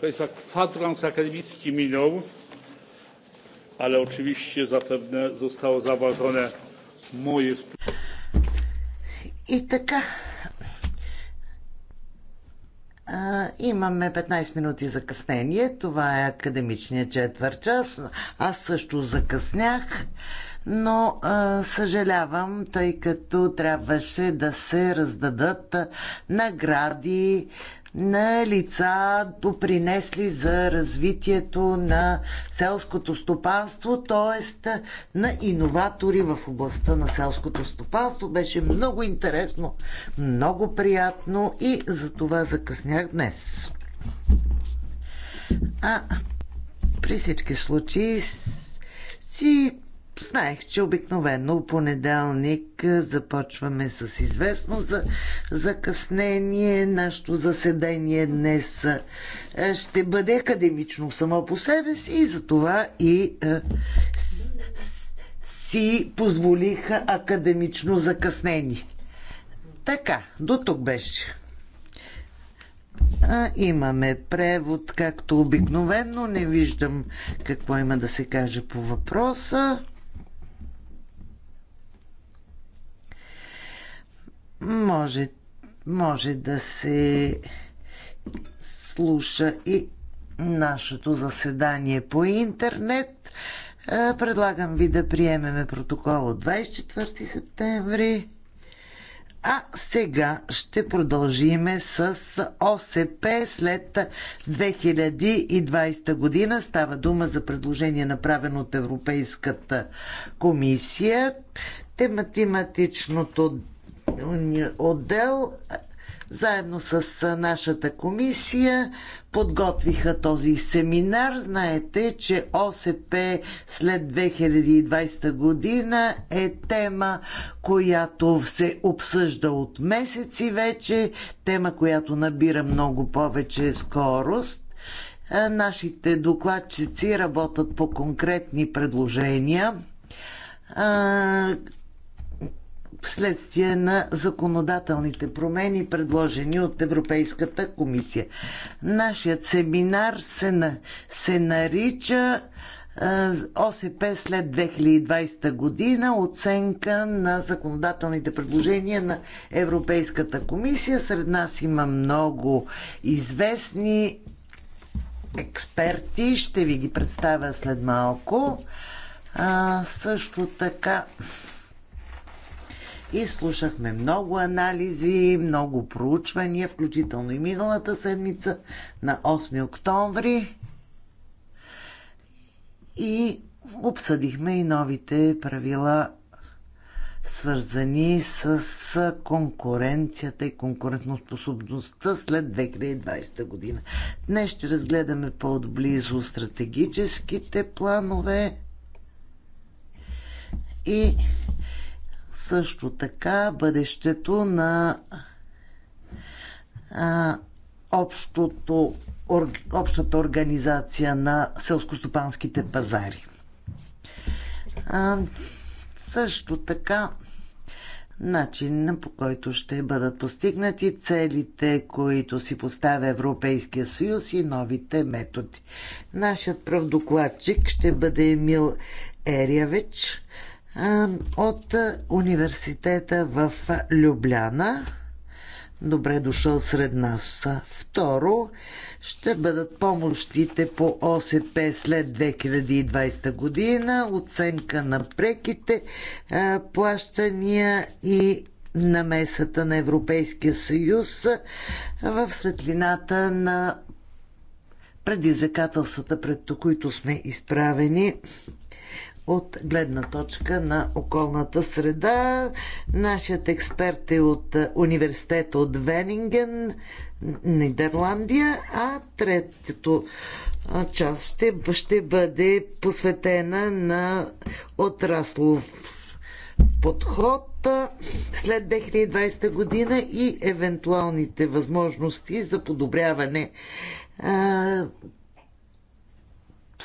Państwa, kwadrans akademicki minął, ale oczywiście zapewne zostało zauważone moje... I така, а, имаме 15 минути закъснение. Това е академичният четвърт час. Аз също закъснях но а, съжалявам, тъй като трябваше да се раздадат награди на лица, допринесли за развитието на селското стопанство, т.е. на иноватори в областта на селското стопанство. Беше много интересно, много приятно и за това закъснях днес. А при всички случаи си Знаех, че обикновено понеделник е, започваме с известно за закъснение. Нашето заседание днес е, е, ще бъде академично само по себе си и затова и с, си позволиха академично закъснение. Така, до тук беше. А, имаме превод, както обикновено. Не виждам какво има да се каже по въпроса. може, може да се слуша и нашето заседание по интернет. Е, предлагам ви да приемеме протокол от 24 септември. А сега ще продължиме с ОСП след 2020 година. Става дума за предложение направено от Европейската комисия. Тематичното отдел заедно с нашата комисия подготвиха този семинар. Знаете, че ОСП след 2020 година е тема, която се обсъжда от месеци вече, тема, която набира много повече скорост. Нашите докладчици работят по конкретни предложения следствие на законодателните промени, предложени от Европейската комисия. Нашият семинар се, на, се нарича ОСП след 2020 година оценка на законодателните предложения на Европейската комисия. Сред нас има много известни експерти. Ще ви ги представя след малко. А, също така и слушахме много анализи, много проучвания, включително и миналата седмица на 8 октомври. И обсъдихме и новите правила свързани с конкуренцията и конкурентоспособността след 2020 година. Днес ще разгледаме по-отблизо стратегическите планове и също така бъдещето на а, общото, ор, общата организация на селскостопанските пазари. А, също така начин по който ще бъдат постигнати целите, които си поставя Европейския съюз и новите методи. Нашият правдокладчик ще бъде Емил Ериевич от университета в Любляна. Добре дошъл сред нас. Второ, ще бъдат помощите по ОСП след 2020 година, оценка на преките плащания и намесата на Европейския съюз в светлината на предизвикателствата, пред които сме изправени от гледна точка на околната среда. Нашият експерт е от университета от Венинген, Нидерландия, а третото част ще, ще бъде посветена на отраслов подход след 2020 година и евентуалните възможности за подобряване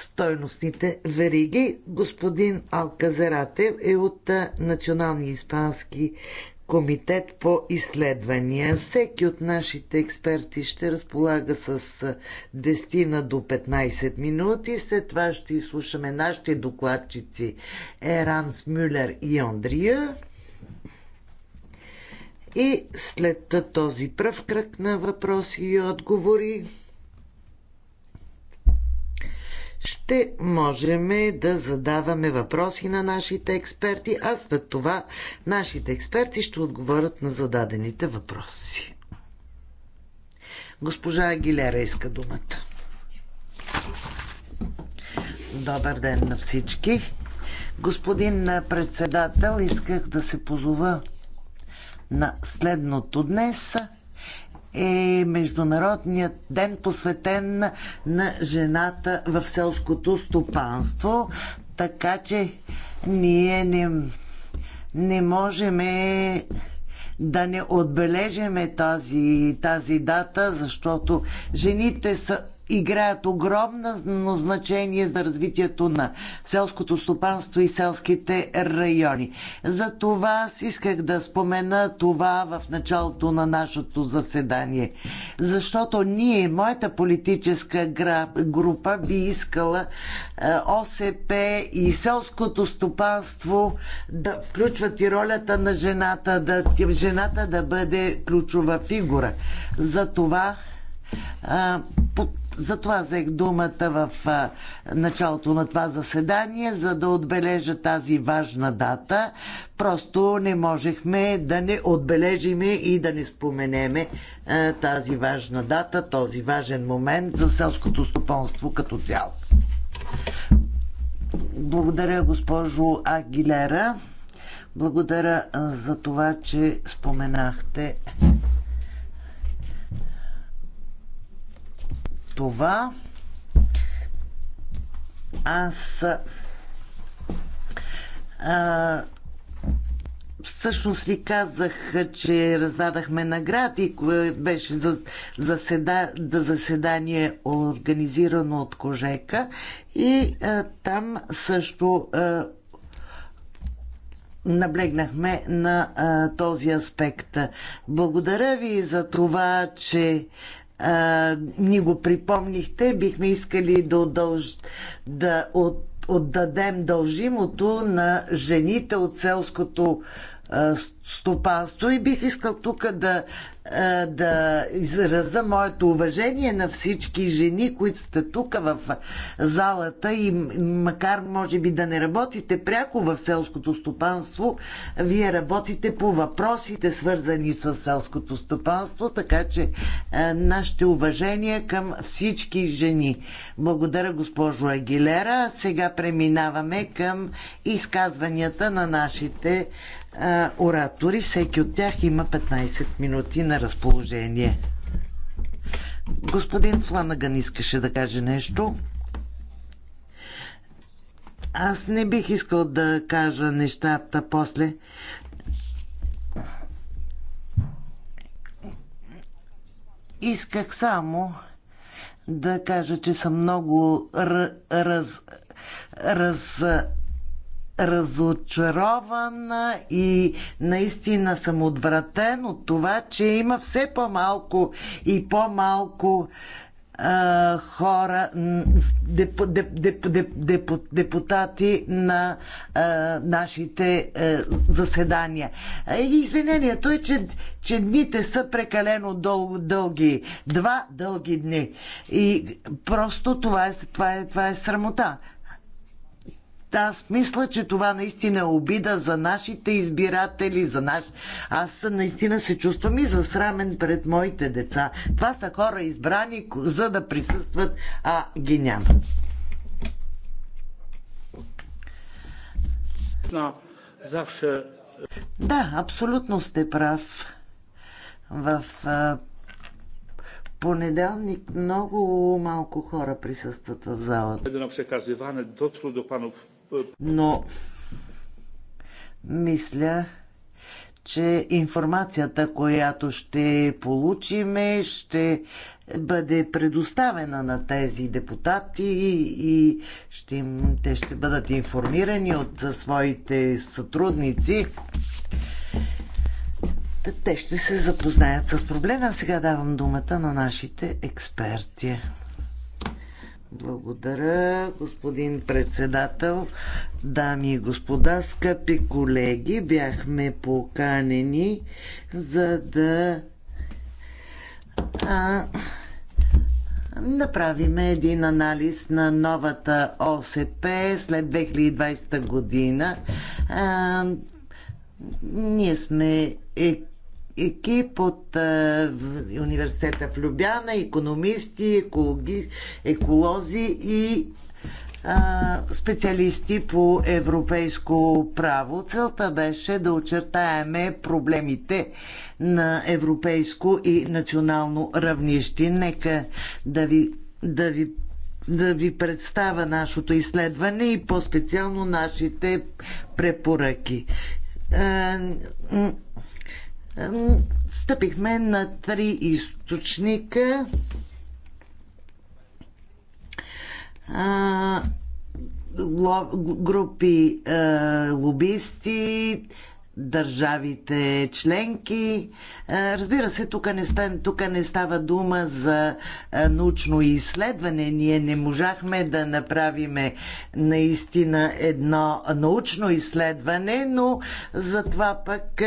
стойностните вериги. Господин Алказарате е от Националния испански комитет по изследвания. Всеки от нашите експерти ще разполага с 10 до 15 минути. След това ще изслушаме нашите докладчици Еранс Мюлер и Андрия. И след този пръв кръг на въпроси и отговори ще можем да задаваме въпроси на нашите експерти, а след това нашите експерти ще отговорят на зададените въпроси. Госпожа Агилера иска думата. Добър ден на всички. Господин председател, исках да се позова на следното днес е Международният ден посветен на жената в селското стопанство, така че ние не, не можем да не отбележиме тази, тази дата, защото жените са играят огромно значение за развитието на селското стопанство и селските райони. За това аз исках да спомена това в началото на нашето заседание. Защото ние, моята политическа група, би искала е, ОСП и селското стопанство да включват и ролята на жената, да, жената да бъде ключова фигура. За това а, е, затова взех думата в началото на това заседание, за да отбележа тази важна дата. Просто не можехме да не отбележиме и да не споменеме тази важна дата, този важен момент за селското стопонство като цяло. Благодаря, госпожо Агилера. Благодаря за това, че споменахте това аз а, всъщност ви казах, че раздадахме награди, беше за, седа, за заседание организирано от Кожека и а, там също а, наблегнахме на а, този аспект. Благодаря ви за това, че а, ни го припомнихте. Бихме искали да, удълж, да от, отдадем дължимото на жените от селското а, стопанство и бих искал тук да е, да израза моето уважение на всички жени, които сте тук в залата и макар може би да не работите пряко в селското стопанство, вие работите по въпросите свързани с селското стопанство, така че е, нашите уважения към всички жени. Благодаря госпожо Агилера. Сега преминаваме към изказванията на нашите а, оратори. Всеки от тях има 15 минути на разположение. Господин Фланаган искаше да каже нещо. Аз не бих искал да кажа нещата после. Исках само да кажа, че съм много раз, раз, разочарована и наистина съм отвратен от това, че има все по-малко и по-малко хора, деп, деп, деп, депутати на а, нашите а, заседания. И извинението е, че, че дните са прекалено дъл, дълги. Два дълги дни. И просто това е, това е, това е срамота аз мисля, че това наистина е обида за нашите избиратели, за наш... Аз наистина се чувствам и засрамен пред моите деца. Това са хора избрани, за да присъстват, а ги няма. No, завше... Да, абсолютно сте прав. В а, понеделник много малко хора присъстват в залата. Едно до do до panów но мисля, че информацията, която ще получиме, ще бъде предоставена на тези депутати и ще им, те ще бъдат информирани от своите сътрудници. Те ще се запознаят с проблема. Сега давам думата на нашите експерти. Благодаря, господин председател, дами и господа, скъпи колеги. Бяхме поканени, за да а, направим един анализ на новата ОСП след 2020 година. А, ние сме е, екип от е, в, университета в Любяна, економисти, екологи, еколози и специалисти по европейско право. Целта беше да очертаеме проблемите на европейско и национално равнище. Нека да ви, да ви да ви представя нашето изследване и по-специално нашите препоръки. Е, стъпихме на три източника. групи лобисти, държавите членки. Е, разбира се, тук не, става, тук не става дума за е, научно изследване. Ние не можахме да направиме наистина едно научно изследване, но затова пък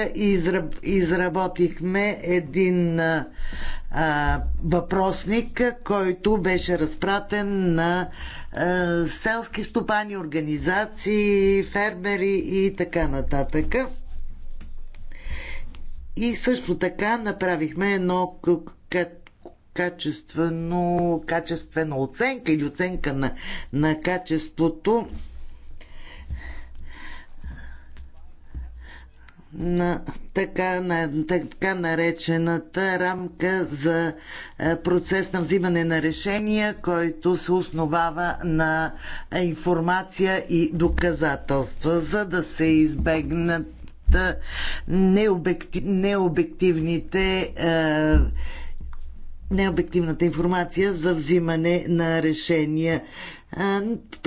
изработихме един а, е, въпросник, който беше разпратен на а, селски стопани, организации, фермери и така нататък. И също така направихме едно качествено, качествена оценка или оценка на, на качеството на така, на така наречената рамка за е, процес на взимане на решения, който се основава на информация и доказателства, за да се избегнат необекти, необективните е, необективната информация за взимане на решения. Е,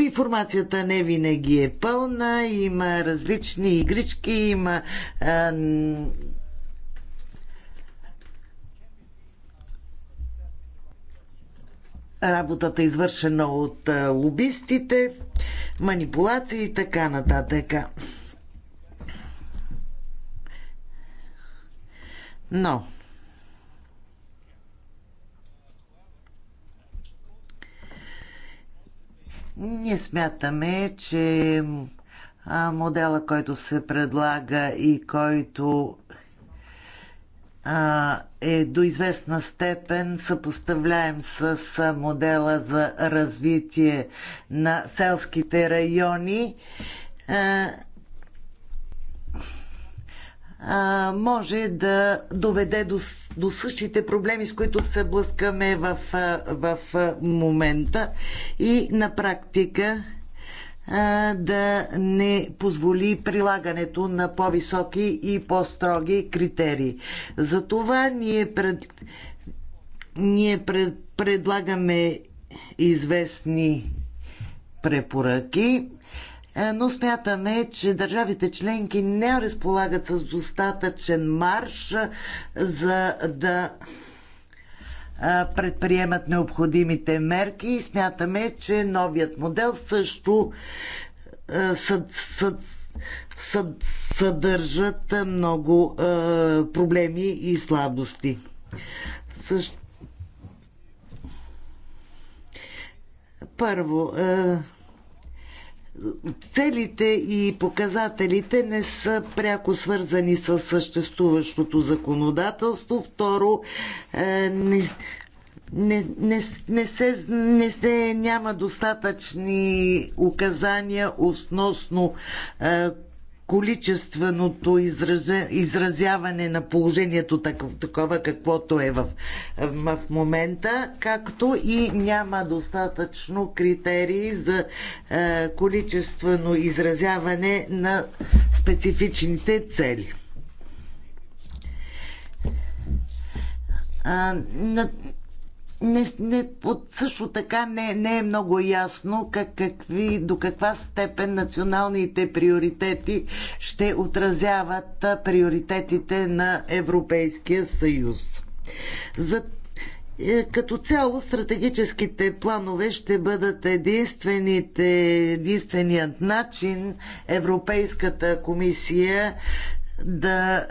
информацията не винаги е пълна, има различни игрички, има е, работата извършена от лобистите, манипулации и така нататък. Но ние смятаме, че модела, който се предлага и който е до известна степен съпоставляем с модела за развитие на селските райони а, може да доведе до, до същите проблеми, с които се блъскаме в, в момента и на практика а, да не позволи прилагането на по-високи и по-строги критерии. Затова ние, пред, ние пред, предлагаме известни препоръки е, но смятаме, че държавите членки не разполагат с достатъчен марш е, за да е, предприемат необходимите мерки и смятаме, че новият модел също съд, съд, съд, съдържат много проблеми и слабости. Също първо, целите и показателите не са пряко свързани с съществуващото законодателство. Второ, е, не, не, не, не, се, не се няма достатъчни указания относно е, количественото изразя, изразяване на положението такова, каквото е в, в момента, както и няма достатъчно критерии за е, количествено изразяване на специфичните цели. А, на, не, не, от също така не, не е много ясно как, какви, до каква степен националните приоритети ще отразяват приоритетите на Европейския съюз. За е, като цяло стратегическите планове ще бъдат единствените, единственият начин Европейската комисия да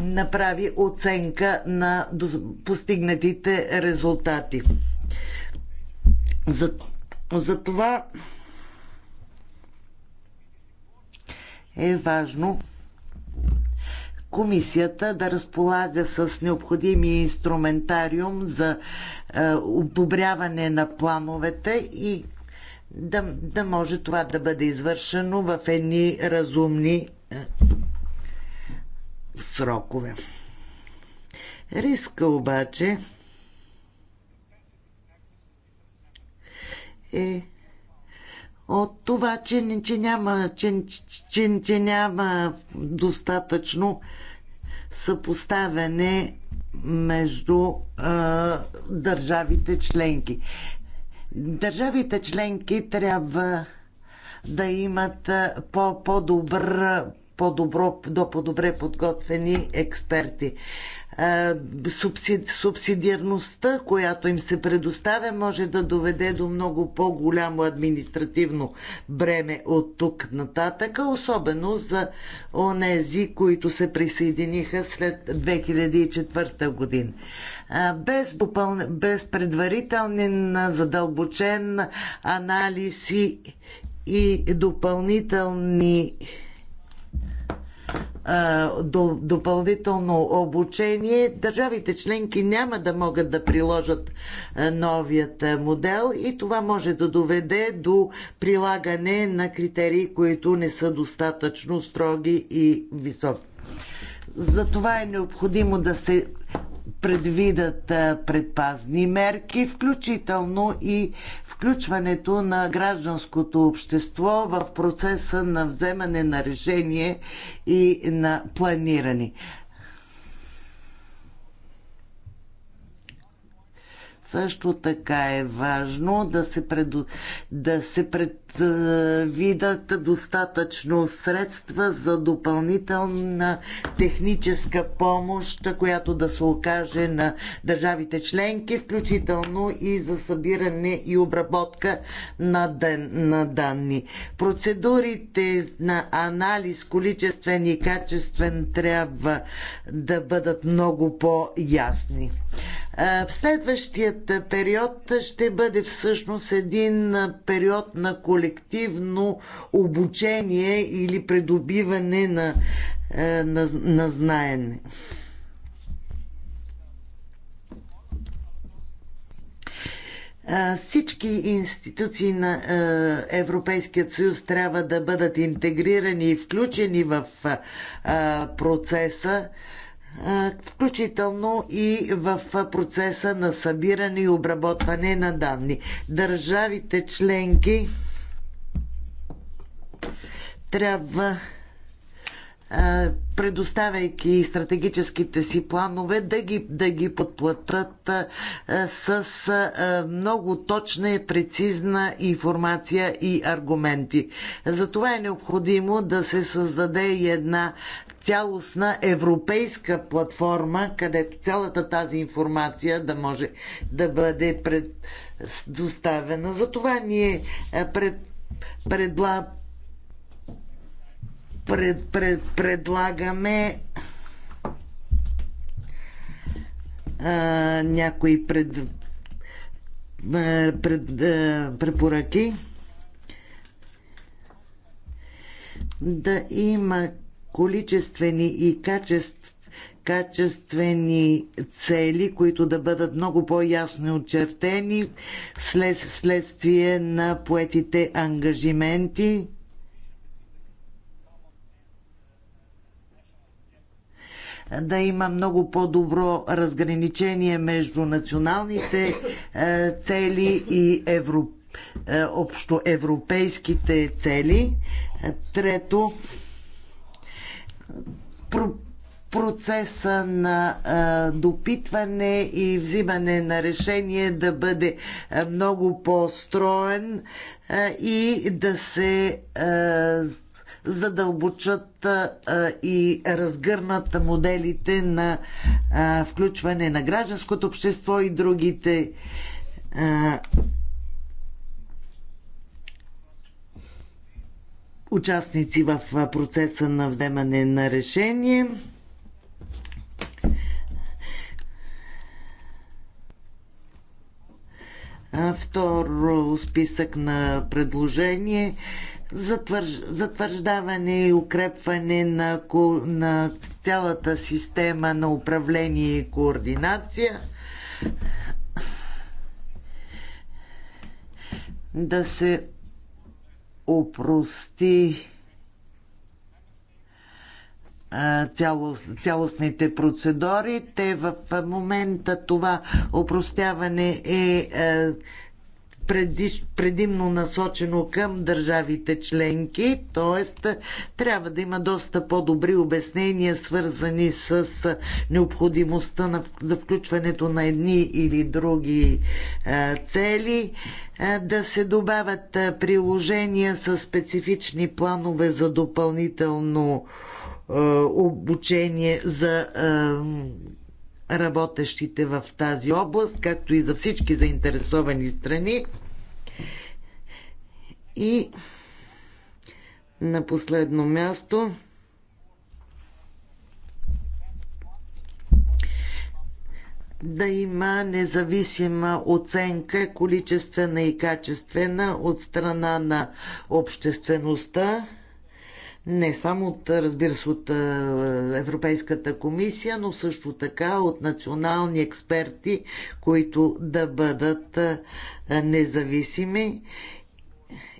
направи оценка на постигнатите резултати. За, за това е важно комисията да разполага с необходимия инструментариум за е, одобряване на плановете и да, да може това да бъде извършено в едни разумни е, срокове. Риска обаче е от това, че, че, няма, че, че, че няма достатъчно съпоставяне между а, държавите членки. Държавите членки трябва да имат по-добър по-добро, до по-добре подготвени експерти. Субсидиарността, която им се предоставя, може да доведе до много по-голямо административно бреме от тук нататък, особено за онези, които се присъединиха след 2004 година. Без, допъл... без предварителен задълбочен анализ и допълнителни допълнително обучение, държавите членки няма да могат да приложат новият модел и това може да доведе до прилагане на критерии, които не са достатъчно строги и високи. Затова е необходимо да се предвидат предпазни мерки, включително и включването на гражданското общество в процеса на вземане на решение и на планиране. Също така е важно да се, пред, да се пред, е, видят достатъчно средства за допълнителна техническа помощ, която да се окаже на държавите членки, включително и за събиране и обработка на, ден, на данни. Процедурите на анализ, количествен и качествен, трябва да бъдат много по-ясни. В е, Следващият период ще бъде всъщност един период на количество колективно обучение или придобиване на, е, на, на знаене. Всички институции на е, Европейския съюз трябва да бъдат интегрирани и включени в е, процеса, включително и в процеса на събиране и обработване на данни. Държавите членки трябва предоставяйки стратегическите си планове, да ги, да ги подплатат с много точна и прецизна информация и аргументи. Затова е необходимо да се създаде и една цялостна европейска платформа, където цялата тази информация да може да бъде предоставена. Затова ние пред, предлагаме пред, пред, предлагаме а, някои пред, пред, а, препоръки да има количествени и качеств, качествени цели, които да бъдат много по-ясно очертени след, следствие на поетите ангажименти да има много по-добро разграничение между националните е, цели и е, общо общоевропейските цели. Е, трето, процеса на допитване и взимане на решение да бъде много по-строен и да се задълбочат и разгърнат моделите на включване на гражданското общество и другите участници в процеса на вземане на решение. Второ списък на предложение затвърж, затвърждаване и укрепване на, на цялата система на управление и координация. Да се опрости цялостните процедури. Те в момента това опростяване е, е предимно насочено към държавите членки, т.е. трябва да има доста по-добри обяснения, свързани с необходимостта на, за включването на едни или други е, цели, е, да се добавят е, приложения с специфични планове за допълнително обучение за работещите в тази област, както и за всички заинтересовани страни. И на последно място да има независима оценка, количествена и качествена от страна на обществеността не само от, разбира се, от Европейската комисия, но също така от национални експерти, които да бъдат независими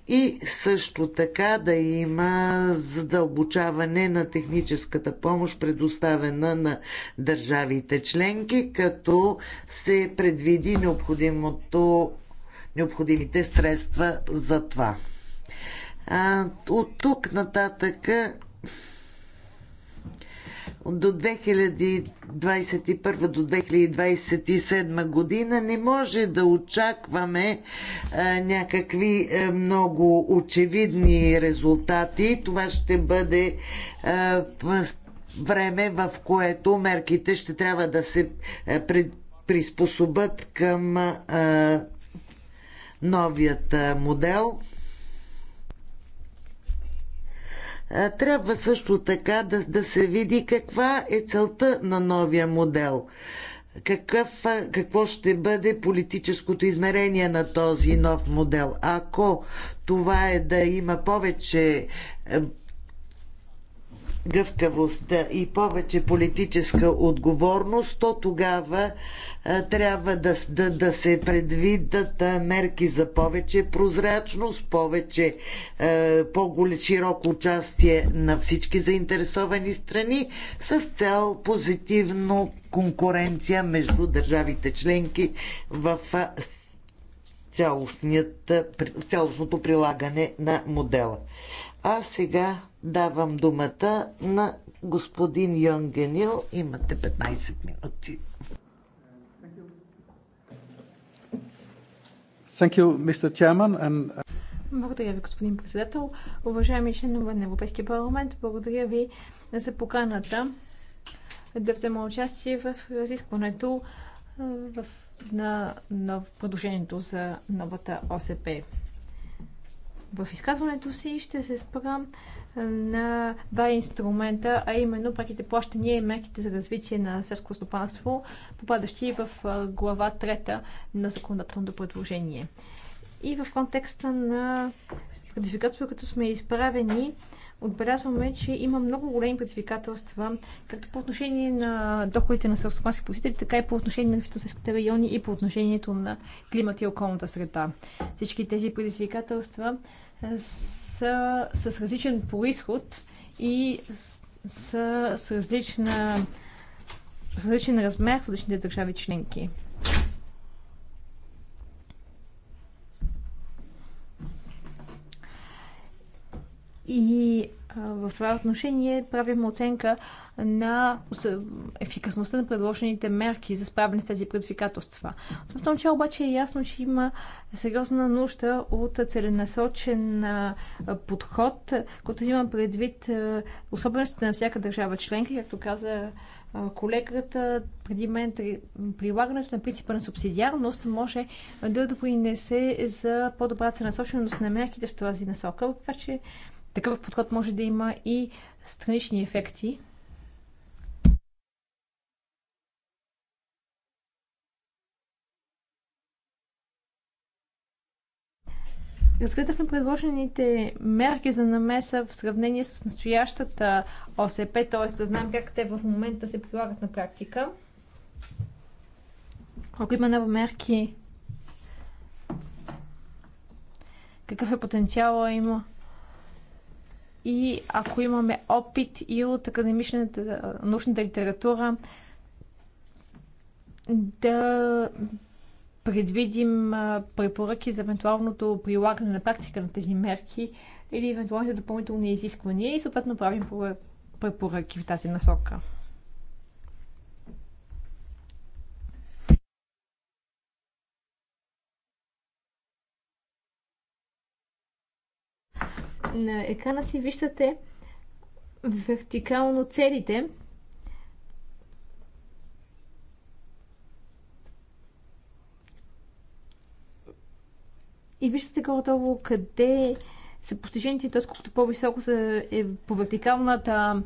и също така да има задълбочаване на техническата помощ, предоставена на държавите членки, като се предвиди необходимото, необходимите средства за това. А, от тук нататък до 2021 до 2027 година не може да очакваме а, някакви а, много очевидни резултати. Това ще бъде а, време, в което мерките ще трябва да се а, приспособят към а, новият а, модел. Трябва също така да, да се види каква е целта на новия модел. Какъв, какво ще бъде политическото измерение на този нов модел? Ако това е да има повече гъвкавостта и повече политическа отговорност, то тогава а, трябва да, да, да се предвидат а, мерки за повече прозрачност, повече по-широко участие на всички заинтересовани страни с цел позитивно конкуренция между държавите членки в а, цялостното прилагане на модела. А сега Давам думата на господин Йонгенил. Имате 15 минути. Thank you, Mr. Chairman, and... Uh, благодаря ви, господин председател. Уважаеми членове на Европейския парламент, благодаря ви за поканата да взема участие в разискването uh, в, на, на предложението за новата ОСП. В изказването си ще се спра на два инструмента, а именно преките плащания и мерките за развитие на селско стопанство, попадащи в глава 3 на законодателното предложение. И в контекста на предизвикателството, като сме изправени, отбелязваме, че има много големи предизвикателства, както по отношение на доходите на селскостопански посетители, така и по отношение на фитосельските райони и по отношението на климата и околната среда. Всички тези предизвикателства са с различен происход и са с, различна, с различен размер в различните държави членки. И в това отношение правим оценка на ефикасността на предложените мерки за справяне с тези предизвикателства. От това, начало обаче е ясно, че има сериозна нужда от целенасочен подход, който взима предвид особеностите на всяка държава членка, както каза колегата преди мен прилагането на принципа на субсидиарност може да допринесе за по-добра целенасоченост на мерките в тази насока, така че такъв подход може да има и странични ефекти. Разгледахме предложените мерки за намеса в сравнение с настоящата ОСП, т.е. да знаем как те в момента се прилагат на практика. Ако има нови мерки, какъв е потенциала има и ако имаме опит и от академичната научната литература да предвидим препоръки за евентуалното прилагане на практика на тези мерки или евентуалните допълнителни изисквания и съответно правим препоръки в тази насока. На екрана си виждате вертикално целите, и виждате горе-долу къде са постижените, т.е. колкото по-високо са е по вертикалната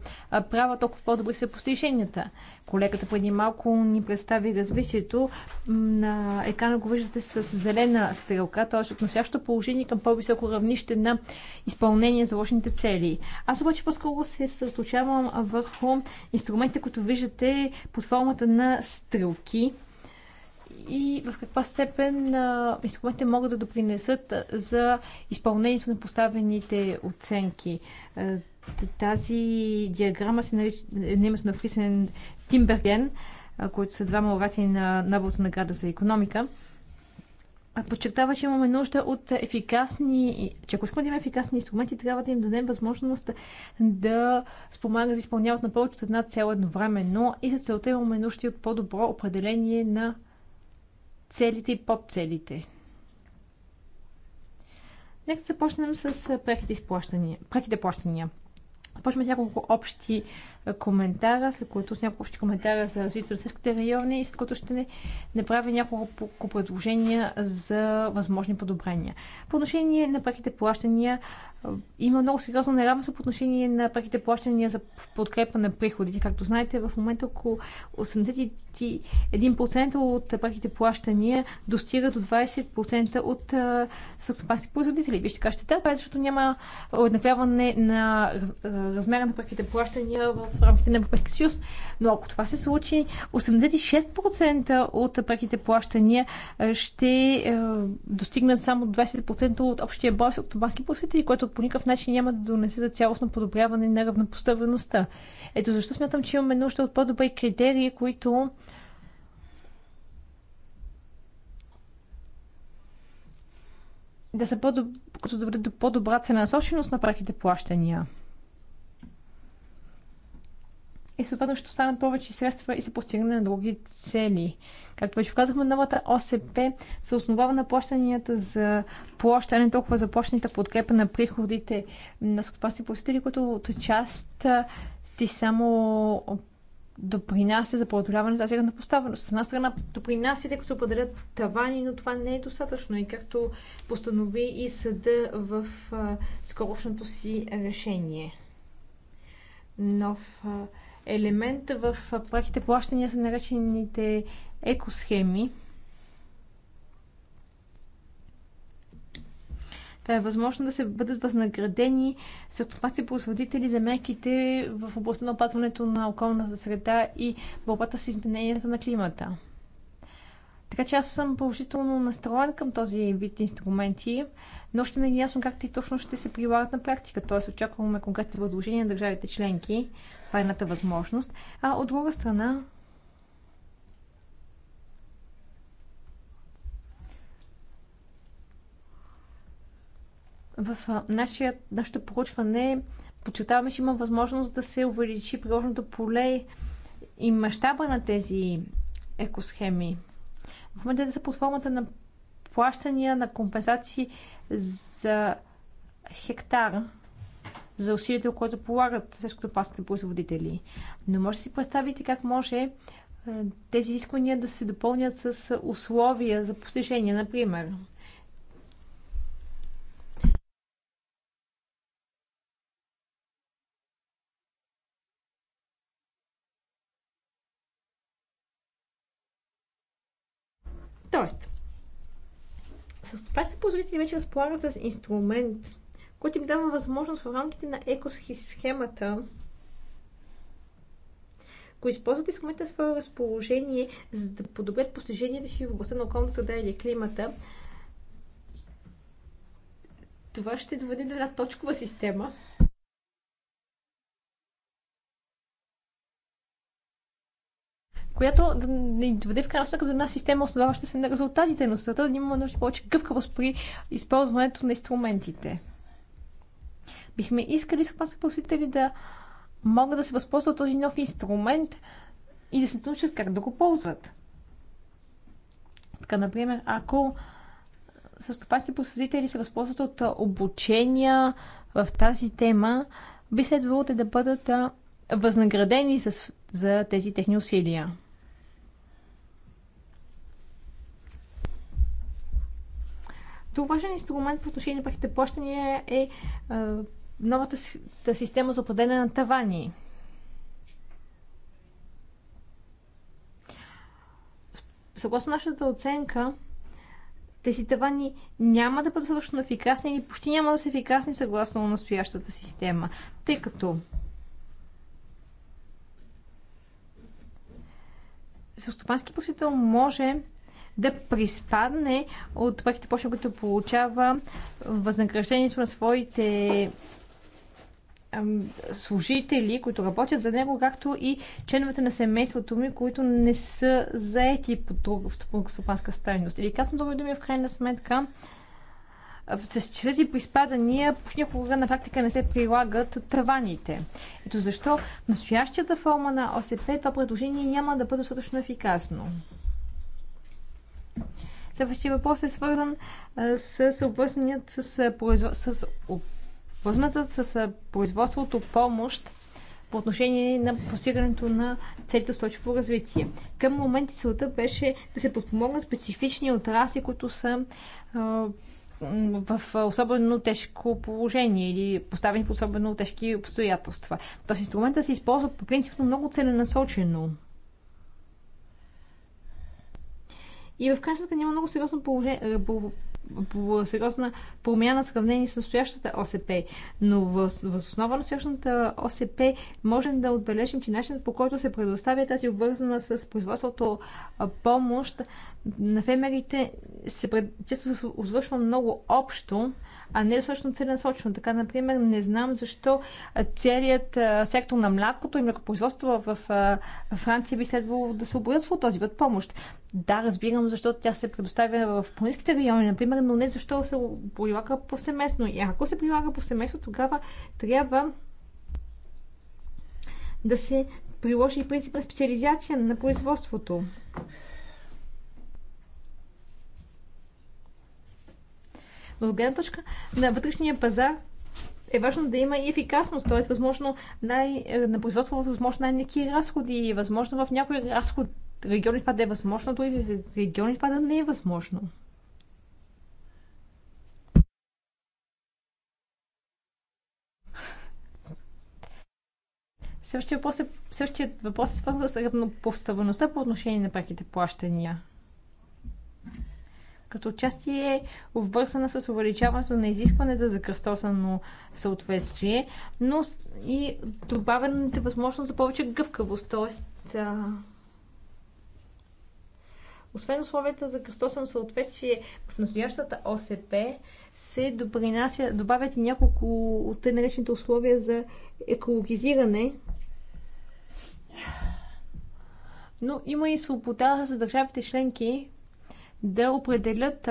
права, толкова по-добри са постиженията. Колегата преди малко ни представи развитието. На екрана го виждате с зелена стрелка, т.е. относящо положение към по-високо равнище на изпълнение за заложените цели. Аз обаче по-скоро се съточавам върху инструментите, които виждате под формата на стрелки, и в каква степен инструментите могат да допринесат за изпълнението на поставените оценки. Тази диаграма се нарича е, на на Фрисен Тимберген, които са двама лауреати на новото награда за економика подчертава, че имаме нужда от ефикасни, че ако искаме да имаме ефикасни инструменти, трябва да им дадем възможност да спомага за изпълняват на повече от една цел едновременно и за целта имаме нужда от по-добро определение на целите и подцелите. Нека започнем с преките плащания. Преките плащания. Започваме с няколко общи коментара, след което с няколко общи коментара за развитието на сърските райони и след което ще не няколко предложения за възможни подобрения. По отношение на преките плащания, има много сериозно неравенство по отношение на преките плащания за подкрепа на приходите. Както знаете, в момента около 81% от преките плащания достигат до 20% от съкспански производители. как ще кажете, защото няма уеднаквяване на размера на преките плащания в в рамките на Европейския съюз. Но ако това се случи, 86% от преките плащания е, ще е, достигнат само 20% от общия брой автомански посетители, което по никакъв начин няма да донесе за цялостно подобряване на равнопоставеността. Ето защо смятам, че имаме нужда от по-добри критерии, които да са по-доб... като доведат до по-добра ценасоченост на прахите плащания и съответно ще останат повече средства и за постигане на други цели. Както вече казахме, новата ОСП се основава на плащанията за плащане, не толкова за плащаните подкрепа на приходите на скопасти посетители, които от част ти само допринася за преодоляване на тази равнопоставеност. С една страна допринася, тъй като се определят тавани, но това не е достатъчно. И както постанови и съда в а, си решение. Нов а, елемент в проектите, плащания са наречените екосхеми. Това е възможно да се бъдат възнаградени селскостопански производители за мерките в областта на опазването на околната среда и борбата с измененията на климата. Така че аз съм положително настроен към този вид инструменти, но още не е ясно как те точно ще се прилагат на практика. Т.е. очакваме конкретни предложения на държавите членки. Това е едната възможност. А от друга страна, в нашия, нашето проучване подчертаваме, че има възможност да се увеличи приложното поле и мащаба на тези екосхеми в момента те са под формата на плащания на компенсации за хектар за усилието, което полагат селскостопанските производители. Но може да си представите как може е, тези изисквания да се допълнят с условия за постижение, например Тоест, Състопанските производители вече разполагат с инструмент, който им дава възможност в рамките на екосхемата, ако използват инструмента в свое разположение, за да подобрят постиженията си в областта на околната среда или климата, това ще доведе до една точкова система, която да ни доведе в крайна сметка до една система, основаваща се на резултатите, но за да имаме нужда повече гъвкавост при използването на инструментите. Бихме искали съпасни посетители, да могат да се възползват този нов инструмент и да се научат как да го ползват. Така, например, ако състопасните посетители се възползват от обучения в тази тема, би следвало да бъдат възнаградени за тези техни усилия. Друг важен инструмент по отношение на преките плащания е, е новата система за определене на тавани. Съгласно нашата оценка, тези тавани няма да бъдат достатъчно ефикасни или почти няма да са ефикасни съгласно на настоящата система, тъй като селстопански просител може да приспадне от парите, почва, които получава възнаграждението на своите служители, които работят за него, както и членовете на семейството ми, които не са заети по друга стопанска стайност. Или казвам други думи, в крайна сметка, с тези приспадания почти никога на практика не се прилагат таваните. Ето защо настоящата форма на ОСП това предложение няма да бъде достатъчно ефикасно. Следващия въпрос е свързан с обвързаният с, произво... с... Обвързаната с производството помощ по отношение на постигането на целите устойчиво развитие. Към момента целта беше да се подпомогнат специфични отрасли, които са в особено тежко положение или поставени в особено тежки обстоятелства. Тоест инструментът се използва по принцип много целенасочено. И в крайна сметка няма много сериозно положение, сериозна промяна в сравнение с настоящата ОСП. Но въз основа на настоящата ОСП можем да отбележим, че начинът по който се предоставя тази обвързана с производството помощ на фермерите се пред... често се извършва много общо, а не всъщност целенасочено. Така, например, не знам защо целият сектор на млякото и млекопроизводство в Франция би следвало да се оборъцва от този вид помощ. Да, разбирам защо тя се предоставя в планинските райони, например, но не защо се прилага повсеместно. И ако се прилага повсеместно, тогава трябва да се приложи и принцип на специализация на производството. от гледна точка на вътрешния пазар е важно да има и ефикасност, т.е. възможно най, на производство възможно най неки разходи и възможно в някой разход региони това да е възможно, други региони това да не е възможно. Същия въпрос е, въпрос е свързан с равнопоставеността по отношение на преките плащания като отчасти е обвързана с увеличаването на изискването за кръстосано съответствие, но и добавената възможност за повече гъвкавост, т.е. Освен условията за кръстосано съответствие в настоящата ОСП, се допринася, добавят и няколко от те наречените условия за екологизиране. Но има и свобода за държавите членки да определят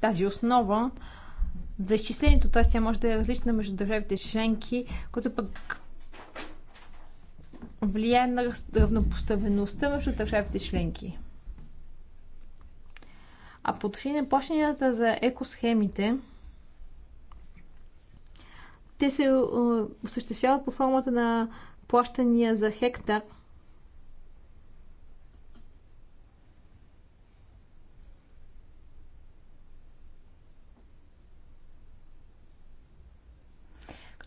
тази основа за изчислението, т.е. тя може да е различна между държавите членки, които пък влияе на равнопоставеността между държавите членки. А по отношение на плащанията за екосхемите, те се осъществяват по формата на плащания за хектар –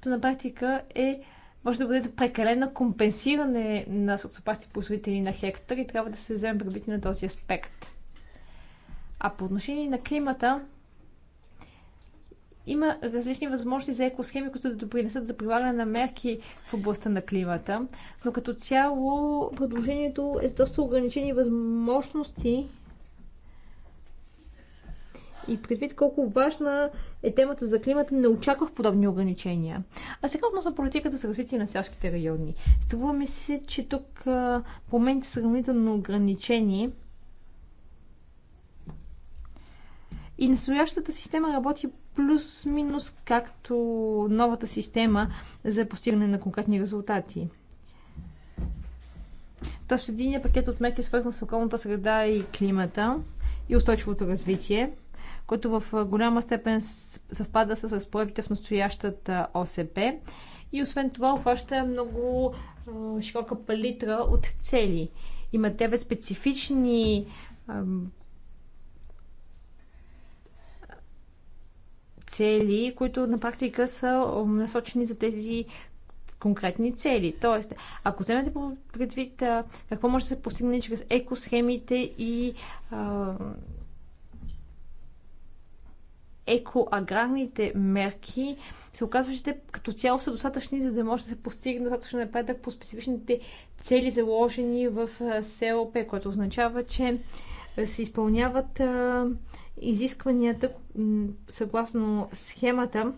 като на практика е може да бъде прекалено компенсиране на сухопасти производители на хектар и трябва да се вземе предвид на този аспект. А по отношение на климата, има различни възможности за екосхеми, които да допринесат за прилагане на мерки в областта на климата, но като цяло предложението е с доста ограничени възможности и предвид колко важна е темата за климата, не очаквах подобни ограничения. А сега относно политиката за развитие на селските райони. Струва ми се, че тук промените са сравнително ограничени. И настоящата система работи плюс-минус както новата система за постигане на конкретни резултати. Тоест, единия пакет от мерки е свързан с околната среда и климата и устойчивото развитие който в голяма степен съвпада с разпоредбите в настоящата ОСП. И освен това обхваща много широка палитра от цели. Има тебе специфични цели, които на практика са насочени за тези конкретни цели. Тоест, ако вземете предвид какво може да се постигне чрез екосхемите и а, екоаграрните мерки, се оказва, че те като цяло са достатъчни, за да може да се постигне достатъчно напредък по специфичните цели, заложени в СЛП, което означава, че се изпълняват изискванията съгласно схемата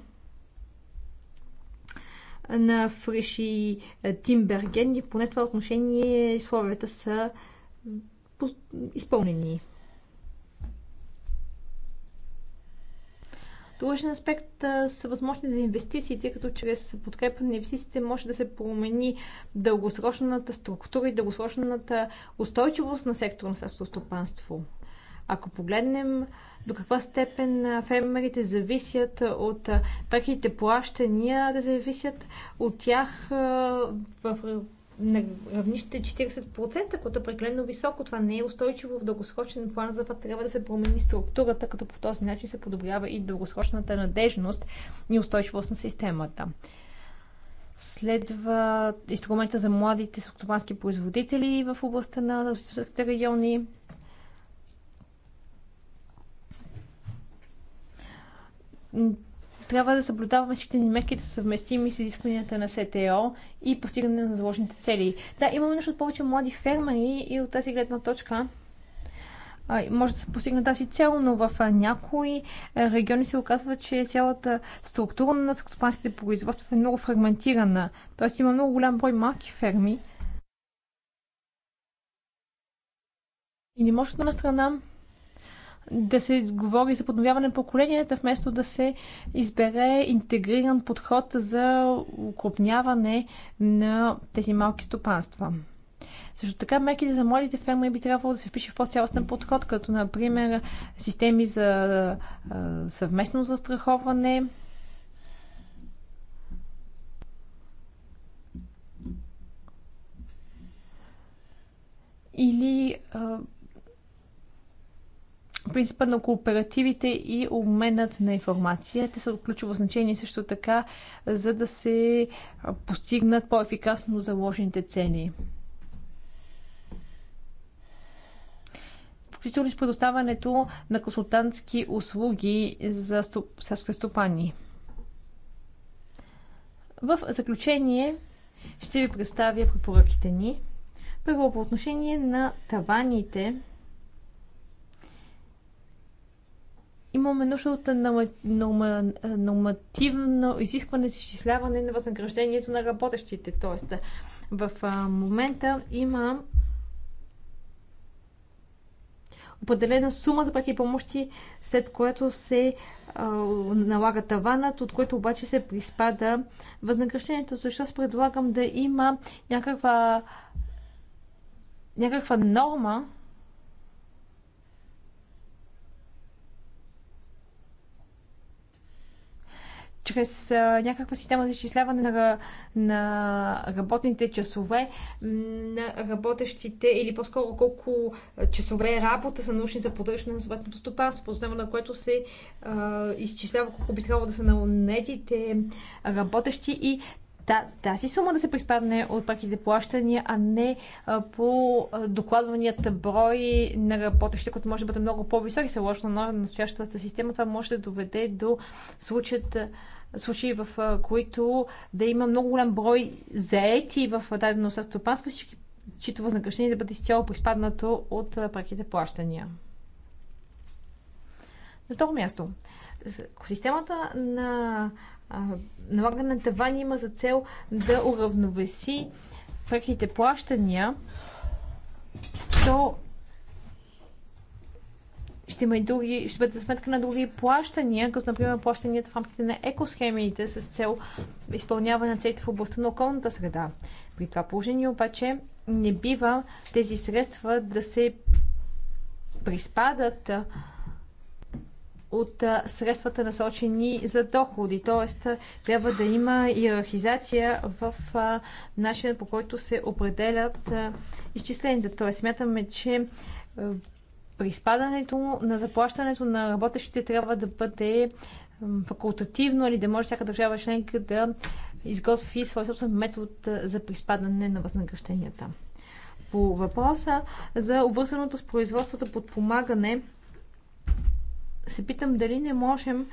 на Фриши Тимберген и поне това отношение условията са изпълнени. Дължен аспект са възможни за инвестициите, като чрез подкрепа на инвестициите може да се промени дългосрочната структура и дългосрочната устойчивост на сектора на селското стопанство. Ако погледнем до каква степен фермерите зависят от преките плащания, да зависят от тях в на равнище 40%, което е прекалено високо. Това не е устойчиво в дългосрочен план, затова трябва да се промени структурата, като по този начин се подобрява и дългосрочната надежност и устойчивост на системата. Следва инструмента за младите стопански производители в областта на региони трябва да съблюдаваме всичките ни мерки да са съвместими с изискванията на СТО и постигане на заложните цели. Да, имаме нужда от повече млади фермери и от тази гледна точка може да се постигне тази цел, но в някои региони се оказва, че цялата структура на скотопанските производства е много фрагментирана. Тоест има много голям брой малки ферми. И не може от една страна да се говори за подновяване на поколенията, вместо да се избере интегриран подход за укрупняване на тези малки стопанства. Също така, мерките за младите фермери би трябвало да се впише в по-цялостен подход, като, например, системи за съвместно застраховане, или а, принципа на кооперативите и обменът на информация. Те са от ключово значение също така, за да се постигнат по-ефикасно заложените цени. Включително с предоставянето на консултантски услуги за селските стопани. В заключение ще ви представя препоръките ни. Първо по отношение на таваните – имаме нужда от нормативно изискване с изчисляване на възнаграждението на работещите. Тоест, в момента има определена сума за преки помощи, след което се налага таванът, от което обаче се приспада възнаграждението. Защо предлагам да има някаква, някаква норма, чрез някаква система за изчисляване на, на работните часове на работещите или по-скоро колко часове е работа са научни за поддържане на съветното стопанство, основа на което се а, изчислява колко би трябвало да са наунетите работещи и да, тази сума да се приспадне от преките плащания, а не по докладваният брой на работещите, които може да бъде много по-висок и се лошо на настоящата система. Това може да доведе до случаят случаи, в които да има много голям брой заети в дадено стопанство, чието възнаграждение да бъде изцяло приспаднато от преките плащания. На второ място, системата на налагане на тавани има за цел да уравновеси преките плащания то ще има и други, ще бъдат за сметка на други плащания, като например плащанията в рамките на екосхемите с цел изпълняване на целите в областта на околната среда. При това положение обаче не бива тези средства да се приспадат от средствата насочени за доходи. Т.е. трябва да има иерархизация в начинът по който се определят изчисленията. Тоест, смятаме, че приспадането на заплащането на работещите трябва да бъде факултативно или да може всяка държава членка да изготви своя собствен метод за приспадане на възнагражденията. По въпроса за обвързаното с производството подпомагане, се питам дали не можем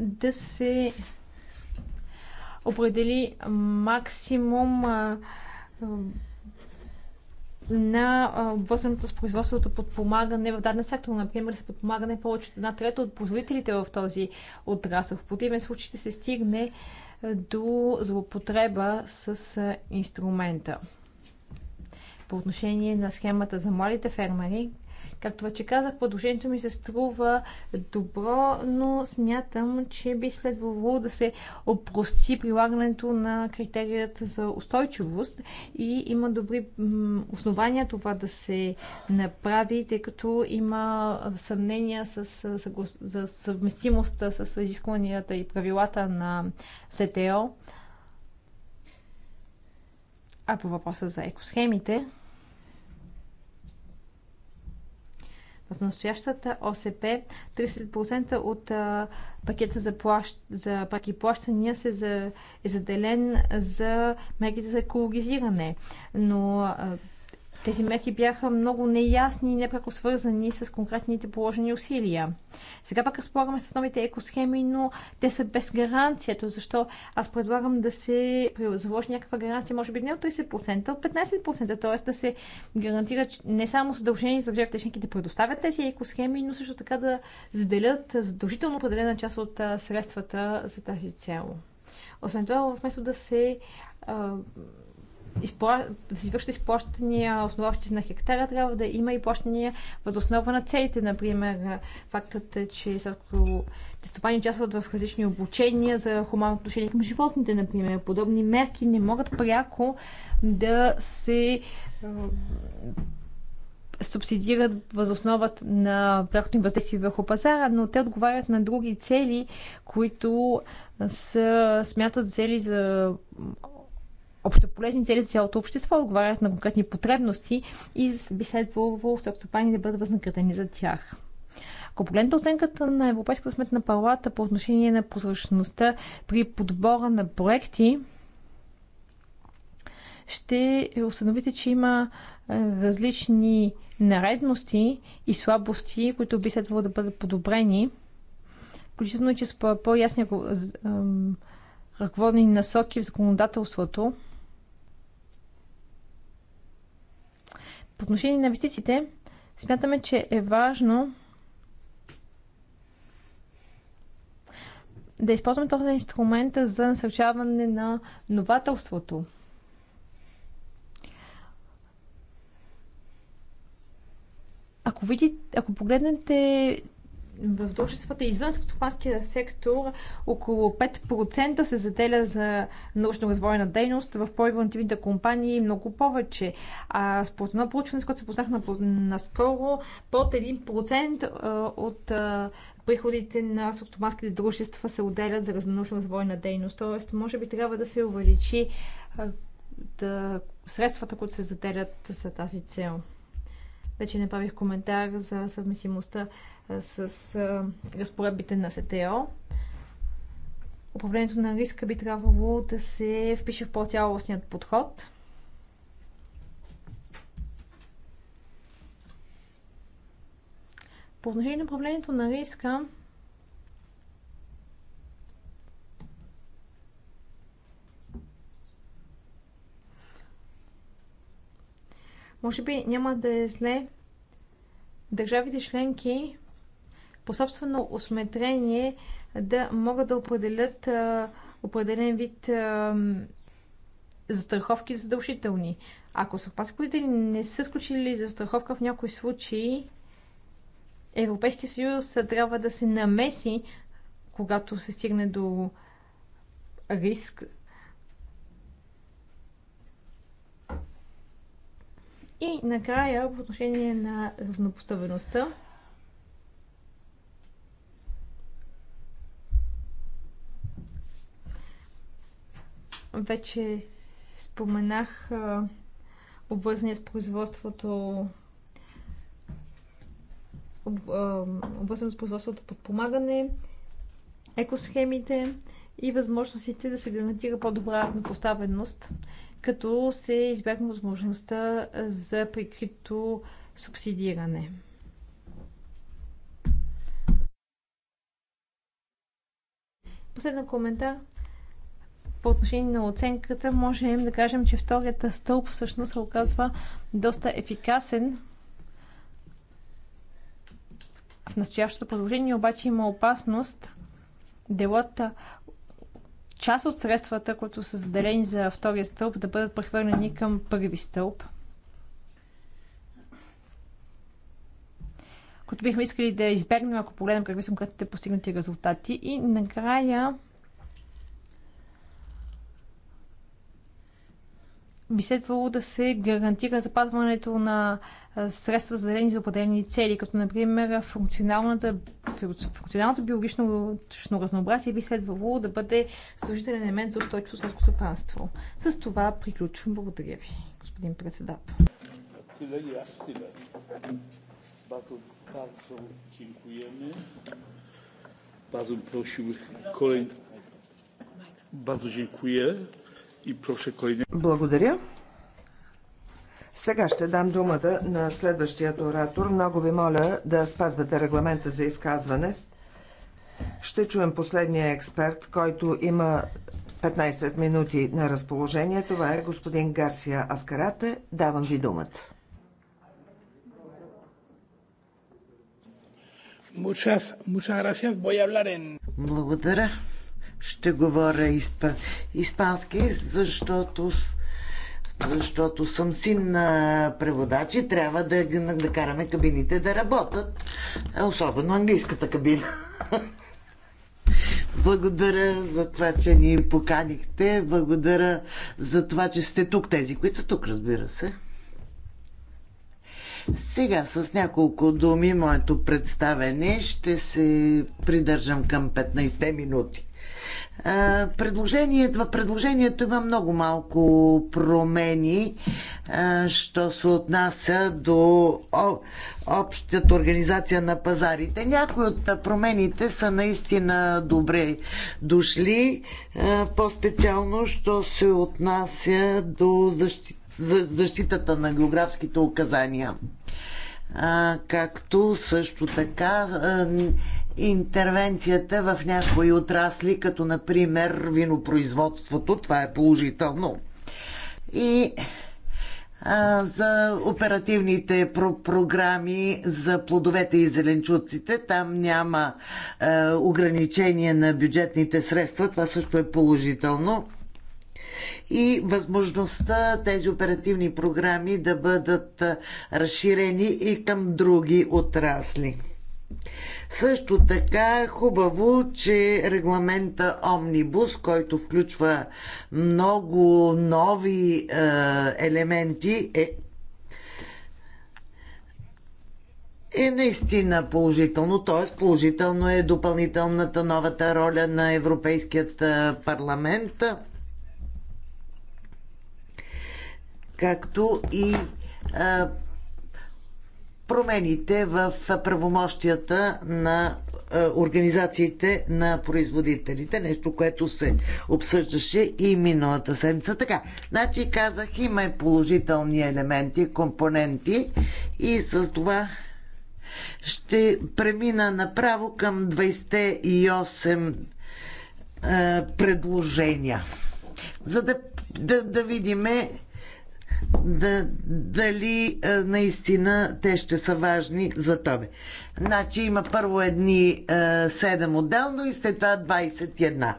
да се определи максимум на обвързаното с производството подпомагане в даден сектор. Например, се подпомагане повече от една трета от производителите в този отрасъл. В противен случай ще се стигне до злоупотреба с инструмента. По отношение на схемата за младите фермери, Както вече казах, предложението ми се струва добро, но смятам, че би следвало да се опрости прилагането на критерията за устойчивост и има добри основания това да се направи, тъй като има съмнения с, за съвместимостта с изискванията и правилата на СТО. А по въпроса за екосхемите, В настоящата ОСП 30% от пакета за, плащ, за паки плащания се за, е заделен за мерките за екологизиране. Но тези мерки бяха много неясни и непреко свързани с конкретните положени усилия. Сега пък разполагаме с новите екосхеми, но те са без гаранцията, защо аз предлагам да се заложи някаква гаранция, може би не от 30%, а от 15%, т.е. да се гарантира не само задължение за държавите членки да предоставят тези екосхеми, но също така да заделят задължително определена част от средствата за тази цел. Освен това, вместо да се изпла... да се извършат изплащания, основаващи се на хектара, трябва да има и плащания възоснова на целите. Например, фактът е, че селското стопани участват в различни обучения за хуманно отношение към животните, например. Подобни мерки не могат пряко да се субсидират възосноват на прякото им въздействие върху пазара, но те отговарят на други цели, които са, смятат цели за общополезни цели за цялото общество, отговарят на конкретни потребности и би следвало стопани да бъдат възнаградени за тях. Ако погледнете оценката на Европейската сметна палата по отношение на прозрачността при подбора на проекти, ще установите, че има различни наредности и слабости, които би следвало да бъдат подобрени, включително и че с по-ясни ръководни насоки в законодателството, По отношение на инвестициите, смятаме, че е важно да използваме този инструмент за насърчаване на нователството. Ако, видите, ако погледнете в дружествата извън стопанския сектор около 5% се заделя за научно-развойна дейност, в по-еволютивните компании много повече. А според едно проучване, с което се познах на, наскоро, под 1% от приходите на стопанските дружества се отделят за научно-развойна дейност. Тоест, може би трябва да се увеличи да, средствата, които се заделят за тази цел. Вече направих коментар за съвместимостта с разпоредбите на СТО. Управлението на риска би трябвало да се впише в по-цялостният подход. По отношение на управлението на риска, Може би няма да е зле държавите членки по собствено осметрение да могат да определят а, определен вид а, застраховки задължителни. Ако съвпаскорите не са сключили застраховка в някои случаи, Европейския съюз трябва да се намеси, когато се стигне до риск И накрая, по отношение на равнопоставеността, вече споменах обвързания с производството обвързано с производството подпомагане, екосхемите, и възможностите да се гарантира по-добра равнопоставеност, като се избегне възможността за прикрито субсидиране. Последен коментар по отношение на оценката, можем да кажем, че вторият стълб всъщност се оказва доста ефикасен. В настоящото предложение, обаче има опасност делата част от средствата, които са заделени за втория стълб, да бъдат прехвърлени към първи стълб. Които бихме искали да избегнем, ако погледнем какви са конкретните постигнати резултати. И накрая би следвало да се гарантира запазването на средства, заделени за определени цели, като например функционалното биологично разнообразие би следвало да бъде служителен елемент за устойчиво селско стопанство. С това приключвам. Благодаря ви, господин председател. Bardzo, bardzo dziękujemy. Bardzo prosił Bardzo dziękuję i proszę Благодаря. Сега ще дам думата на следващият оратор. Много ви моля да спазвате регламента за изказване. Ще чуем последния експерт, който има 15 минути на разположение. Това е господин Гарсия Аскарате. Давам ви думата. Благодаря. Ще говоря испански, защото защото съм син на преводачи, трябва да, да караме кабините да работят. Особено английската кабина. Благодаря за това, че ни поканихте. Благодаря за това, че сте тук. Тези, които са тук, разбира се. Сега с няколко думи моето представене ще се придържам към 15 минути. Е, предложението, в предложението има много малко промени, е, що се отнася до общата организация на пазарите. Някои от промените са наистина добре дошли, е, по-специално, що се отнася до защитата на географските указания. както също така интервенцията в някои отрасли, като например винопроизводството. Това е положително. И а, за оперативните про- програми за плодовете и зеленчуците. Там няма а, ограничение на бюджетните средства. Това също е положително. И възможността тези оперативни програми да бъдат разширени и към други отрасли. Също така хубаво, че регламента Омнибус, който включва много нови е, елементи, е е наистина положително, т.е. положително е допълнителната новата роля на Европейският е, парламент, както и а, е, промените в правомощията на е, организациите на производителите. Нещо, което се обсъждаше и миналата седмица. Така, значи казах, има положителни елементи, компоненти и за това ще премина направо към 28 е, предложения. За да, да, да видиме да, дали е, наистина те ще са важни за тебе. Значи има първо едни а, е, 7 отделно и след това 21.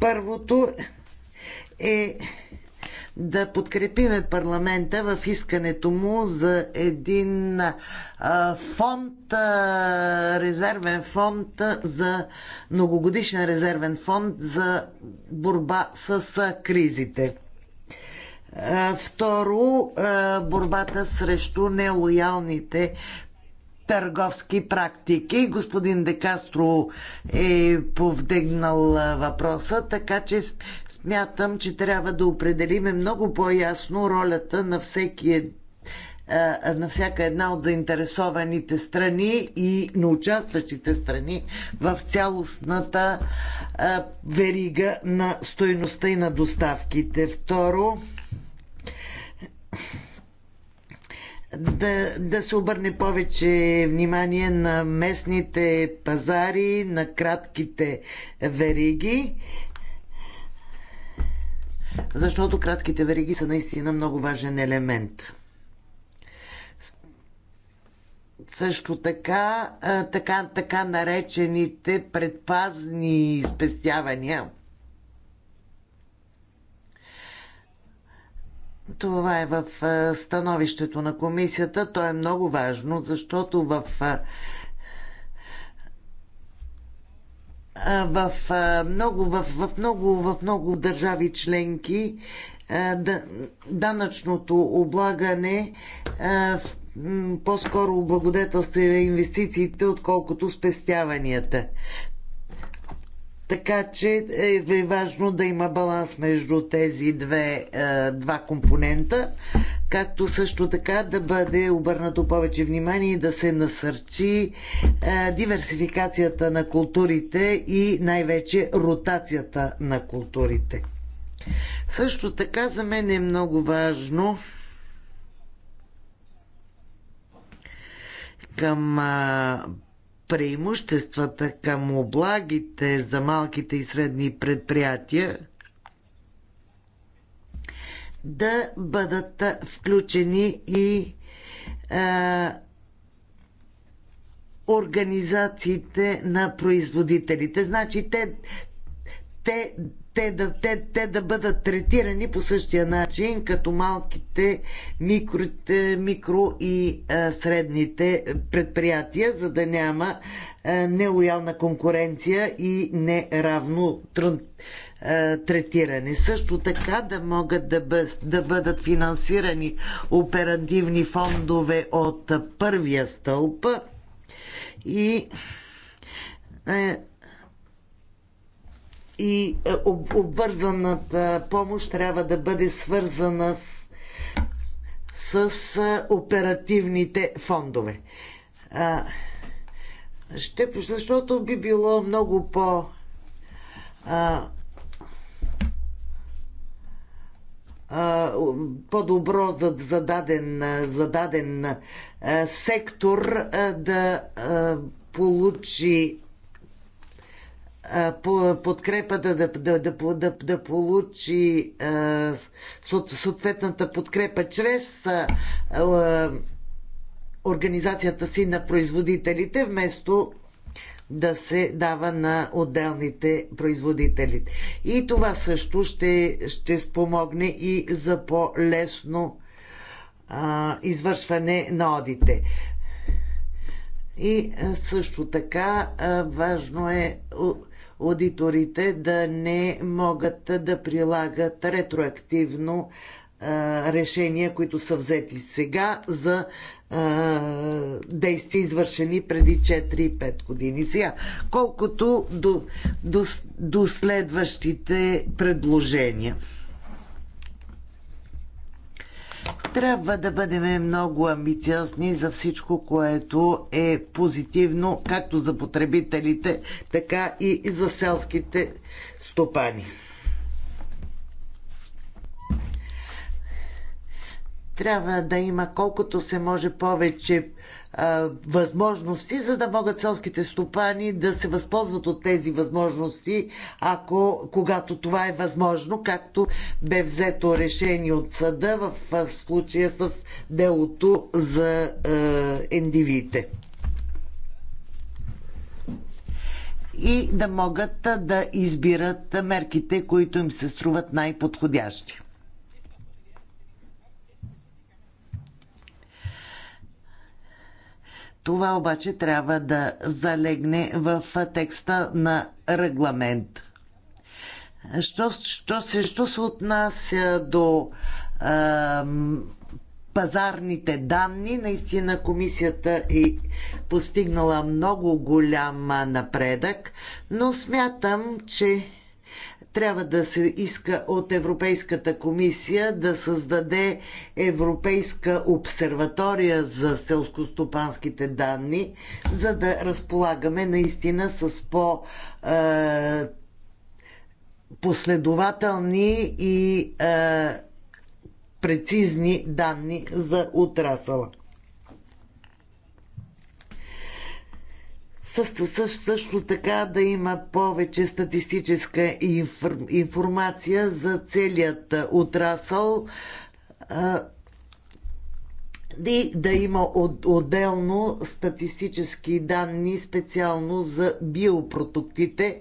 Първото е да подкрепиме парламента в искането му за един а, е, фонд, а, резервен фонд за многогодишен резервен фонд за борба с а, кризите. Второ, борбата срещу нелоялните търговски практики. Господин Декастро е повдигнал въпроса, така че смятам, че трябва да определиме много по-ясно ролята на всеки на всяка една от заинтересованите страни и на участващите страни в цялостната верига на стойността и на доставките. Второ, да, да се обърне повече внимание на местните пазари, на кратките вериги, защото кратките вериги са наистина много важен елемент. Също така, така, така наречените предпазни спестявания – Това е в становището на комисията. То е много важно, защото в в много, в, в, много, в много държави членки данъчното облагане по-скоро облагодетелства инвестициите, отколкото спестяванията. Така че е, е важно да има баланс между тези две, е, два компонента, както също така да бъде обърнато повече внимание и да се насърчи е, диверсификацията на културите и най-вече ротацията на културите. Също така за мен е много важно към преимуществата към облагите за малките и средни предприятия да бъдат включени и а, организациите на производителите. Значи те, те те да, те, те да бъдат третирани по същия начин, като малките, микроте, микро и а, средните предприятия, за да няма а, нелоялна конкуренция и неравно трън, а, третиране. Също така да могат да, бъс, да бъдат финансирани оперативни фондове от първия стълб и. А, е, и е, обвързаната помощ трябва да бъде свързана с, с е, оперативните фондове. А, ще, защото би било много по. А, по-добро за, за за даден сектор да получи подкрепа да, да, да, да, да, да получи а, съответната подкрепа чрез а, а, организацията си на производителите, вместо да се дава на отделните производители. И това също ще, ще спомогне и за по-лесно извършване на одите. И също така важно е аудиторите да не могат да прилагат ретроактивно решения, които са взети сега за действия, извършени преди 4 5 години. Сега, колкото до, до, до следващите предложения. Трябва да бъдем много амбициозни за всичко, което е позитивно както за потребителите, така и за селските стопани. трябва да има колкото се може повече а, възможности, за да могат селските стопани да се възползват от тези възможности, ако когато това е възможно, както бе взето решение от съда в случая с делото за а, ендивите. И да могат да избират мерките, които им се струват най-подходящи. Това обаче трябва да залегне в текста на регламент. Що, що, се, що се отнася до а, пазарните данни, наистина комисията е постигнала много голям напредък, но смятам, че трябва да се иска от Европейската комисия да създаде Европейска обсерватория за селскостопанските данни, за да разполагаме наистина с по- е, последователни и е, прецизни данни за отрасъла. също, също, също така да има повече статистическа инфор, информация за целият отрасъл. И да има отделно статистически данни специално за биопродуктите,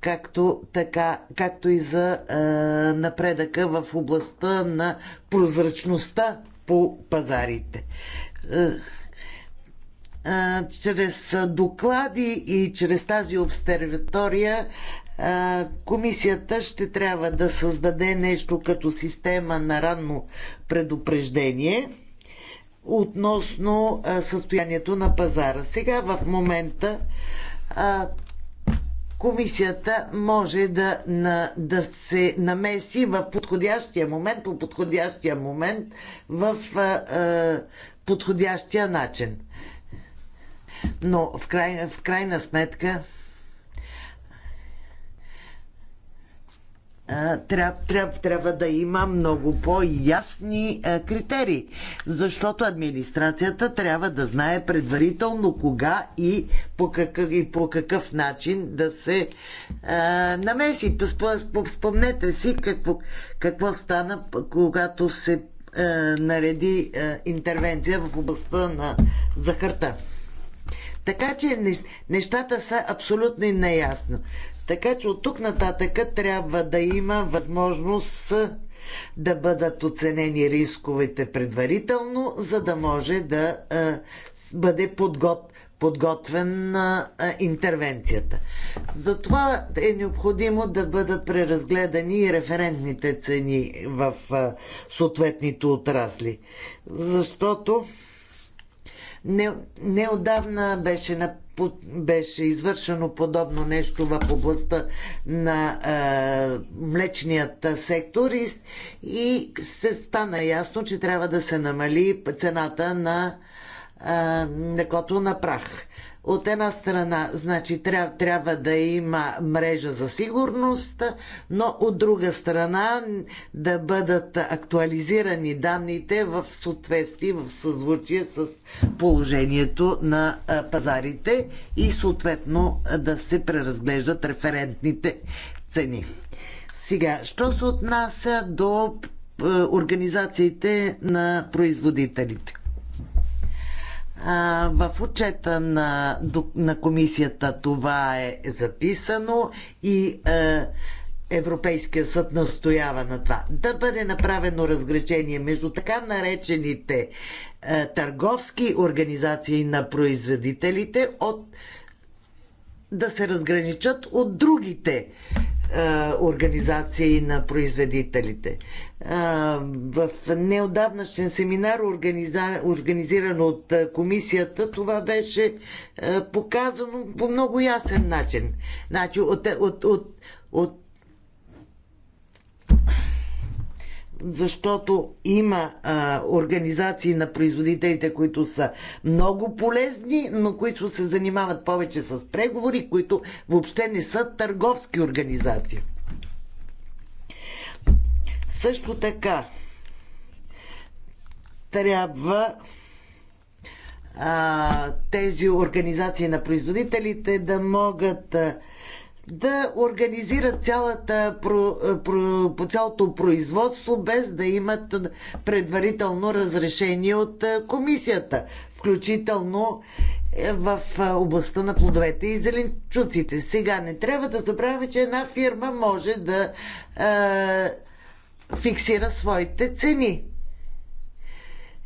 както, така, както и за е, напредъка в областта на прозрачността по пазарите. Е, чрез доклади и чрез тази обсерватория комисията ще трябва да създаде нещо като система на ранно предупреждение относно състоянието на пазара. Сега в момента комисията може да, на, да се намеси в подходящия момент, по подходящия момент, в а, подходящия начин но в крайна, в крайна сметка Тряб, тряб, трябва да има много по-ясни критерии, защото администрацията трябва да знае предварително кога и по какъв, и по какъв начин да се а, намеси. Спомнете си какво, какво стана, когато се а, нареди а, интервенция в областта на захарта. Така че нещата са абсолютно неясно. Така че от тук нататък трябва да има възможност да бъдат оценени рисковете предварително, за да може да а, бъде подгот, подготвен а, а, интервенцията. Затова е необходимо да бъдат преразгледани и референтните цени в а, съответните отрасли. Защото не, неодавна беше, на, беше извършено подобно нещо в областта на е, млечният сектор и, и се стана ясно, че трябва да се намали цената на е, млекото на прах. От една страна, значи, трябва, трябва да има мрежа за сигурност, но от друга страна да бъдат актуализирани данните в съответствие, в съзвучие с положението на пазарите и съответно да се преразглеждат референтните цени. Сега, що се отнася до организациите на производителите? В отчета на, на комисията това е записано и Европейският Европейския съд настоява на това. Да бъде направено разграничение между така наречените е, търговски организации на производителите от да се разграничат от другите е, организации на производителите. Е, в неодавнашен семинар, организиран от е, комисията, това беше показано по много ясен начин. Значи, от, от, от, от защото има а, организации на производителите, които са много полезни, но които се занимават повече с преговори, които въобще не са търговски организации. Също така, трябва а, тези организации на производителите да могат. А, да организират цялата, про, про, по цялото производство, без да имат предварително разрешение от е, комисията, включително е, в е, областта на плодовете и зеленчуците. Сега не трябва да забравяме, че една фирма може да е, фиксира своите цени.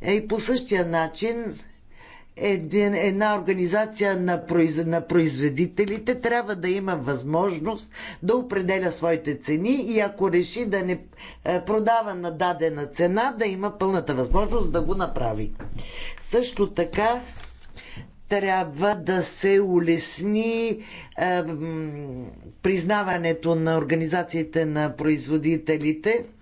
И по същия начин един, една организация на, произ, на производителите трябва да има възможност да определя своите цени и ако реши да не е, продава на дадена цена, да има пълната възможност да го направи. Също така трябва да се улесни е, признаването на организациите на производителите –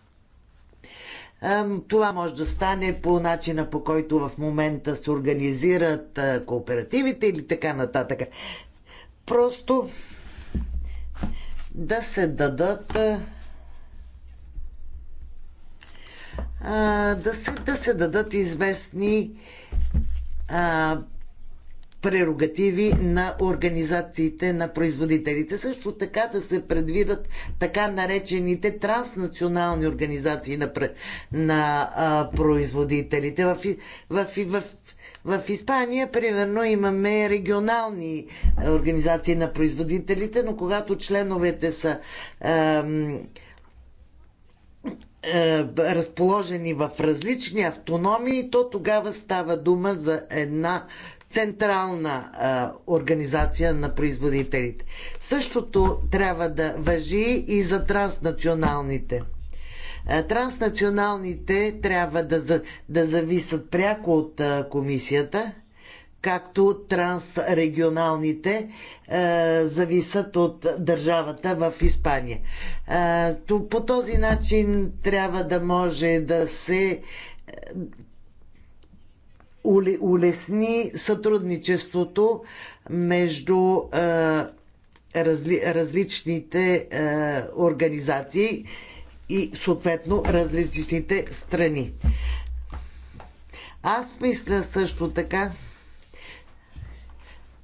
това може да стане по начина по който в момента се организират кооперативите или така нататък. Просто да се дадат да се, да се дадат известни прерогативи на организациите на производителите. Също така да се предвидат така наречените транснационални организации на, на а, производителите. В, в, в, в Испания, примерно, имаме регионални организации на производителите, но когато членовете са ам, разположени в различни автономии, то тогава става дума за една централна а, организация на производителите. Същото трябва да въжи и за транснационалните. транснационалните трябва да, за, да зависят пряко от а, комисията, както трансрегионалните а, зависят от държавата в Испания. А, то, по този начин трябва да може да се улесни сътрудничеството между е, разли, различните е, организации и съответно различните страни. Аз мисля също така,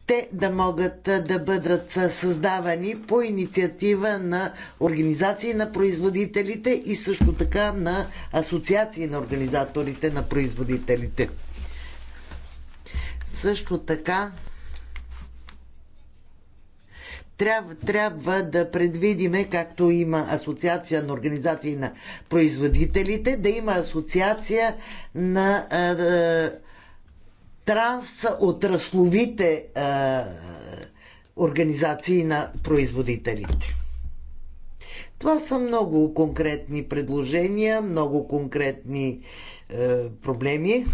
те да могат е, да бъдат създавани по инициатива на организации на производителите и също така на асоциации на организаторите на производителите. Също така трябва, трябва да предвидиме, както има асоциация на организации на производителите, да има асоциация на а, а, трансотрасловите а, организации на производителите. Това са много конкретни предложения, много конкретни е, проблеми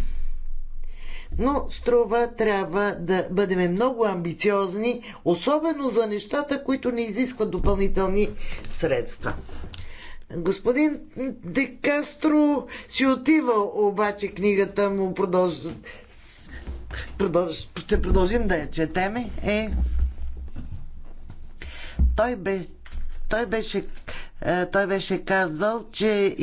но струва трябва да бъдем много амбициозни, особено за нещата, които не изискват допълнителни средства. Господин Декастро си отива, обаче книгата му продължи. Продълж... Ще продължим да я четеме. Е... Той, бе... Той беше е, той беше казал, че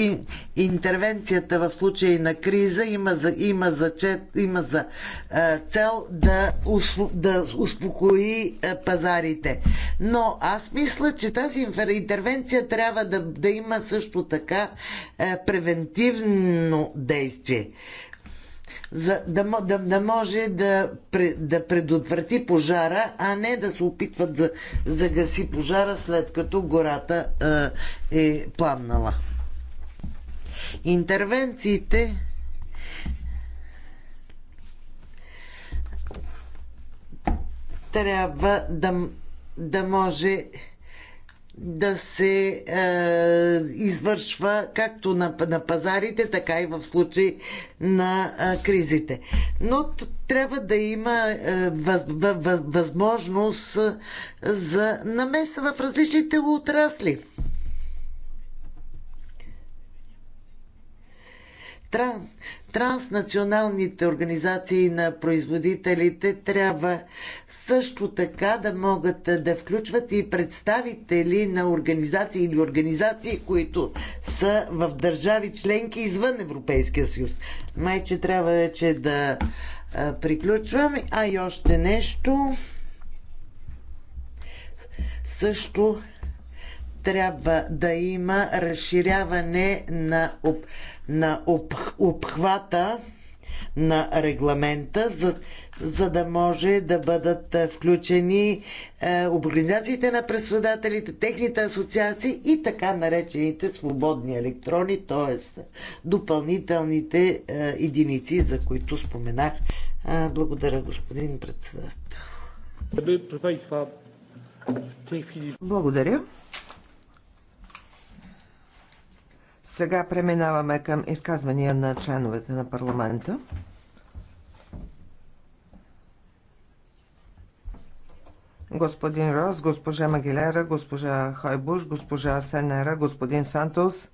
интервенцията в случай на криза има за, има за, има за е, цел да, да успокои е, пазарите. Но аз мисля, че тази интервенция трябва да, да има също така превентивно действие за да, да, да може да, да предотврати пожара, а не да се опитват да загаси пожара след като гората е, е пламнала. Интервенциите трябва да, да може да се е, извършва както на, на пазарите, така и в случай на е, кризите. Но трябва да има е, въз, въз, възможност за намеса в различните отрасли. Тран, транснационалните организации на производителите трябва също така да могат да включват и представители на организации или организации, които са в държави членки извън Европейския съюз. Майче трябва вече да а, приключвам. А и още нещо. Също трябва да има разширяване на, об, на об, обхвата на регламента, за, за да може да бъдат включени е, организациите на председателите, техните асоциации и така наречените свободни електрони, т.е. допълнителните е, единици, за които споменах. Е, благодаря, господин председател. Благодаря. Сега преминаваме към изказвания на членовете на парламента. Господин Рос, госпожа Магилера, госпожа Хойбуш, госпожа Сенера, господин Сантос,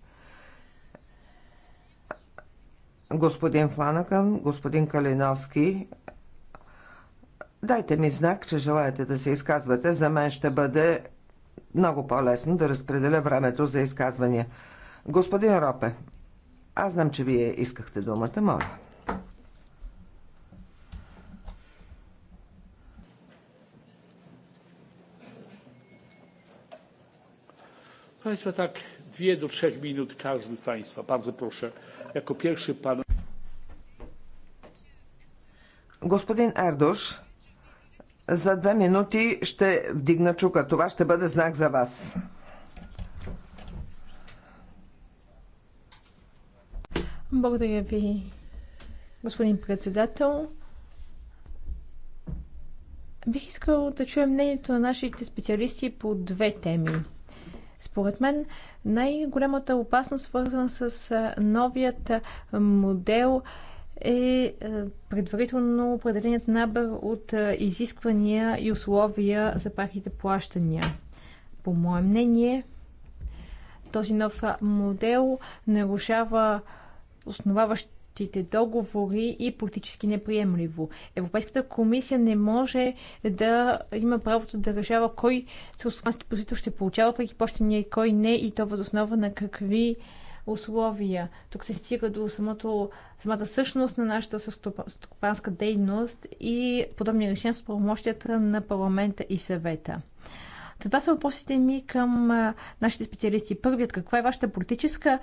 господин Фланакън, господин Калиновски, Дайте ми знак, че желаете да се изказвате. За мен ще бъде много по-лесно да разпределя времето за изказвания. Господин Ропе, аз знам, че вие искахте думата, моля. Państwa tak dwie do trzech minut każdy z Państwa. Bardzo proszę. Jako pierwszy pan. Господин Ардош, за две минути ще вдигна чука. Това ще będzie znak za Was. Благодаря ви, господин председател. Бих искал да чуя мнението на нашите специалисти по две теми. Според мен най-голямата опасност, свързана с новият модел, е предварително определеният набър от изисквания и условия за пахите плащания. По мое мнение, този нов модел нарушава основаващите договори и политически неприемливо. Европейската комисия не може да има правото да решава кой селскостопански производител ще получава преки плащания и кой не и то възоснова на какви условия. Тук се стига до самото, самата същност на нашата селскостопанска дейност и подобни решения с правомощията на парламента и съвета. Това са въпросите ми към нашите специалисти. Първият, каква е вашата политическа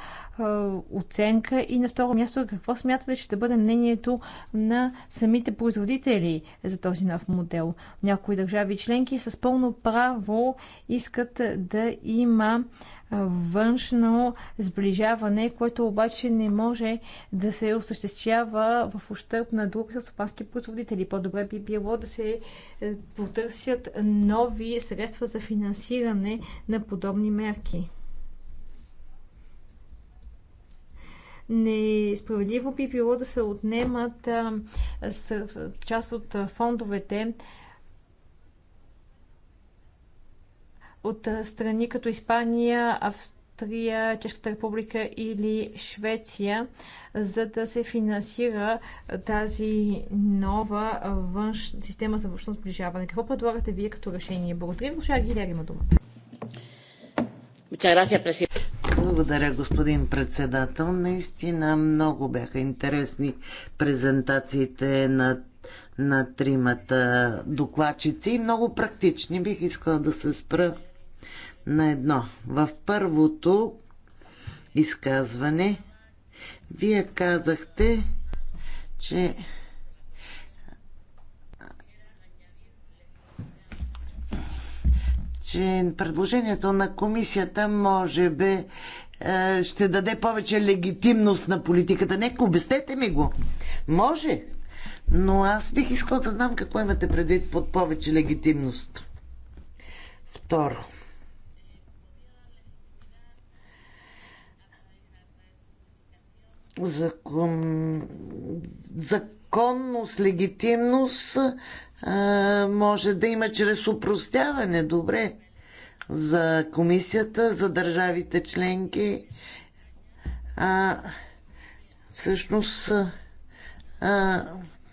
оценка и на второ място, какво смятате, че ще бъде мнението на самите производители за този нов модел? Някои държави членки с пълно право искат да има външно сближаване, което обаче не може да се осъществява в ущърп на други стопански производители. По-добре би било да се е, потърсят нови средства за финансиране на подобни мерки. Несправедливо би било да се отнемат част от фондовете от страни като Испания, Австрия, Чешката република или Швеция, за да се финансира тази нова външ... система за външно сближаване. Какво предлагате вие като решение? Благодаря, госпожа Гилер има думата. Благодаря, господин председател. Наистина много бяха интересни презентациите на, на тримата докладчици и много практични. Бих искала да се спра на едно. В първото изказване вие казахте, че че предложението на комисията може би е, ще даде повече легитимност на политиката. Нека обяснете ми го. Може, но аз бих искала да знам какво имате предвид под повече легитимност. Второ. закон, законност, легитимност а, може да има чрез упростяване, добре, за комисията, за държавите членки. А, всъщност, а,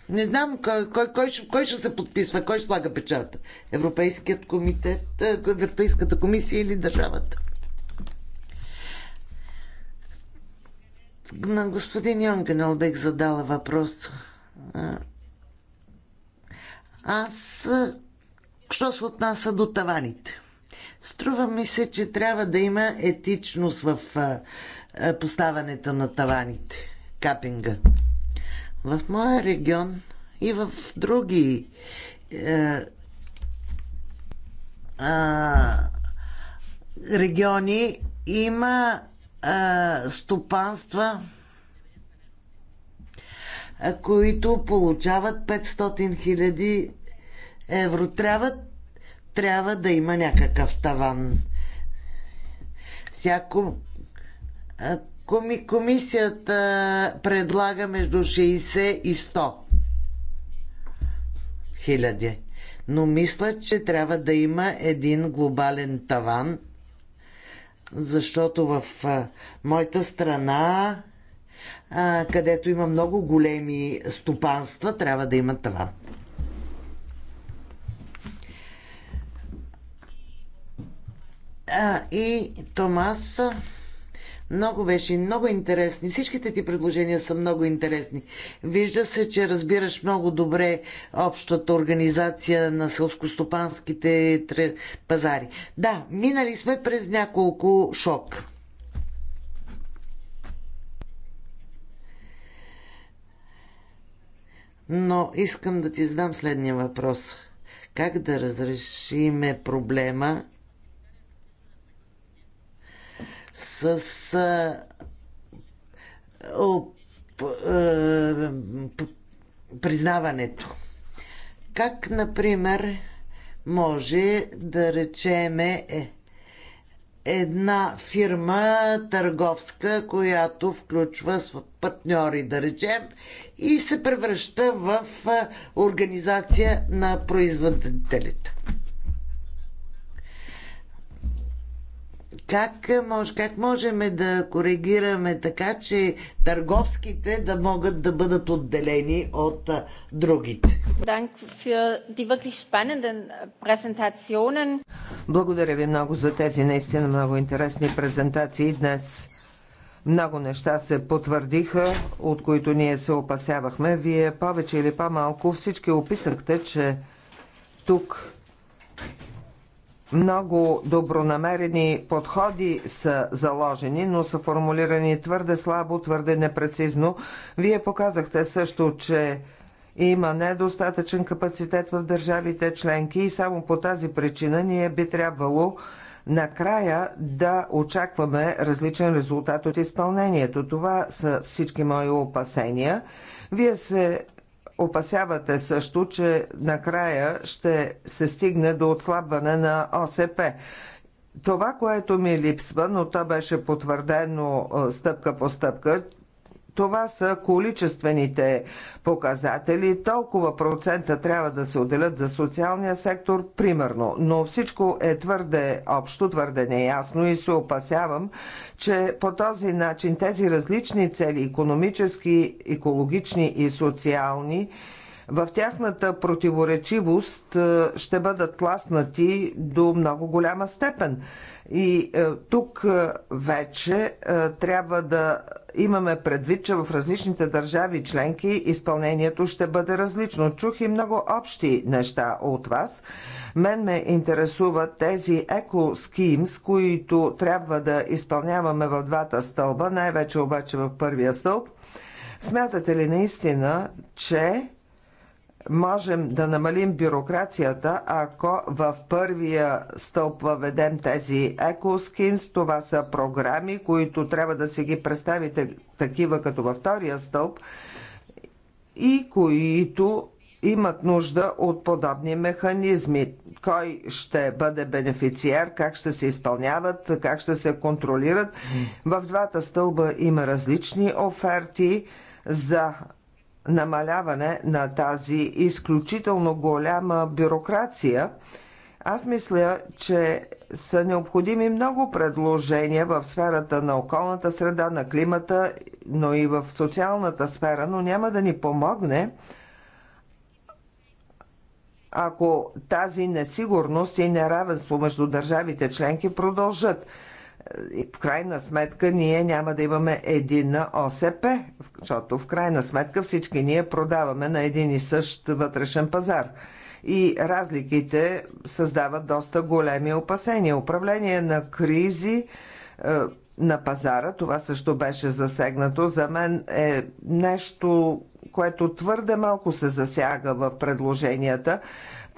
не знам кой, кой, кой, ще, кой ще се подписва, кой ще слага печата. Европейският комитет, Европейската комисия или държавата? на господин Йонгенел бех задала въпрос. Аз, що се отнася до таваните? Струва ми се, че трябва да има етичност в поставането на таваните, капинга. В моя регион и в други е, а, региони има стопанства, които получават 500 хиляди евро. Трябва, трябва да има някакъв таван. Всяко коми, комисията предлага между 60 и 100 хиляди. Но мисля, че трябва да има един глобален таван – защото в моята страна, където има много големи стопанства, трябва да има таван. и Томас много беше, много интересни. Всичките ти предложения са много интересни. Вижда се, че разбираш много добре общата организация на селскостопанските пазари. Да, минали сме през няколко шок. Но искам да ти задам следния въпрос. Как да разрешиме проблема с признаването. Как, например, може да речеме е, една фирма търговска, която включва партньори, да речем, и се превръща в организация на производителите. как, мож, как можем да коригираме така, че търговските да могат да бъдат отделени от другите? Благодаря ви много за тези наистина много интересни презентации днес. Много неща се потвърдиха, от които ние се опасявахме. Вие повече или по-малко всички описахте, че тук много добронамерени подходи са заложени, но са формулирани твърде слабо, твърде непрецизно. Вие показахте също, че има недостатъчен капацитет в държавите членки и само по тази причина ние би трябвало накрая да очакваме различен резултат от изпълнението. Това са всички мои опасения. Вие се Опасявате също, че накрая ще се стигне до отслабване на ОСП. Това, което ми липсва, но то беше потвърдено стъпка по стъпка, това са количествените показатели. Толкова процента трябва да се отделят за социалния сектор, примерно. Но всичко е твърде общо, твърде неясно и се опасявам, че по този начин тези различни цели, економически, екологични и социални, в тяхната противоречивост е, ще бъдат тласнати до много голяма степен. И е, тук е, вече трябва да имаме предвид, че в различните държави членки изпълнението ще бъде различно. Чух и много общи неща от вас. Мен ме интересуват тези еко скимс, които трябва да изпълняваме в двата стълба, най-вече обаче в първия стълб. Смятате ли наистина, че можем да намалим бюрокрацията, ако в първия стълб въведем тези EcoSkins. Това са програми, които трябва да си ги представите такива като във втория стълб и които имат нужда от подобни механизми. Кой ще бъде бенефициер, как ще се изпълняват, как ще се контролират. В двата стълба има различни оферти за намаляване на тази изключително голяма бюрокрация, аз мисля, че са необходими много предложения в сферата на околната среда, на климата, но и в социалната сфера, но няма да ни помогне, ако тази несигурност и неравенство между държавите членки продължат. И в крайна сметка ние няма да имаме едина ОСП, защото в крайна сметка всички ние продаваме на един и същ вътрешен пазар и разликите създават доста големи опасения. Управление на кризи е, на пазара, това също беше засегнато. За мен е нещо, което твърде малко се засяга в предложенията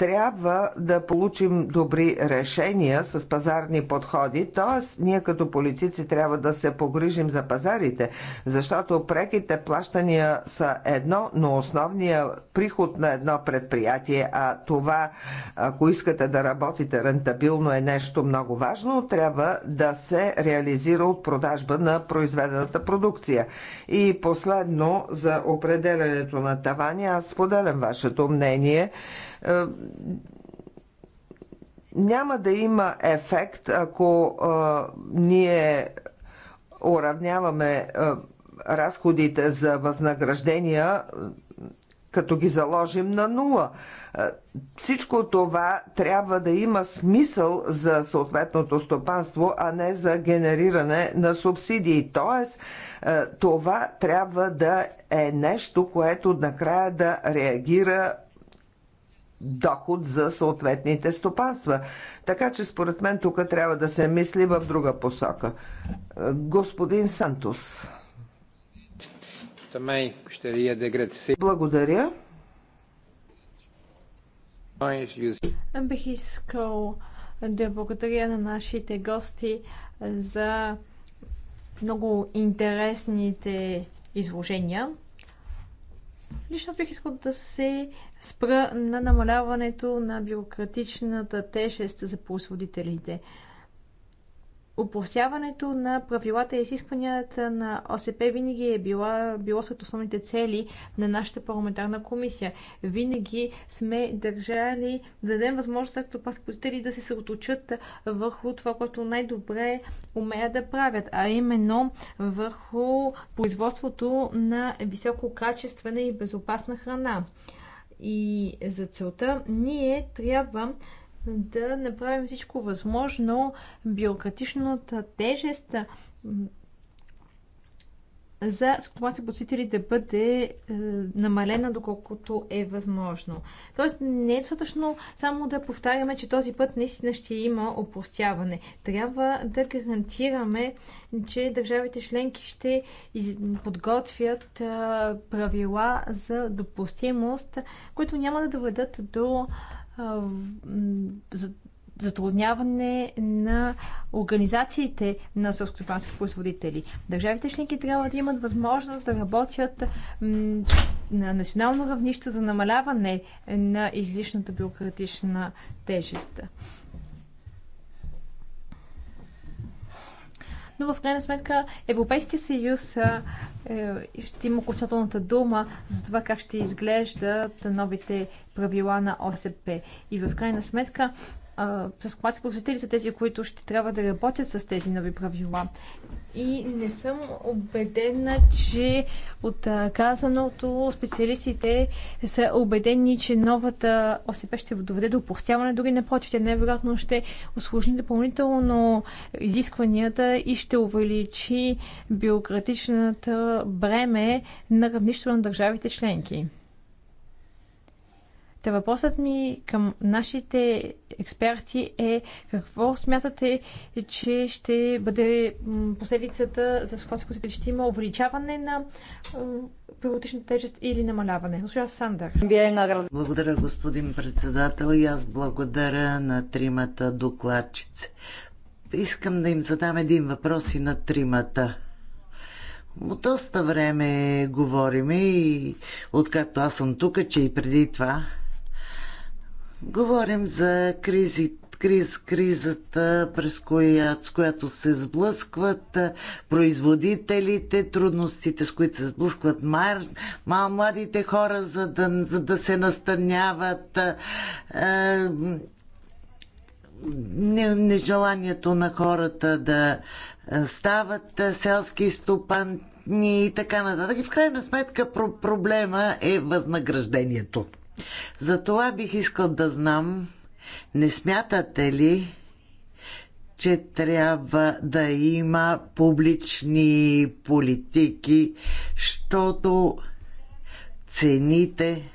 трябва да получим добри решения с пазарни подходи, т.е. ние като политици трябва да се погрижим за пазарите, защото преките плащания са едно, но основния приход на едно предприятие, а това, ако искате да работите рентабилно, е нещо много важно, трябва да се реализира от продажба на произведената продукция. И последно, за определенето на тавани, аз споделям вашето мнение, е, няма да има ефект, ако а, е, ние уравняваме а, е, разходите за възнаграждения, като ги заложим на нула. Всичко това трябва да има смисъл за съответното стопанство, а не за генериране на субсидии. Тоест, това трябва да е нещо, което накрая да реагира доход за съответните стопанства. Така че според мен тук трябва да се мисли в друга посока. Е, господин Сантус. Благодаря. Бих искал да благодаря на нашите гости за много интересните изложения. Лично аз бих искал да се спра на намаляването на бюрократичната тежест за производителите. Опросяването на правилата и изискванията на ОСП винаги е била, било сред основните цели на нашата парламентарна комисия. Винаги сме държали да дадем възможност както паскотители да се съоточат върху това, което най-добре умеят да правят, а именно върху производството на висококачествена и безопасна храна. И за целта ние трябва да направим всичко възможно бюрократичната тежест за скотомаци посетители да бъде е, намалена доколкото е възможно. Тоест не е достатъчно само да повтаряме, че този път наистина ще има опростяване. Трябва да гарантираме, че държавите членки ще из... подготвят е, правила за допустимост, които няма да доведат до е, за затрудняване на организациите на селскостопански производители. Държавите членки трябва да имат възможност да работят на национално равнище за намаляване на излишната бюрократична тежест. но в крайна сметка Европейския съюз е, ще има окончателната дума за това как ще изглеждат новите правила на ОСП. И в крайна сметка класи производители са тези, които ще трябва да работят с тези нови правила. И не съм убедена, че от казаното специалистите са убедени, че новата ОСП ще доведе до упростяване, дори напротив, тя най-вероятно ще осложни допълнително изискванията и ще увеличи бюрократичната бреме на равнището на държавите членки. Та въпросът ми към нашите експерти е какво смятате, че ще бъде последицата за ситуация, която ще има увеличаване на пилотичната тежест или намаляване? Госпожа Сандър. Благодаря, господин председател, и аз благодаря на тримата докладчици. Искам да им задам един въпрос и на тримата. От доста време говориме и откакто аз съм тук, че и преди това Говорим за кризи, криз, кризата, през коя, с която се сблъскват производителите, трудностите, с които се сблъскват мар, мал, младите хора, за да, за да се настаняват. Е, нежеланието на хората да стават селски стопани и така нататък. И в крайна сметка проблема е възнаграждението. Затова бих искал да знам, не смятате ли, че трябва да има публични политики, защото цените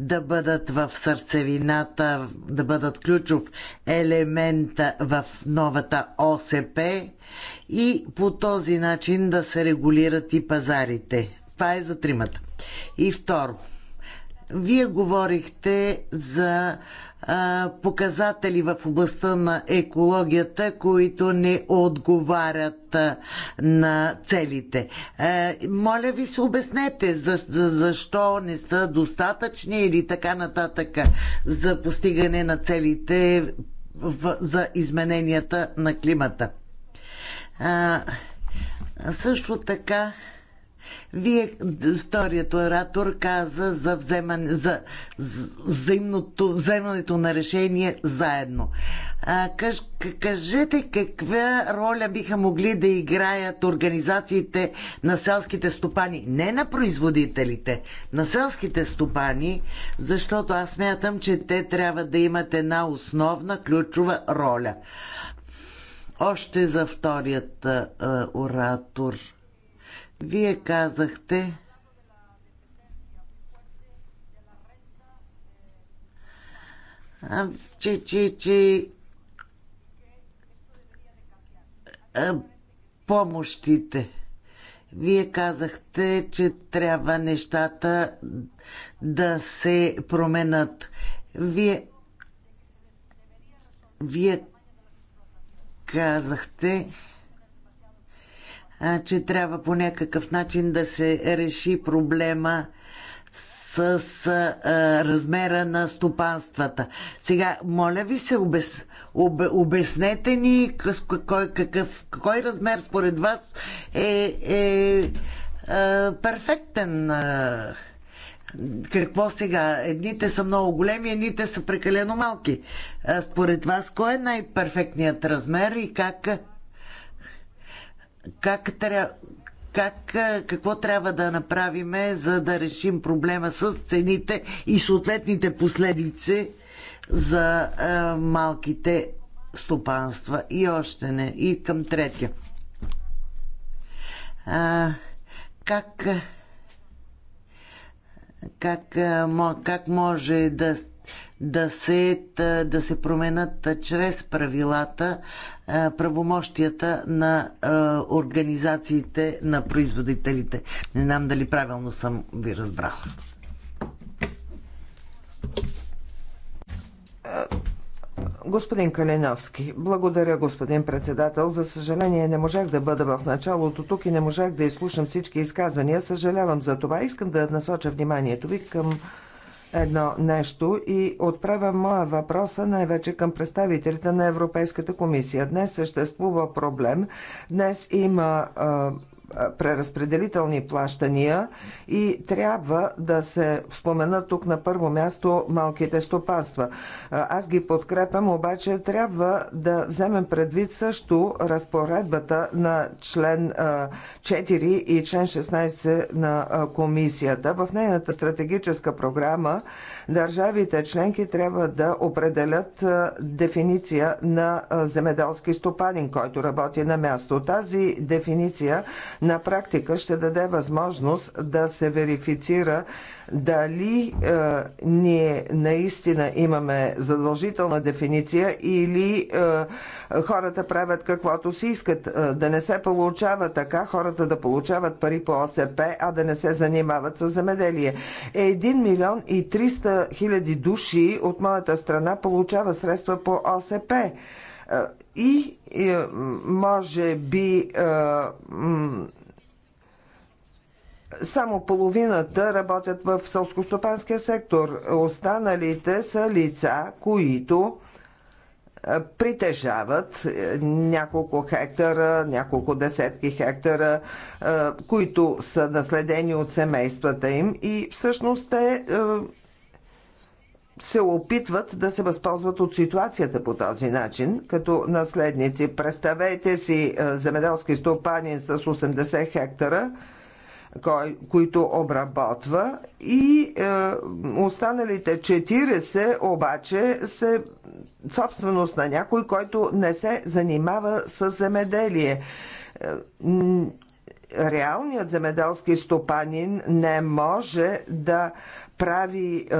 да бъдат в сърцевината, да бъдат ключов елемент в новата ОСП и по този начин да се регулират и пазарите. Това е за тримата. И второ – вие говорихте за а, показатели в областта на екологията, които не отговарят а, на целите. А, моля ви се обяснете за, за, защо не са достатъчни или така нататък за постигане на целите в, за измененията на климата. А, също така вие, вторият оратор, каза за, вземане, за, взаимното, вземането на решение заедно. А, къж, кажете каква роля биха могли да играят организациите на селските стопани, не на производителите, на селските стопани, защото аз мятам, че те трябва да имат една основна ключова роля. Още за вторият а, оратор вие казахте, че, че, че помощите. Вие казахте, че трябва нещата да се променят. Вие, вие казахте, че трябва по някакъв начин да се реши проблема с а, размера на стопанствата. Сега, моля ви се, обяс, об, обяснете ни кой, какъв, кой размер според вас е, е е перфектен. какво сега? Едните са много големи, едните са прекалено малки. според вас, кой е най-перфектният размер и как как тря... как, какво трябва да направим, за да решим проблема с цените и съответните последици за а, малките стопанства. И още не. И към третия. А, как как, как може да, да се, да се променят чрез правилата правомощията на организациите на производителите. Не знам дали правилно съм ви разбрал. Господин Калиновски, благодаря господин председател. За съжаление не можах да бъда в началото тук и не можах да изслушам всички изказвания. Съжалявам за това. Искам да насоча вниманието ви към едно нещо и отправя моя въпроса най-вече към представителите на Европейската комисия. Днес съществува проблем. Днес има преразпределителни плащания и трябва да се спомена тук на първо място малките стопанства. Аз ги подкрепям, обаче трябва да вземем предвид също разпоредбата на член 4 и член 16 на комисията. В нейната стратегическа програма държавите членки трябва да определят дефиниция на земеделски стопанин, който работи на място. Тази дефиниция на практика ще даде възможност да се верифицира дали е, ние наистина имаме задължителна дефиниция или е, хората правят каквото си искат. Е, да не се получава така, хората да получават пари по ОСП, а да не се занимават с земеделие. Един 1 милион и 300 хиляди души от моята страна получава средства по ОСП и е, може би само половината работят в сълскостопанския сектор. Останалите са лица, които притежават е, няколко хектара, няколко десетки хектара, които са наследени от семействата им и всъщност те е, се опитват да се възползват от ситуацията по този начин, като наследници. Представете си е, земеделски стопанин с 80 хектара, кой, които обработва и е, останалите 40 обаче се собственост на някой, който не се занимава с земеделие. Е, реалният земеделски стопанин не може да прави е,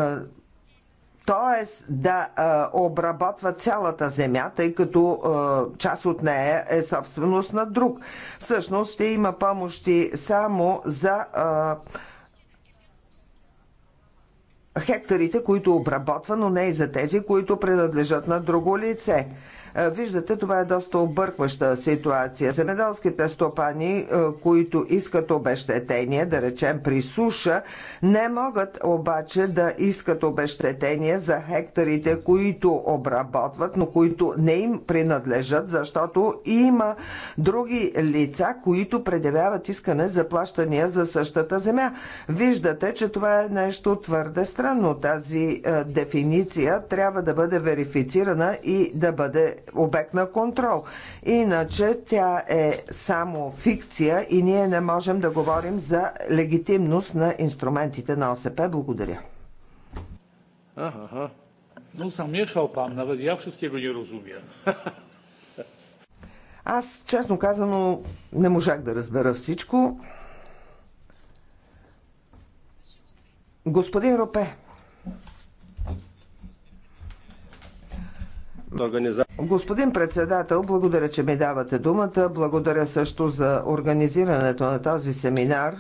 т.е. да а, обработва цялата земя, тъй като а, част от нея е собственост на друг. Всъщност ще има помощи само за а, хектарите, които обработва, но не и за тези, които принадлежат на друго лице. Е, виждате, това е доста объркваща ситуация. Земеделските стопани, е, които искат обещетение, да речем при суша, не могат обаче да искат обещетение за хектарите, които обработват, но които не им принадлежат, защото има други лица, които предявяват искане за плащания за същата земя. Виждате, че това е нещо твърде странно. Тази е, дефиниция трябва да бъде верифицирана и да бъде обект на контрол. Иначе тя е само фикция и ние не можем да говорим за легитимност на инструментите на ОСП. Благодаря. Aha, aha. No zamieszał pan, nawet сте го nie rozumiem. Аз, честно казано, не можах да разбера всичко. Господин Ропе, Господин председател, благодаря, че ми давате думата. Благодаря също за организирането на този семинар.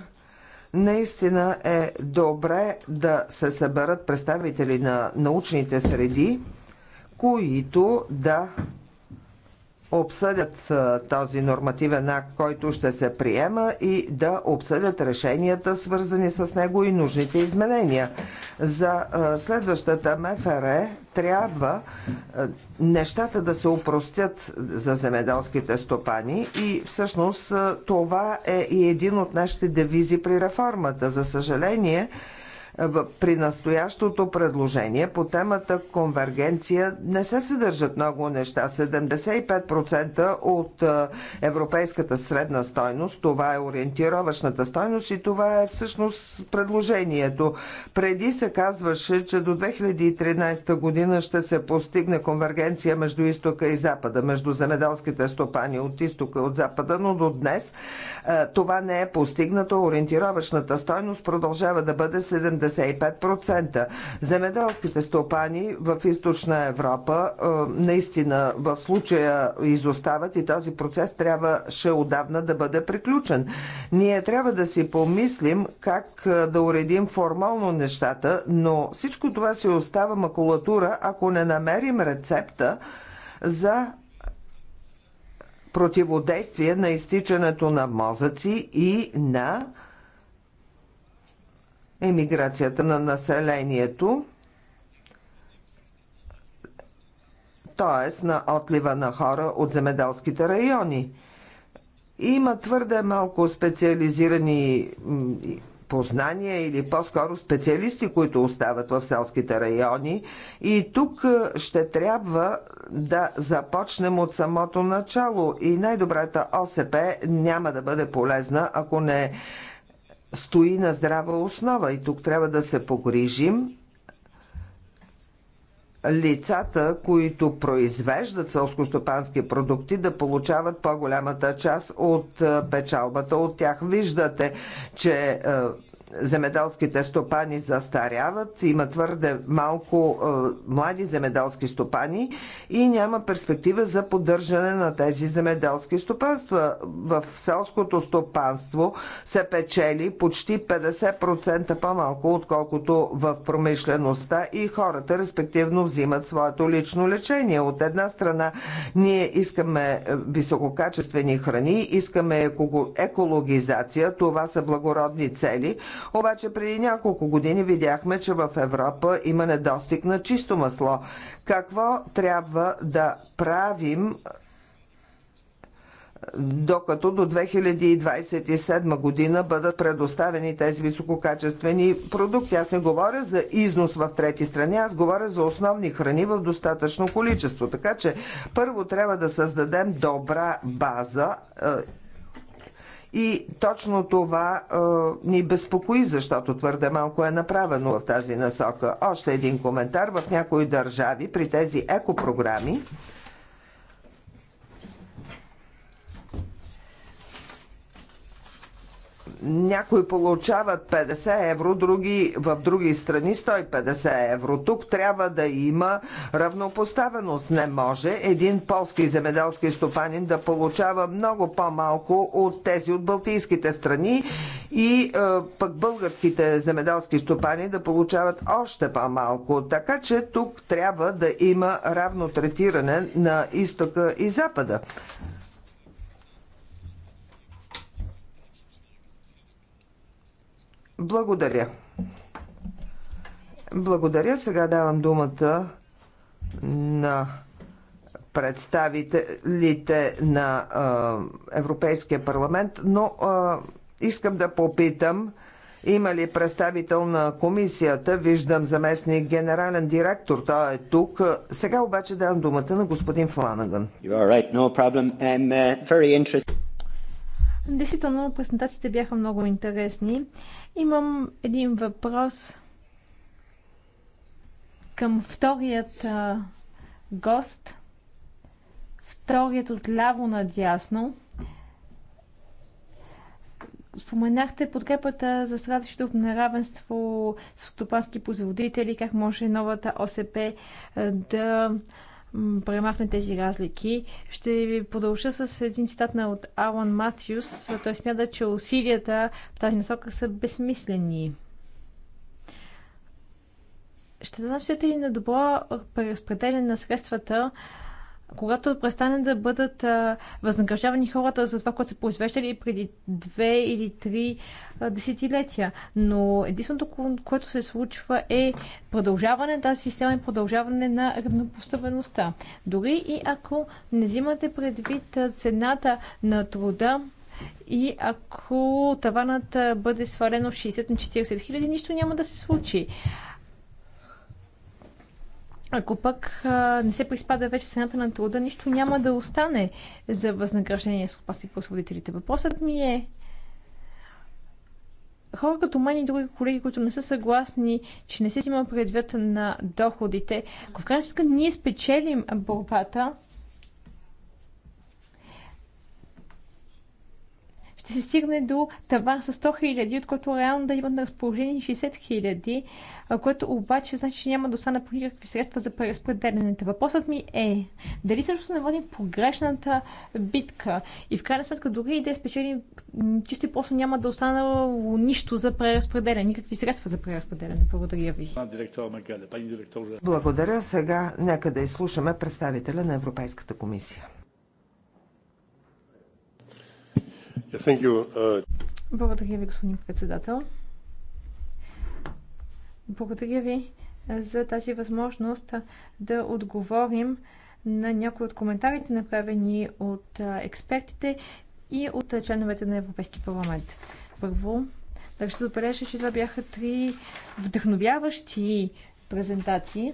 Наистина е добре да се съберат представители на научните среди, които да обсъдят този нормативен акт, който ще се приема и да обсъдят решенията, свързани с него и нужните изменения. За следващата МФР трябва нещата да се упростят за земеделските стопани и всъщност това е и един от нашите девизи при реформата. За съжаление, при настоящото предложение по темата конвергенция не се съдържат много неща. 75% от е, европейската средна стойност, това е ориентировъчната стойност и това е всъщност предложението. Преди се казваше, че до 2013 година ще се постигне конвергенция между изтока и запада, между земеделските стопани от изтока и от запада, но до днес е, това не е постигнато. Ориентировъчната стойност продължава да бъде 70 75%. Земеделските стопани в източна Европа е, наистина в случая изостават и този процес трябваше отдавна да бъде приключен. Ние трябва да си помислим как е, да уредим формално нещата, но всичко това си остава макулатура, ако не намерим рецепта за противодействие на изтичането на мозъци и на емиграцията на населението, т.е. на отлива на хора от земеделските райони. Има твърде малко специализирани познания или по-скоро специалисти, които остават в селските райони. И тук е, ще трябва да започнем от самото начало. И най-добрата ОСП няма да бъде полезна, ако не стои на здрава основа и тук трябва да се погрижим лицата, които произвеждат селскостопански продукти, да получават по-голямата част от печалбата от тях. Виждате, че земеделските стопани застаряват, има твърде малко е, млади земеделски стопани и няма перспектива за поддържане на тези земеделски стопанства. В селското стопанство се печели почти 50% по-малко, отколкото в промишлеността и хората респективно взимат своето лично лечение. От една страна ние искаме е, висококачествени храни, искаме екологизация, това са благородни цели – обаче преди няколко години видяхме, че в Европа има недостиг на чисто масло. Какво трябва да правим докато до 2027 година бъдат предоставени тези висококачествени продукти. Аз не говоря за износ в трети страни, аз говоря за основни храни в достатъчно количество. Така че първо трябва да създадем добра база е, и точно това е, ни безпокои, защото твърде малко е направено в тази насока. Още един коментар. В някои държави при тези екопрограми програми някои получават 50 евро, други в други страни 150 евро. Тук трябва да има равнопоставеност. Не може един полски земеделски стопанин да получава много по-малко от тези от балтийските страни и е, пък българските земеделски стопани да получават още по-малко. Така че тук трябва да има равно третиране на изтока и запада. Благодаря. Благодаря. Сега давам думата на представителите на а, Европейския парламент, но а, искам да попитам, има ли представител на комисията? Виждам заместник генерален директор, той е тук. Сега обаче давам думата на господин Фланаган. Right, no uh, Действително, презентациите бяха много интересни. Имам един въпрос към вторият а, гост, вторият от ляво надясно. Споменахте подкрепата за страдащите от неравенство с стопански производители, как може новата ОСП да премахне тези разлики. Ще ви продължа с един цитат на от Алан Матюс. Той смята, че усилията в тази насока са безсмислени. Ще дадете ли на добро преразпределение на средствата когато престанат да бъдат а, възнаграждавани хората за това, което са произвеждали преди две или три а, десетилетия. Но единственото, което се случва е продължаване на тази система и продължаване на равнопоставеността. Дори и ако не взимате предвид цената на труда, и ако таванът бъде свален от 60 на 40 хиляди, нищо няма да се случи. Ако пък а, не се приспада вече цената на труда, нищо няма да остане за възнаграждение с опасни производителите. Въпросът ми е хора като мен и други колеги, които не са съгласни, че не се взима предвид на доходите, ако в крайна сметка ние спечелим борбата, ще се стигне до таван с 100 000, от който реално да имат на разположение 60 000, което обаче значи, че няма да остана по никакви средства за преразпределенето. Въпросът ми е, дали също не наводим погрешната битка и в крайна сметка дори и да е спечелим, чисто и просто няма да останало нищо за преразпределяне, никакви средства за преразпределяне. Благодаря ви. Благодаря. Сега нека да изслушаме представителя на Европейската комисия. Uh, Благодаря ви, господин председател. Благодаря ви е, за тази възможност е, да отговорим на някои от коментарите, направени от е, експертите и от членовете на Европейски парламент. Първо, така ще забележа, че това бяха три вдъхновяващи презентации,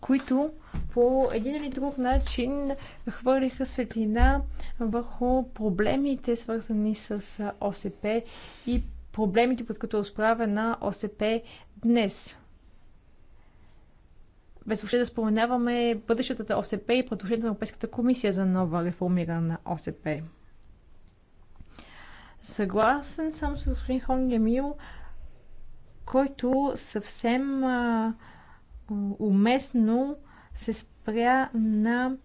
които по един или друг начин хвърлиха светлина върху проблемите, свързани с ОСП и проблемите, под които е на ОСП днес. Без въобще да споменаваме бъдещата ОСП и предложението на Европейската комисия за нова реформирана ОСП. Съгласен съм с господин Хонг Емил, който съвсем а, уместно се спря на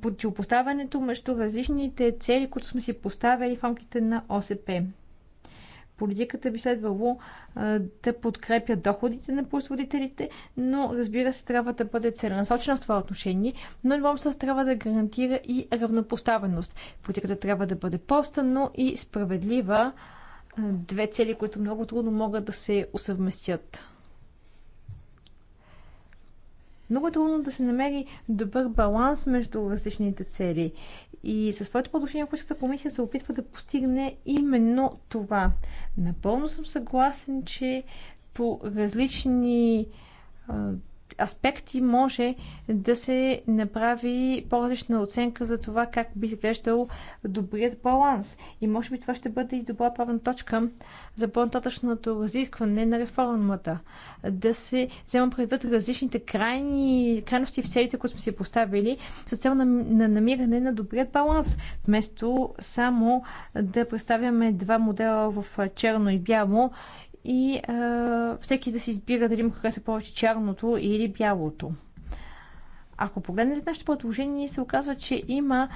противопоставянето между различните цели, които сме си поставили в рамките на ОСП. Политиката би следвало да подкрепя доходите на производителите, но разбира се, трябва да бъде целенасочена в това отношение, но Ломсъв трябва да гарантира и равнопоставеност. Политиката трябва да бъде проста, но и справедлива. Две цели, които много трудно могат да се усъвместят. Много е трудно да се намери добър баланс между различните цели. И със своето предложение Европейската комисия се опитва да постигне именно това. Напълно съм съгласен, че по различни аспекти може да се направи по-различна оценка за това как би изглеждал добрият баланс. И може би това ще бъде и добра правна точка за по-нататъчното разискване на реформата. Да се взема предвид различните крайни, крайности в целите, които сме си поставили, с цел на, на намиране на добрият баланс, вместо само да представяме два модела в черно и бяло и а, всеки да си избира дали му хареса повече черното или бялото. Ако погледнете нашето предложение, се оказва, че има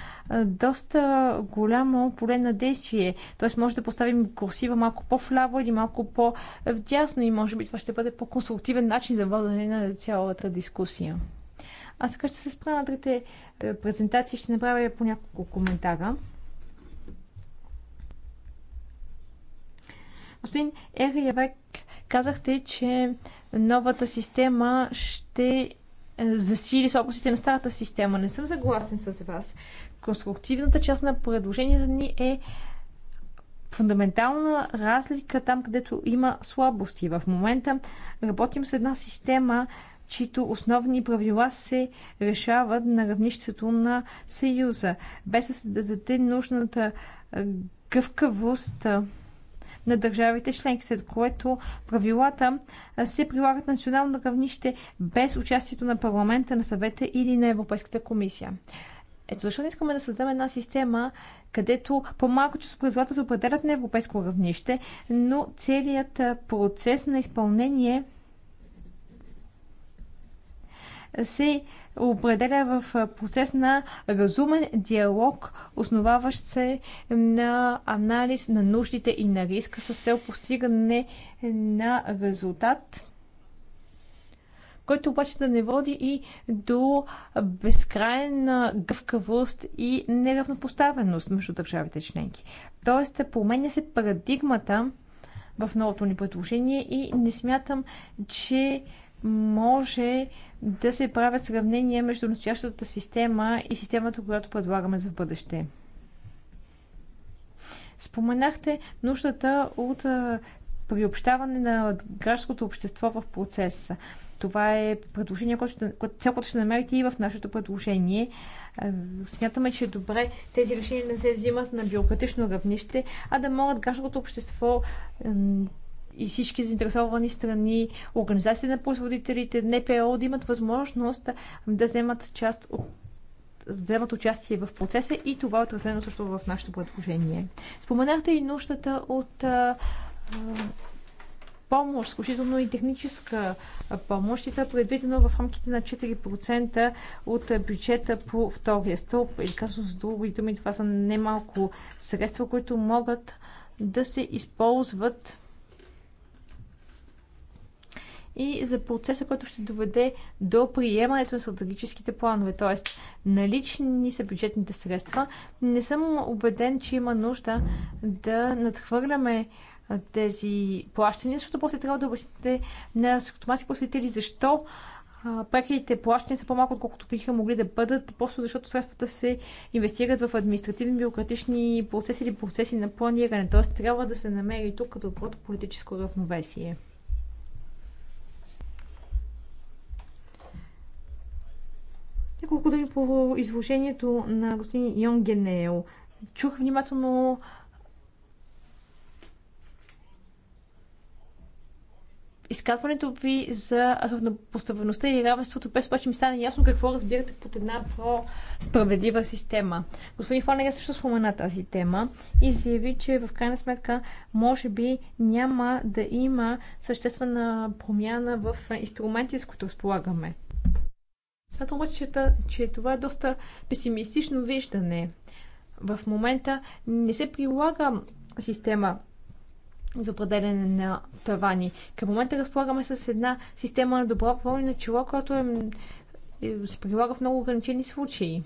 доста голямо поле на действие. Тоест може да поставим курсива малко по-вляво или малко по-вдясно и може би това ще бъде по-конструктивен начин за водене на цялата дискусия. Аз сега ще се спра на трите презентации, ще направя по няколко коментара. Господин Ериевек, казахте, че новата система ще е, засили слабостите на старата система. Не съм съгласен с вас. Конструктивната част на предложението ни е фундаментална разлика там, където има слабости. В момента работим с една система, чието основни правила се решават на равнището на Съюза, без да се даде нужната гъвкавост на държавите членки, след което правилата се прилагат на национално равнище без участието на парламента, на съвета или на Европейската комисия. Ето защо не искаме да създадем една система, където по-малко част правилата се определят на европейско равнище, но целият процес на изпълнение – се определя в процес на разумен диалог, основаващ се на анализ на нуждите и на риска с цел постигане на резултат, който обаче да не води и до безкрайна гъвкавост и неравнопоставеност между държавите членки. Тоест, променя се парадигмата в новото ни предложение и не смятам, че може да се правят сравнения между настоящата система и системата, която предлагаме за бъдеще. Споменахте нуждата от приобщаване на гражданското общество в процеса. Това е предложение, което, цял ще намерите и в нашето предложение. Смятаме, че е добре тези решения не се взимат на бюрократично равнище, а да могат гражданското общество и всички заинтересовани страни, организации на производителите, НПО да имат възможност да вземат част от да вземат участие в процеса и това е отразено също в нашето предложение. Споменахте и нуждата от а, помощ, включително и техническа помощ, и това е предвидено в рамките на 4% от бюджета по втория стълб. Или казвам с други думи, това са немалко средства, които могат да се използват и за процеса, който ще доведе до приемането на стратегическите планове, т.е. налични са бюджетните средства. Не съм убеден, че има нужда да надхвърляме тези плащания, защото после трябва да обясните на сектоматски посетители защо преките плащания са по-малко, отколкото биха могли да бъдат, просто защото средствата се инвестират в административни, бюрократични процеси или процеси на планиране. Т.е. трябва да се намери тук като политическо равновесие. Няколко думи по изложението на господин Йон Генео. Чух внимателно изказването ви за равнопоставеността и равенството, без обаче ми стана ясно какво разбирате под една по справедлива система. Господин Фонега също спомена тази тема и заяви, че в крайна сметка може би няма да има съществена промяна в инструментите, с които разполагаме. Смятам че, че това е доста песимистично виждане. В момента не се прилага система за определене на тавани. Към момента разполагаме с една система на добро правилно начало, която е, е, се прилага в много ограничени случаи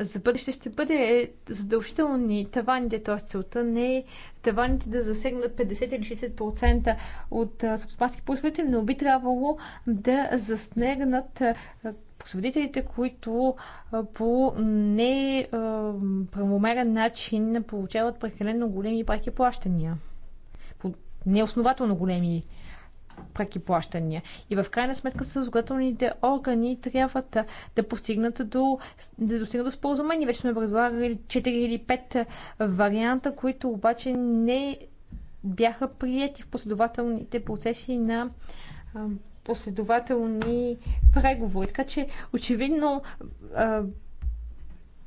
за бъдеще ще бъде задължителни таваните, т.е. целта не е таваните да засегнат 50 или 60% от собствански производители, но би трябвало да заснегнат производителите, които по неправомерен начин получават прекалено големи пайки плащания. По неоснователно големи преки плащания. И в крайна сметка съзгодателните органи трябва да, да постигнат до, да достигнат до споразумение. Вече сме предлагали 4 или 5 варианта, които обаче не бяха прияти в последователните процеси на последователни преговори. Така че, очевидно,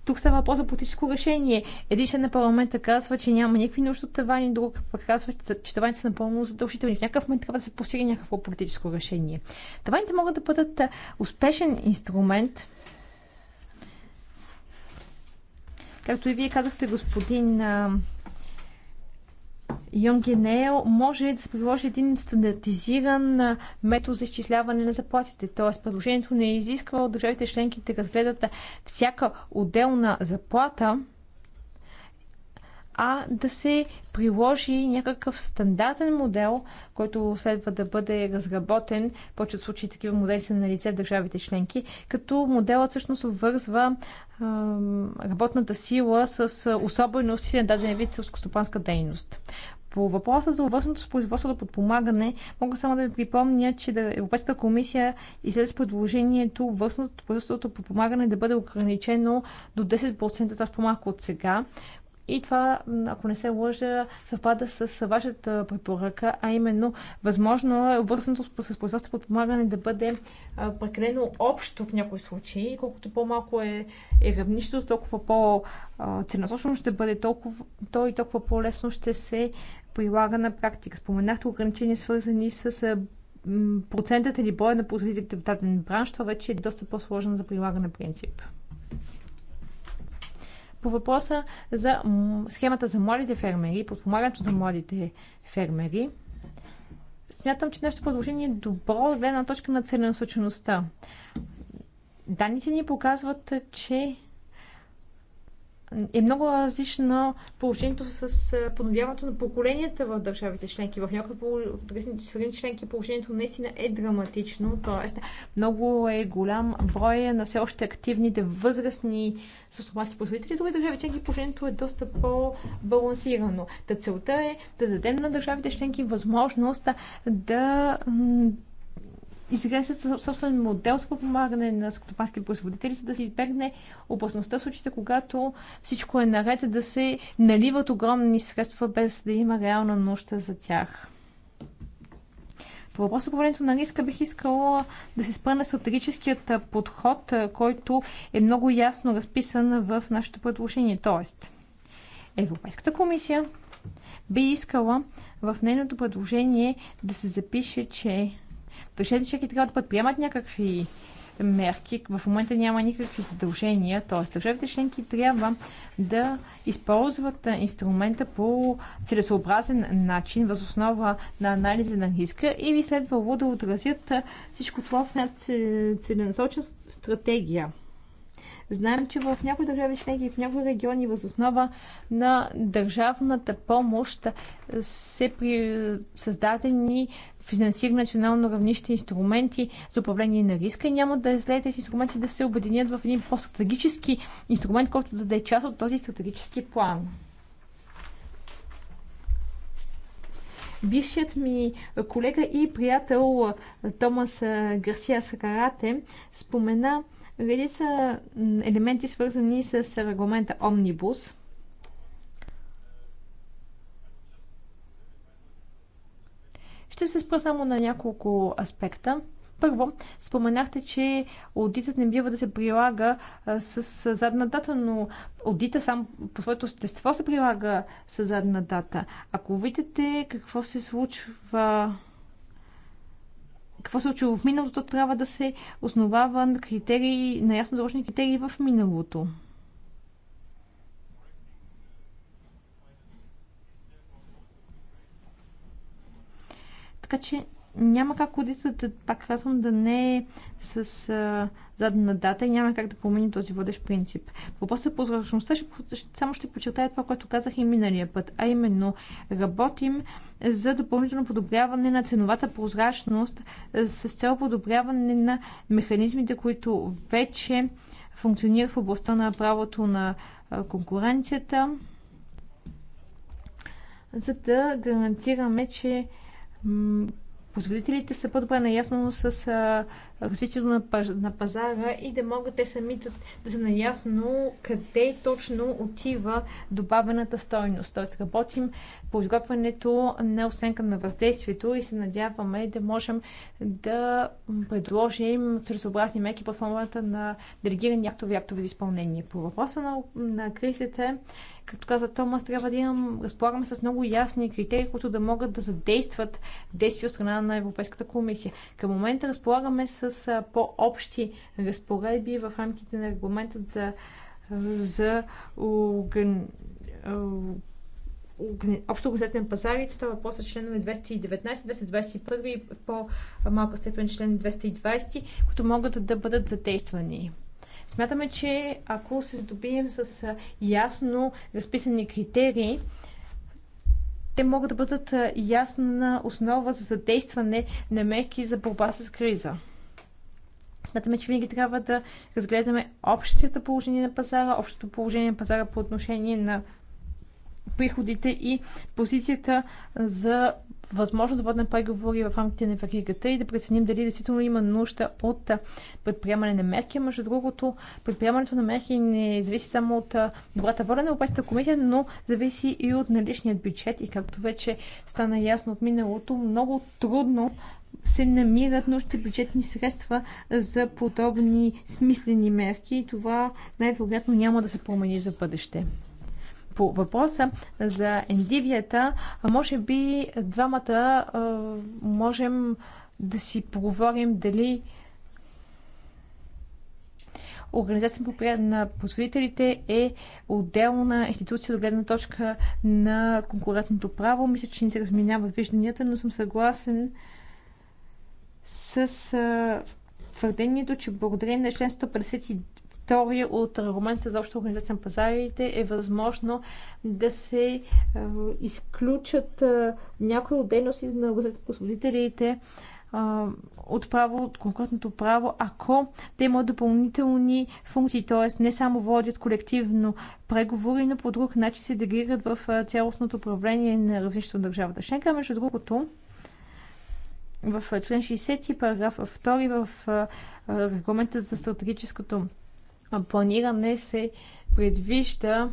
тук става въпрос за политическо решение. Един член на парламента казва, че няма никакви нужди от тавани, друг пък казва, че таваните са напълно задължителни. В някакъв момент трябва да се постигне някакво политическо решение. Таваните могат да бъдат успешен инструмент, както и вие казахте, господин Йонгенео може да се приложи един стандартизиран метод за изчисляване на заплатите. Т.е. предложението не изисква от държавите членки да разгледат всяка отделна заплата, а да се приложи някакъв стандартен модел, който следва да бъде разработен. В повечето случаи такива модели са на лице в държавите членки, като моделът всъщност обвързва е, работната сила с особености на даден вид селскостопанска дейност. По въпроса за овърсното с производството до подпомагане, мога само да ви припомня, че Европейската комисия излезе с предложението с производството подпомагане да бъде ограничено до 10%, т.е. по-малко от сега, и това, ако не се лъжа, съвпада с вашата препоръка, а именно възможно е обвързаното с производство подпомагане да бъде прекалено общо в някои случаи. Колкото по-малко е, е равнището, толкова по ценосочно ще бъде, толкова, то и толкова по-лесно ще се прилага на практика. Споменахте ограничения, свързани с процентът или боя на производителите в даден бранш. Това вече е доста по-сложен за прилагане принцип. По въпроса за схемата за младите фермери, подпомагането за младите фермери, смятам, че нашето предложение е добро от гледна точка на целенасочеността. Даните ни показват, че е много различно положението с е, подновяването на поколенията в държавите членки. В някои страни членки положението наистина е драматично, т.е. много е голям брой на все още активните възрастни състомански производители. Други държави членки положението е доста по-балансирано. Та целта е да дадем на държавите членки възможност да изграждат собствен модел за подпомагане на скотопански производители, за да се избегне опасността в случаите, когато всичко е наред, да се наливат огромни средства, без да има реална нужда за тях. По въпроса времето на риска бих искала да се спра на стратегическият подход, който е много ясно разписан в нашето предложение. Тоест, Европейската комисия би искала в нейното предложение да се запише, че държавите членки трябва да предприемат някакви мерки. В момента няма никакви задължения, т.е. държавите членки трябва да използват инструмента по целесообразен начин, въз основа на анализа на риска и би следвало да отразят всичко това в целенасочена стратегия. Знаем, че в някои държави членки и в някои региони въз основа на държавната помощ се при... създадени финансира национално равнище инструменти за управление на риска и няма да е зле тези инструменти да се обединят в един по-стратегически инструмент, който да е част от този стратегически план. бившият ми колега и приятел Томас Гарсия Сакарате спомена редица елементи, свързани с регламента Омнибус. Ще се спра само на няколко аспекта. Първо, споменахте, че аудитът не бива да се прилага с задна дата, но аудита сам по своето естество се прилага с задна дата. Ако видите какво се случва какво се случило в миналото, трябва да се основава на критерии, на ясно заложени критерии в миналото. Така че няма как аудитът, пак казвам, да не е с а, задна дата и няма как да промени този водещ принцип. Въпросът за е прозрачността ще, само ще подчертая това, което казах и миналия път, а именно работим за допълнително подобряване на ценовата прозрачност с цел подобряване на механизмите, които вече функционират в областта на правото на конкуренцията, за да гарантираме, че производителите са по-добре наясно с а, развитието на, на пазара и да могат те сами да, да са наясно къде точно отива добавената стойност. Тоест работим по изготвянето на оценка на въздействието и се надяваме да можем да предложим целесообразни мерки под формата на делегирани актови актове за изпълнение. По въпроса на, на кризите като каза Томас, трябва да имам, разполагаме с много ясни критерии, които да могат да задействат действия от страна на Европейската комисия. Към момента разполагаме с по-общи разпоредби в рамките на регламента да, за орган, общо организателен пазар и става после членове 219, 221 и в по-малка степен член 220, които могат да бъдат задействани. Смятаме, че ако се здобием с ясно разписани критерии, те могат да бъдат ясна основа за задействане на мерки за борба с криза. Смятаме, че винаги трябва да разгледаме общото положение на пазара, общото положение на пазара по отношение на приходите и позицията за възможност да водим преговори в рамките на веригата и да преценим дали действително има нужда от предприемане на мерки. Между другото, предприемането на мерки не зависи само от добрата воля на Европейската комисия, но зависи и от наличният бюджет. И както вече стана ясно от миналото, много трудно се намират нужните бюджетни средства за подобни смислени мерки и това най-вероятно няма да се промени за бъдеще. По въпроса за ендивията, може би двамата можем да си поговорим дали Организацията на производителите е отделна институция до гледна точка на конкурентното право. Мисля, че не се разминават вижданията, но съм съгласен с твърдението, че благодарение на член 152 втория от регламента за обща организация на пазарите е възможно да се е, изключат е, някои от дейности на производителите е, от право, от конкретното право, ако те имат допълнителни функции, т.е. не само водят колективно преговори, но по друг начин се дегрират в цялостното управление на различното държавата Шенка, Между другото, в член 60 параграф 2 в регламента за стратегическото планиране се предвижда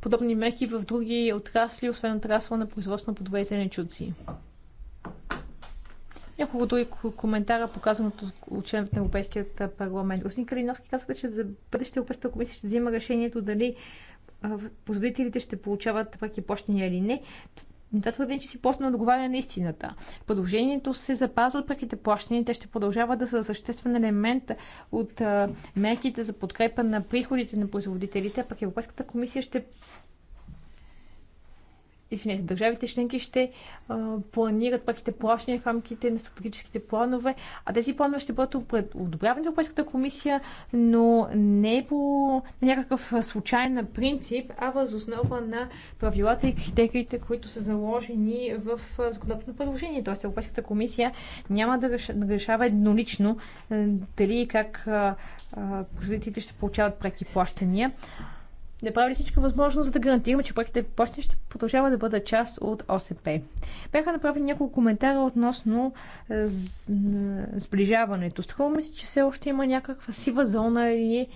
подобни мерки в други отрасли, освен отрасла на производство на плодове и зеленчуци. Няколко други коментара, показано от членът на Европейският парламент. Господин Калиновски каза, че за бъдеще Европейската комисия ще взима решението дали производителите ще получават преки плащания или не. Но това твърдим, че си просто отговаря на истината. Продължението се запазва, преките плащания, плащаните ще продължават да са съществен елемент от мерките за подкрепа на приходите на производителите, пък Европейската комисия ще извинете, държавите членки ще а, планират паките плащания в рамките на стратегическите планове, а тези планове ще бъдат одобрявани от Европейската комисия, но не е по някакъв случайен принцип, а въз основа на правилата и критериите, които са заложени в законодателно предложение. Тоест Европейската комисия няма да решава еднолично дали и как производителите ще получават преки плащания, да прави всичко възможно, за да гарантираме, че проектите почти ще продължава да бъдат част от ОСП. Бяха направени няколко коментара относно сближаването. Струва ми се, че все още има някаква сива зона или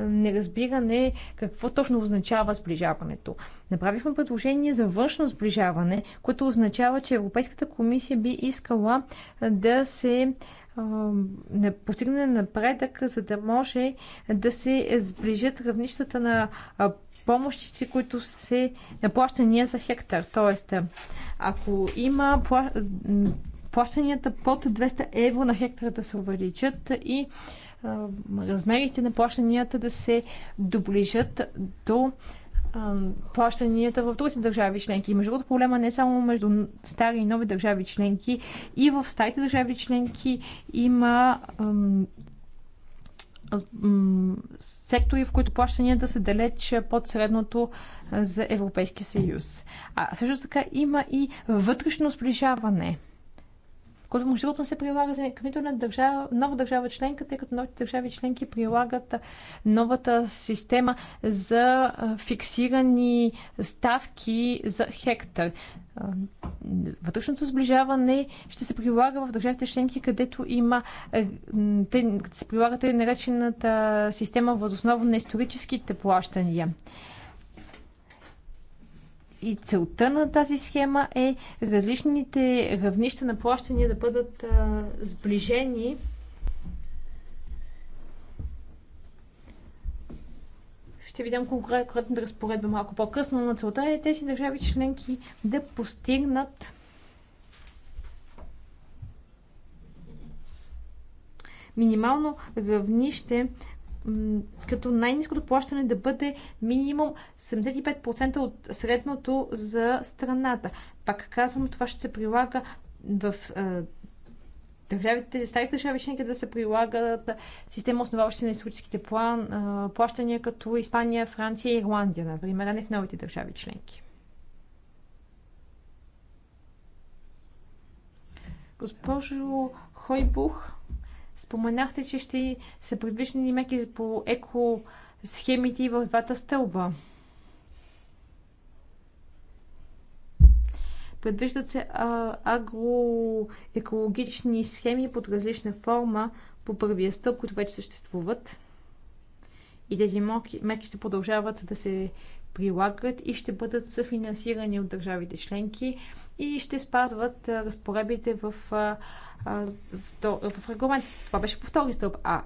неразбиране какво точно означава сближаването. Направихме предложение за външно сближаване, което означава, че Европейската комисия би искала да се на постигне напредък, за да може да се сближат равнищата на помощите, които се плащания за хектар. Тоест, ако има плащанията под 200 евро на хектара да се увеличат и размерите на плащанията да се доближат до плащанията в другите държави членки. Между другото, проблема не е само между стари и нови държави членки. И в старите държави членки има сектори, в които плащанията са далеч под средното за Европейския съюз. А също така има и вътрешно сближаване – който между другото се прилага за нито на държава, нова държава членка, тъй като новите държави членки прилагат новата система за фиксирани ставки за хектар. Вътрешното сближаване ще се прилага в държавите членки, където има е, те, се прилагат и наречената система възоснова на историческите плащания. И целта на тази схема е различните равнища на плащания да бъдат а, сближени. Ще ви дам конкретната разпоредба малко по-късно, но целта е тези държави членки да постигнат минимално равнище като най-низкото плащане да бъде минимум 75% от средното за страната. Пак казвам, това ще се прилага в държавите, старите държави членки да се прилагат система, основаваща се на историческите план, плащания като Испания, Франция и Ирландия, например, а не в новите държави членки. Госпожо Хойбух, Споменахте, че ще са предвиждани мерки по екосхемите в двата стълба. Предвиждат се агроекологични схеми под различна форма по първия стълб, които вече съществуват. И тези мерки ще продължават да се прилагат и ще бъдат съфинансирани от държавите членки и ще спазват разпоредбите в, в, в регламент. Това беше по втори стълб. А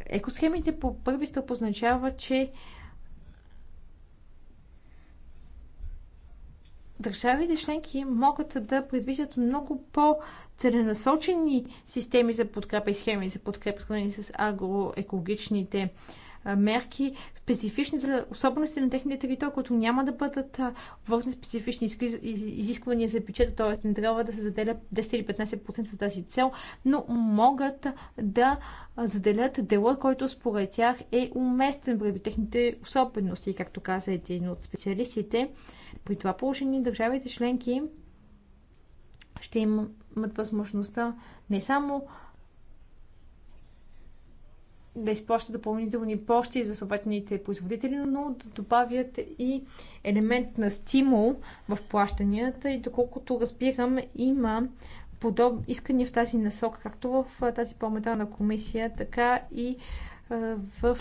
екосхемите по първи стълб означава, че държавите членки могат да предвиждат много по-целенасочени системи за подкрепа и схеми за подкрепа, свързани с агроекологичните мерки, специфични за особености на техния територии, които няма да бъдат обвързани специфични изисквания за бюджета, т.е. не трябва да се заделят 10 или 15% за тази цел, но могат да заделят дела, който според тях е уместен преди техните особености, както каза един от специалистите. При това положение държавите членки ще имат възможността не само да изплащат допълнителни пощи за съответните производители, но да добавят и елемент на стимул в плащанията и доколкото разбирам има подоб... искания в тази насока, както в тази парламентарна комисия, така и в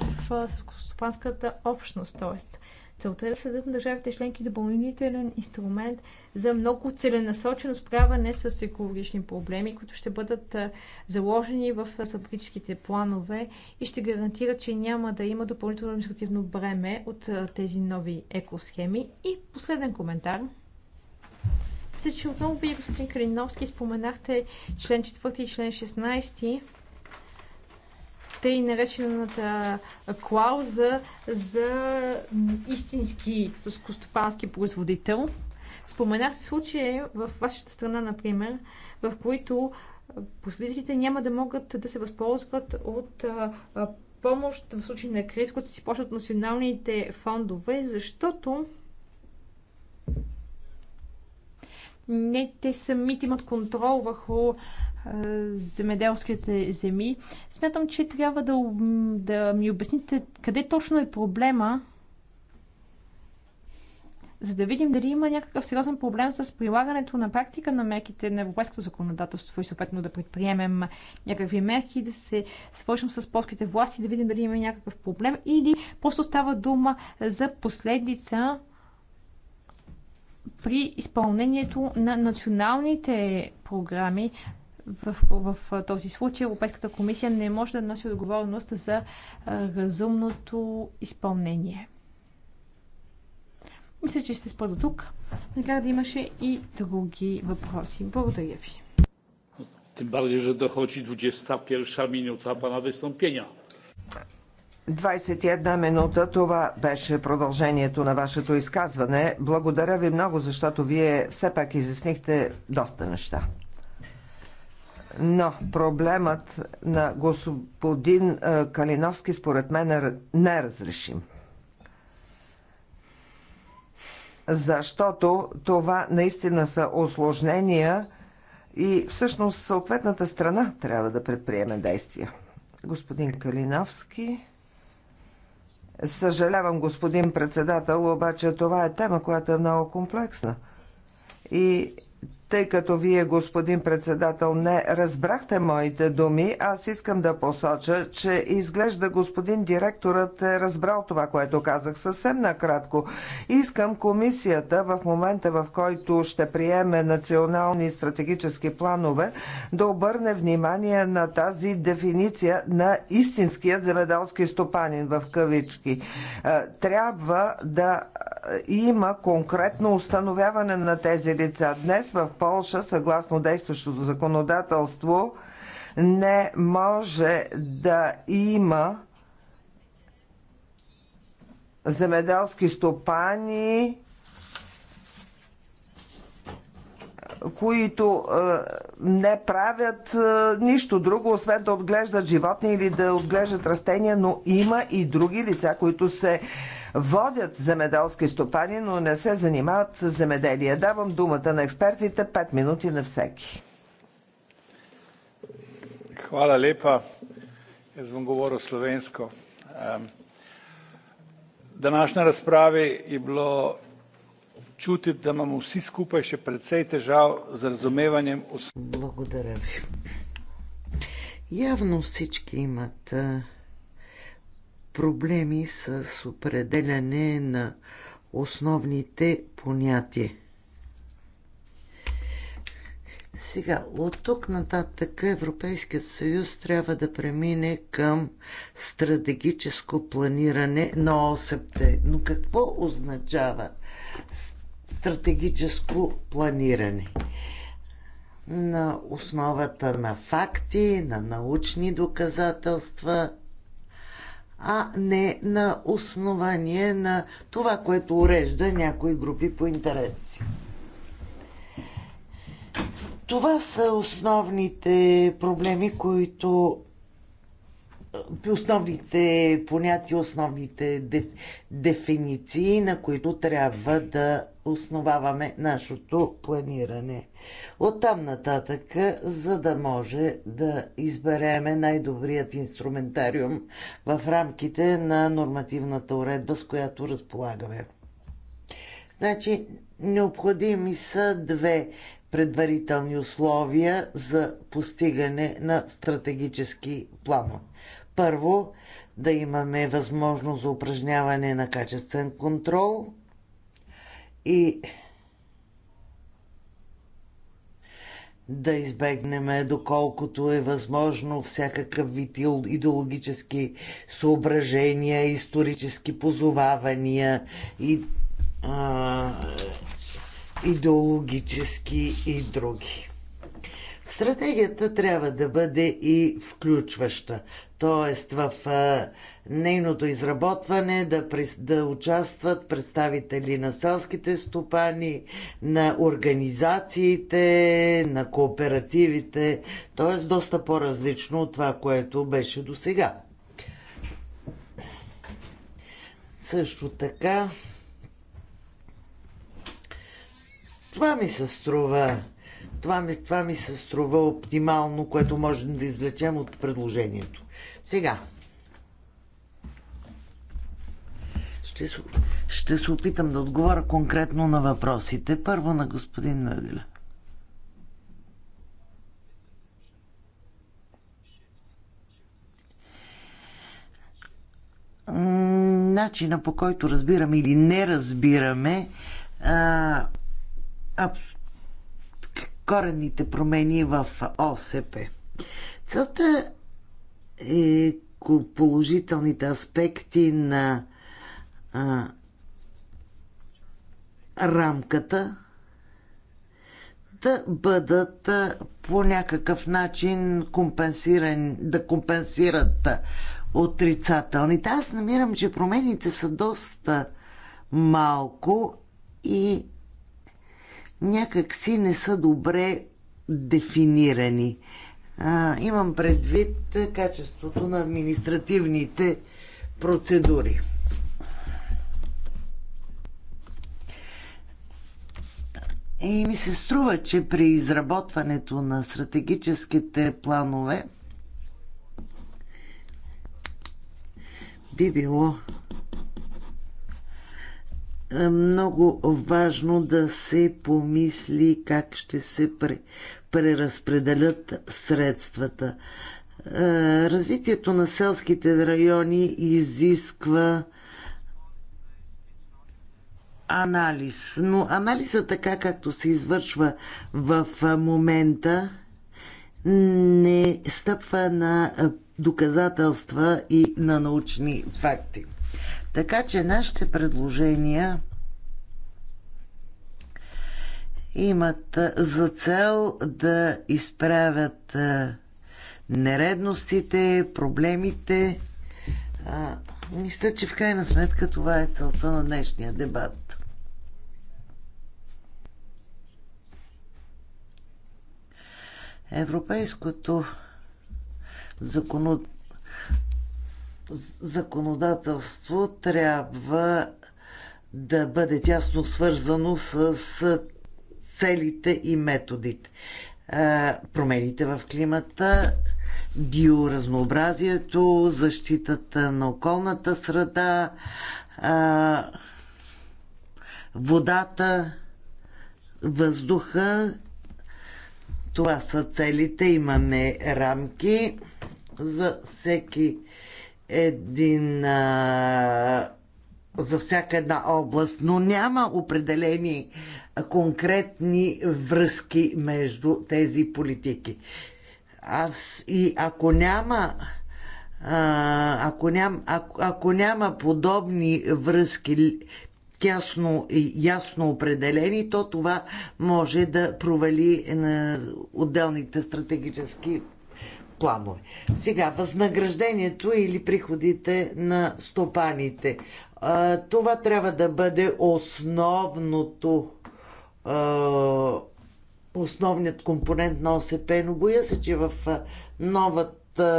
стопанската общност. Тоест, Целта е да се на държавите членки допълнителен инструмент за много целенасочено справяне с екологични проблеми, които ще бъдат заложени в стратегическите планове и ще гарантират, че няма да има допълнително административно бреме от тези нови екосхеми. И последен коментар. Мисля, че отново вие, господин Калиновски, споменахте член 4 и член 16 тъй наречената клауза за истински скостопански производител. Споменахте случаи в вашата страна, например, в които производителите няма да могат да се възползват от помощ в случай на криз, когато си почват националните фондове, защото не те самите имат контрол върху земеделските земи. Смятам, че трябва да, да ми обясните къде точно е проблема, за да видим дали има някакъв сериозен проблем с прилагането на практика на мерките на европейското законодателство и съответно да предприемем някакви мерки, да се свършим с полските власти, да видим дали има някакъв проблем или просто става дума за последица при изпълнението на националните програми в, в, в този случай Европейската комисия не може да носи отговорност за разумното изпълнение. Мисля, че ще спра до тук. Нека да имаше и други въпроси. Благодаря ви. Tym bardziej, że dochodzi 21 минута пана wystąpienia. 21 минута това беше продължението на вашето изказване. Благодаря ви много, защото вие все пак изяснихте доста неща. Но проблемът на господин е, Калиновски според мен е неразрешим. Защото това наистина са осложнения и всъщност съответната страна трябва да предприеме действия. Господин Калиновски. Съжалявам, господин председател, обаче това е тема, която е много комплексна. И тъй като вие, господин председател, не разбрахте моите думи, аз искам да посоча, че изглежда господин директорът е разбрал това, което казах съвсем накратко. Искам комисията в момента, в който ще приеме национални стратегически планове, да обърне внимание на тази дефиниция на истинският земеделски стопанин в кавички. Е, трябва да е, има конкретно установяване на тези лица. Днес в Полша, съгласно действащото законодателство, не може да има земеделски стопани, които не правят нищо друго, освен да отглеждат животни или да отглеждат растения, но има и други лица, които се водят земеделски стопани, но не се занимават с земеделие. Давам думата на експертите 5 минути на всеки. Hvala lepa. Jaz bom govoril slovensko. Um, današnji razpravi je bilo čutiti, da imamo vsi skupaj še precej težav z razumevanjem. Благодаря ви. Явно всички имат проблеми с определяне на основните понятия. Сега, от тук нататък Европейският съюз трябва да премине към стратегическо планиране на Осепте. Но какво означава стратегическо планиране? На основата на факти, на научни доказателства, а не на основание на това, което урежда някои групи по интереси. Това са основните проблеми, които основните понятия, основните дефиниции, на които трябва да основаваме нашето планиране. Оттам нататък, за да може да избереме най-добрият инструментариум в рамките на нормативната уредба, с която разполагаме. Значи, необходими са две предварителни условия за постигане на стратегически планове. Първо, да имаме възможност за упражняване на качествен контрол и да избегнем доколкото е възможно всякакъв вид идеологически съображения, исторически позовавания и а, идеологически и други. Стратегията трябва да бъде и включваща т.е. в а, нейното изработване да, да участват представители на селските стопани, на организациите, на кооперативите, т.е. доста по-различно от това, което беше до сега. Също така, това ми се струва това ми, това ми се струва оптимално, което можем да извлечем от предложението. Сега. Ще, ще се опитам да отговоря конкретно на въпросите. Първо на господин Мъгля. начина по който разбираме или не разбираме а, а, корените промени в ОСП. Целта е положителните аспекти на а, рамката да бъдат по някакъв начин компенсирани, да компенсират отрицателните. Аз намирам, че промените са доста малко и някакси не са добре дефинирани. А, имам предвид качеството на административните процедури. И ми се струва, че при изработването на стратегическите планове би било е, много важно да се помисли как ще се преразпределят средствата. Е, развитието на селските райони изисква анализ. Но анализа така, както се извършва в е, момента, не стъпва на доказателства и на научни факти. Така че нашите предложения имат за цел да изправят нередностите, проблемите. мисля, че в крайна сметка това е целта на днешния дебат. Европейското законодателство законодателство трябва да бъде тясно свързано с целите и методите. Промените в климата, биоразнообразието, защитата на околната среда, водата, въздуха. Това са целите. Имаме рамки за всеки един а, за всяка една област, но няма определени конкретни връзки между тези политики. Аз и ако няма ако, ням, ако, ако няма подобни връзки тясно и ясно определени, то това може да провали на отделните стратегически планове. Сега, възнаграждението или приходите на стопаните. Това трябва да бъде основното основният компонент на ОСП, но боя се, че в новата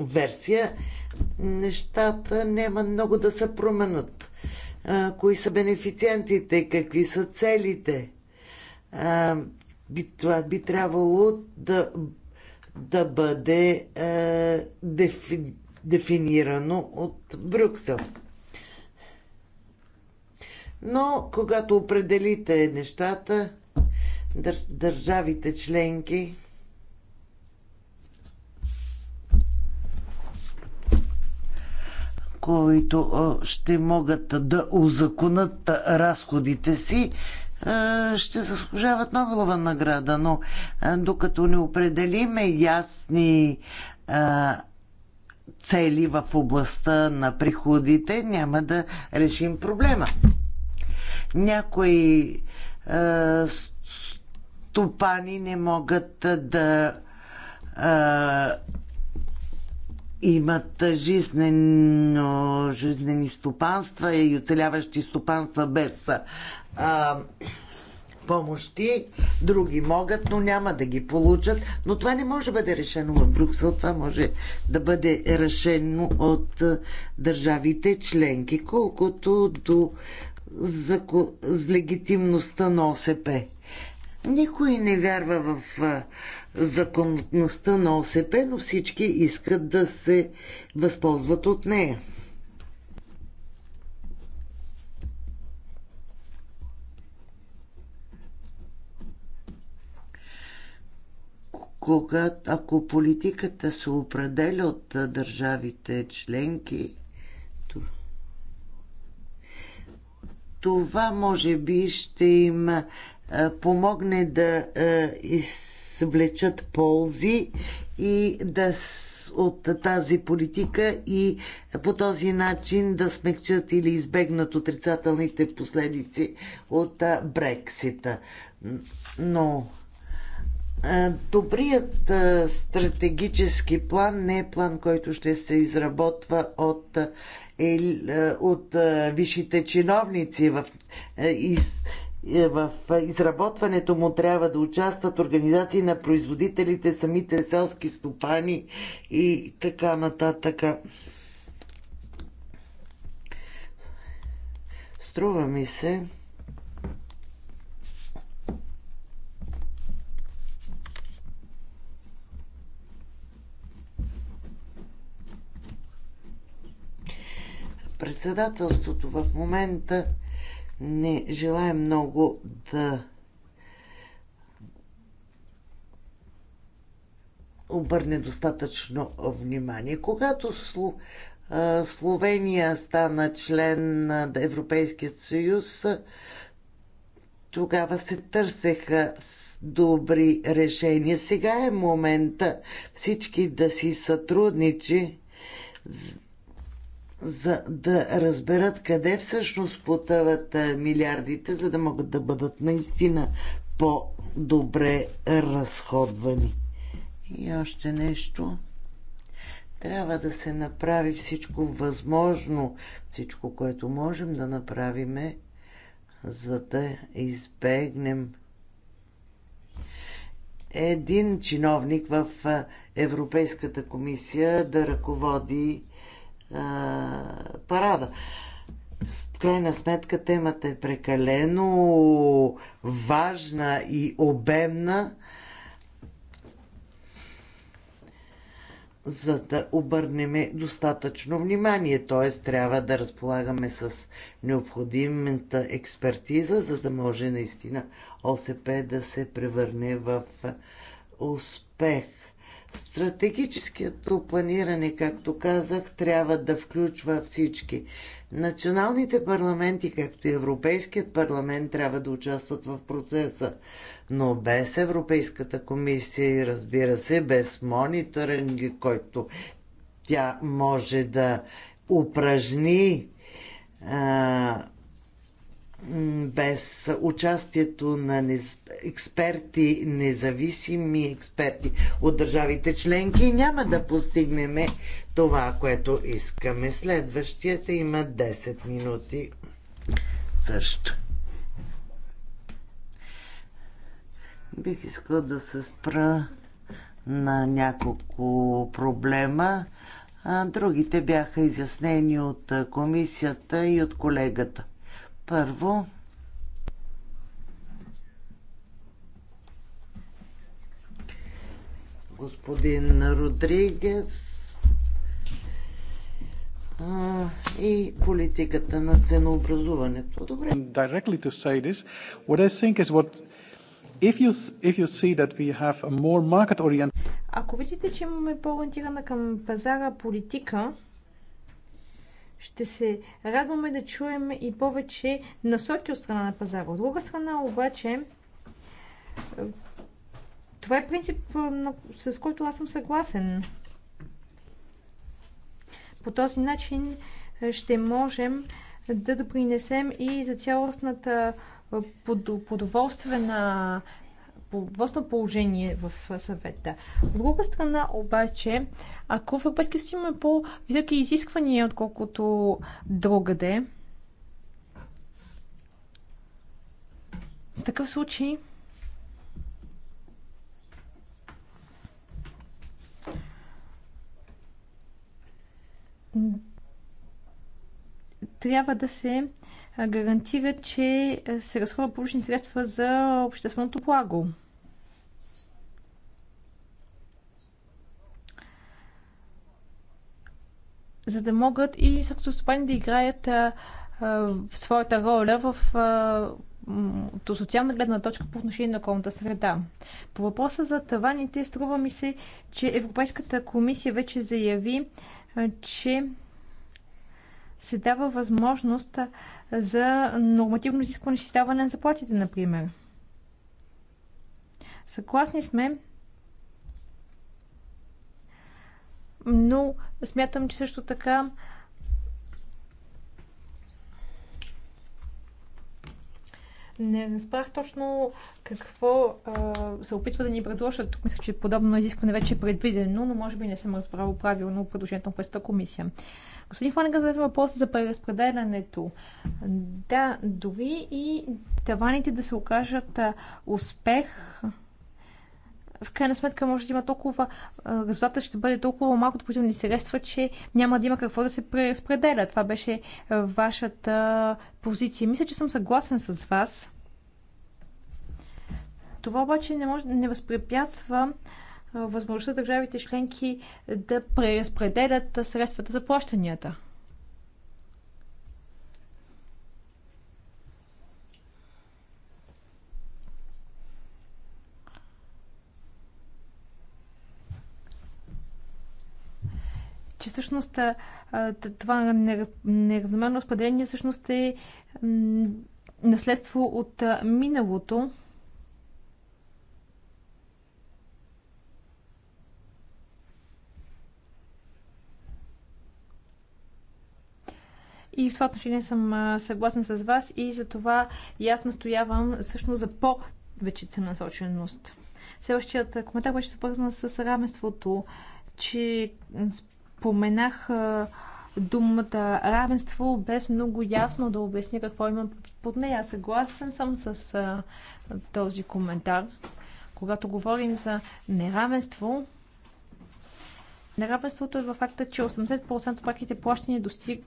версия нещата няма много да се променят. Кои са бенефициентите, какви са целите, би, това би трябвало да, да бъде е, дефи, дефинирано от Брюксел. Но когато определите нещата, дър, държавите членки които ще могат да узаконат разходите си, е, ще заслужават Нобелова награда, но е, докато не определиме ясни е, цели в областта на приходите, няма да решим проблема. Някои стопани не могат да имат жизнено, жизнени стопанства и оцеляващи стопанства без а, помощи. Други могат, но няма да ги получат. Но това не може да бъде решено в Брюксел. Това може да бъде решено от държавите членки, колкото до за, за легитимността на ОСП. Никой не вярва в законността на ОСП, но всички искат да се възползват от нея. Когато, ако политиката се определя от държавите членки, това може би ще има помогне да извлечат ползи и да от тази политика и по този начин да смекчат или избегнат отрицателните последици от Брексита. Но добрият стратегически план не е план, който ще се изработва от, от висшите чиновници в, из, е, в е, изработването му трябва да участват организации на производителите, самите селски стопани и така нататък. Струва ми се, председателството в момента не желая много да обърне достатъчно внимание. Когато слу, Словения стана член на Европейския съюз, тогава се търсеха с добри решения. Сега е момента всички да си сътрудничи, за да разберат къде всъщност потъват е, милиардите, за да могат да бъдат наистина по-добре разходвани. И още нещо. Трябва да се направи всичко възможно, всичко, което можем да направиме, за да избегнем един чиновник в е, Европейската комисия да ръководи парада. В крайна сметка темата е прекалено важна и обемна, за да обърнем достатъчно внимание. Т.е. трябва да разполагаме с необходимата експертиза, за да може наистина ОСП да се превърне в успех. Стратегическото планиране, както казах, трябва да включва всички. Националните парламенти, както и Европейският парламент, трябва да участват в процеса. Но без Европейската комисия и разбира се, без мониторинг, който тя може да упражни а, без участието на експерти, независими експерти от държавите членки, няма да постигнем това, което искаме. Следващията има 10 минути също. Бих искал да се спра на няколко проблема. А другите бяха изяснени от комисията и от колегата. Първо, господин Родригес а, и политиката на ценообразуването. Добре. Directly to say this, what I think is what if you if you see that we have a more market oriented Ако видите, че имаме по-ориентирана към пазара политика, ще се радваме да чуем и повече насоки от страна на пазара. От друга страна обаче, е, това е принцип, е, с който аз съм съгласен. По този начин е, ще можем да допринесем и за цялостната продоволствена двойствено положение в съвета. От друга страна обаче, ако в Европейския съюз има по-високи изисквания, отколкото другаде, в такъв случай трябва да се гарантира, че се разходват публични средства за общественото благо. За да могат и стопани да играят а, а, в своята роля в а, то социална гледна точка по отношение на околната среда. По въпроса за таваните, струва ми се, че Европейската комисия вече заяви, че се дава възможност за нормативно изискване изчисляване на заплатите, например. Съгласни сме, но смятам, че също така Не разбрах точно какво а, се опитва да ни предложат. Тук мисля, че подобно изискване вече е предвидено, но може би не съм разбрал правилно предложението на пресата комисия. Господин Фанега зададе въпрос за преразпределянето. Да, дори и таваните да се окажат успех, в крайна сметка може да има толкова, резултата ще бъде толкова малко допълнителни средства, че няма да има какво да се преразпределя. Това беше вашата позиция. Мисля, че съм съгласен с вас. Това обаче не, може, не възпрепятства възможността държавите членки да преразпределят средствата за плащанията. всъщност това неравномерно разпределение всъщност е наследство от миналото. И в това отношение съм съгласна с вас и за това и аз настоявам всъщност за по-вече целенасоченост. Следващият коментар беше свързан с равенството, че споменах думата равенство, без много ясно да обясня какво имам под нея. Съгласен съм с този коментар. Когато говорим за неравенство, Неравенството е във факта, че 80% от праките плащания достиг...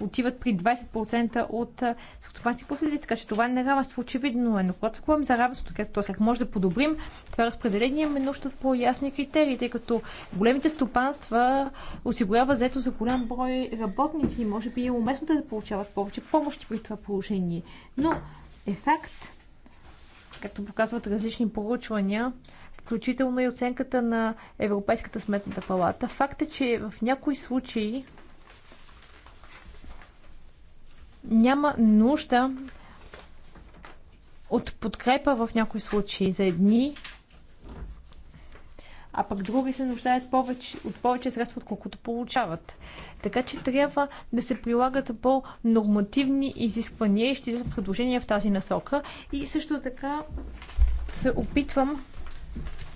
отиват при 20% от стопански профили, така че това е неравенство очевидно е. Но когато говорим за равенството, т.е. как може да подобрим това разпределение, имаме нужда по-ясни критерии, тъй като големите стопанства осигурява заето за голям брой работници и може би е уместно да получават повече помощи при това положение. Но е факт, както показват различни проучвания, включително и оценката на Европейската сметната палата. Факт е, че в някои случаи няма нужда от подкрепа в някои случаи за едни, а пък други се нуждаят повече, от повече средства, отколкото получават. Така че трябва да се прилагат по-нормативни изисквания и ще за предложения в тази насока. И също така се опитвам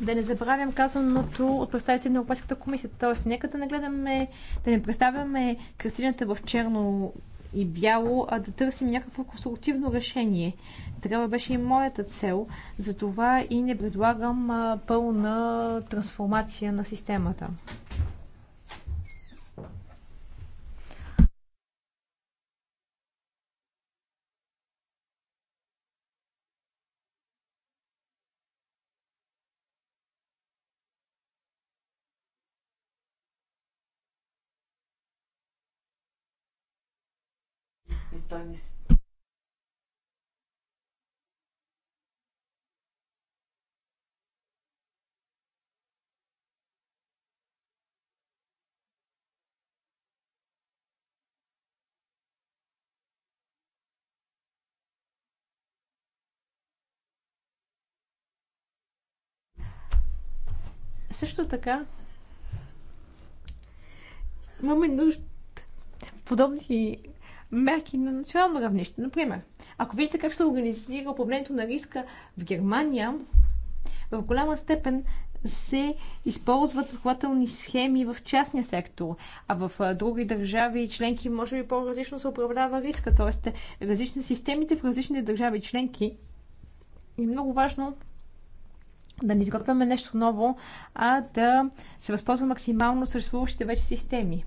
да не забравям казаното от представители на Европейската комисия. Тоест, нека да не гледаме, да не представяме картината в черно и бяло, а да търсим някакво консултативно решение. Такава беше и моята цел. Затова и не предлагам пълна трансформация на системата. той не Също така, имаме нужда подобни мерки на национално равнище. Например, ако видите как се организира управлението на риска в Германия, в голяма степен се използват страхователни схеми в частния сектор, а в други държави и членки може би по-различно се управлява риска, т.е. различни системите в различните държави и членки. И много важно да не изготвяме нещо ново, а да се възползва максимално съществуващите вече системи.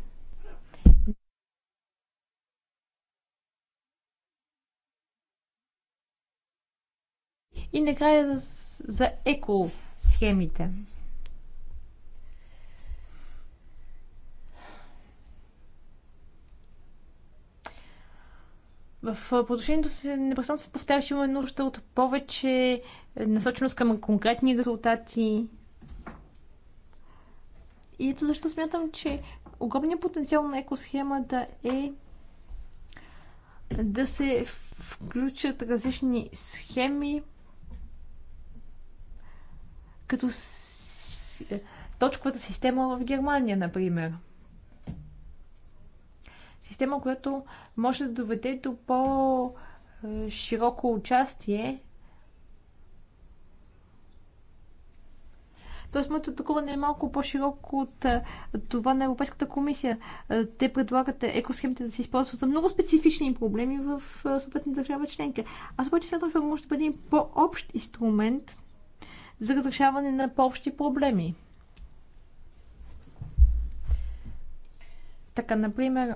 И накрая за, за екосхемите. В подушението се непрестанно се повтаря, че има нужда от повече е, насоченост към конкретни резултати. И ето защо смятам, че огромният потенциал на екосхемата е да се включат различни схеми, като точковата система в Германия, например. Система, която може да доведе до по-широко участие. Тоест, моето такова не е малко по-широко от това на Европейската комисия. Те предлагат екосхемите да се използват за много специфични проблеми в съответната държава членка. Аз обаче смятам, че може да бъде по-общ инструмент, за разрешаване на по-общи проблеми. Така, например,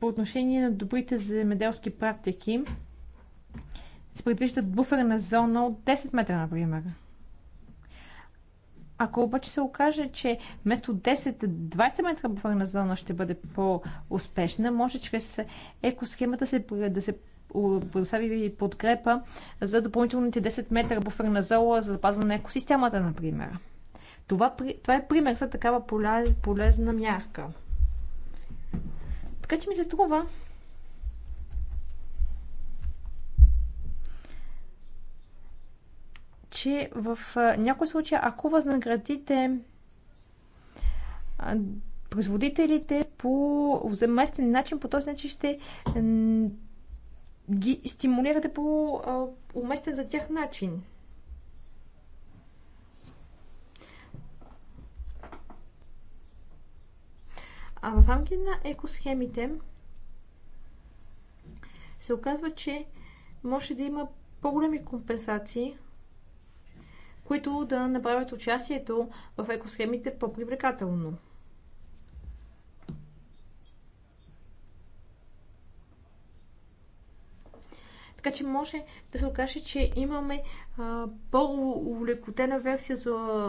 по отношение на добрите земеделски практики, се предвиждат буферна зона от 10 метра, например. Ако обаче се окаже, че вместо 10-20 метра буферна зона ще бъде по-успешна, може чрез екосхемата се, да се предостави подкрепа за допълнителните 10 метра буферна зола за запазване на екосистемата, например. Това, това е пример за такава полезна мярка. Така че ми се струва, че в някои случаи, ако възнаградите производителите по заместен начин, по този начин ще ги стимулирате по уместен за тях начин. А в рамките на екосхемите се оказва, че може да има по-големи компенсации, които да направят участието в екосхемите по-привлекателно. Така че може да се окаже, че имаме по-улекотена версия за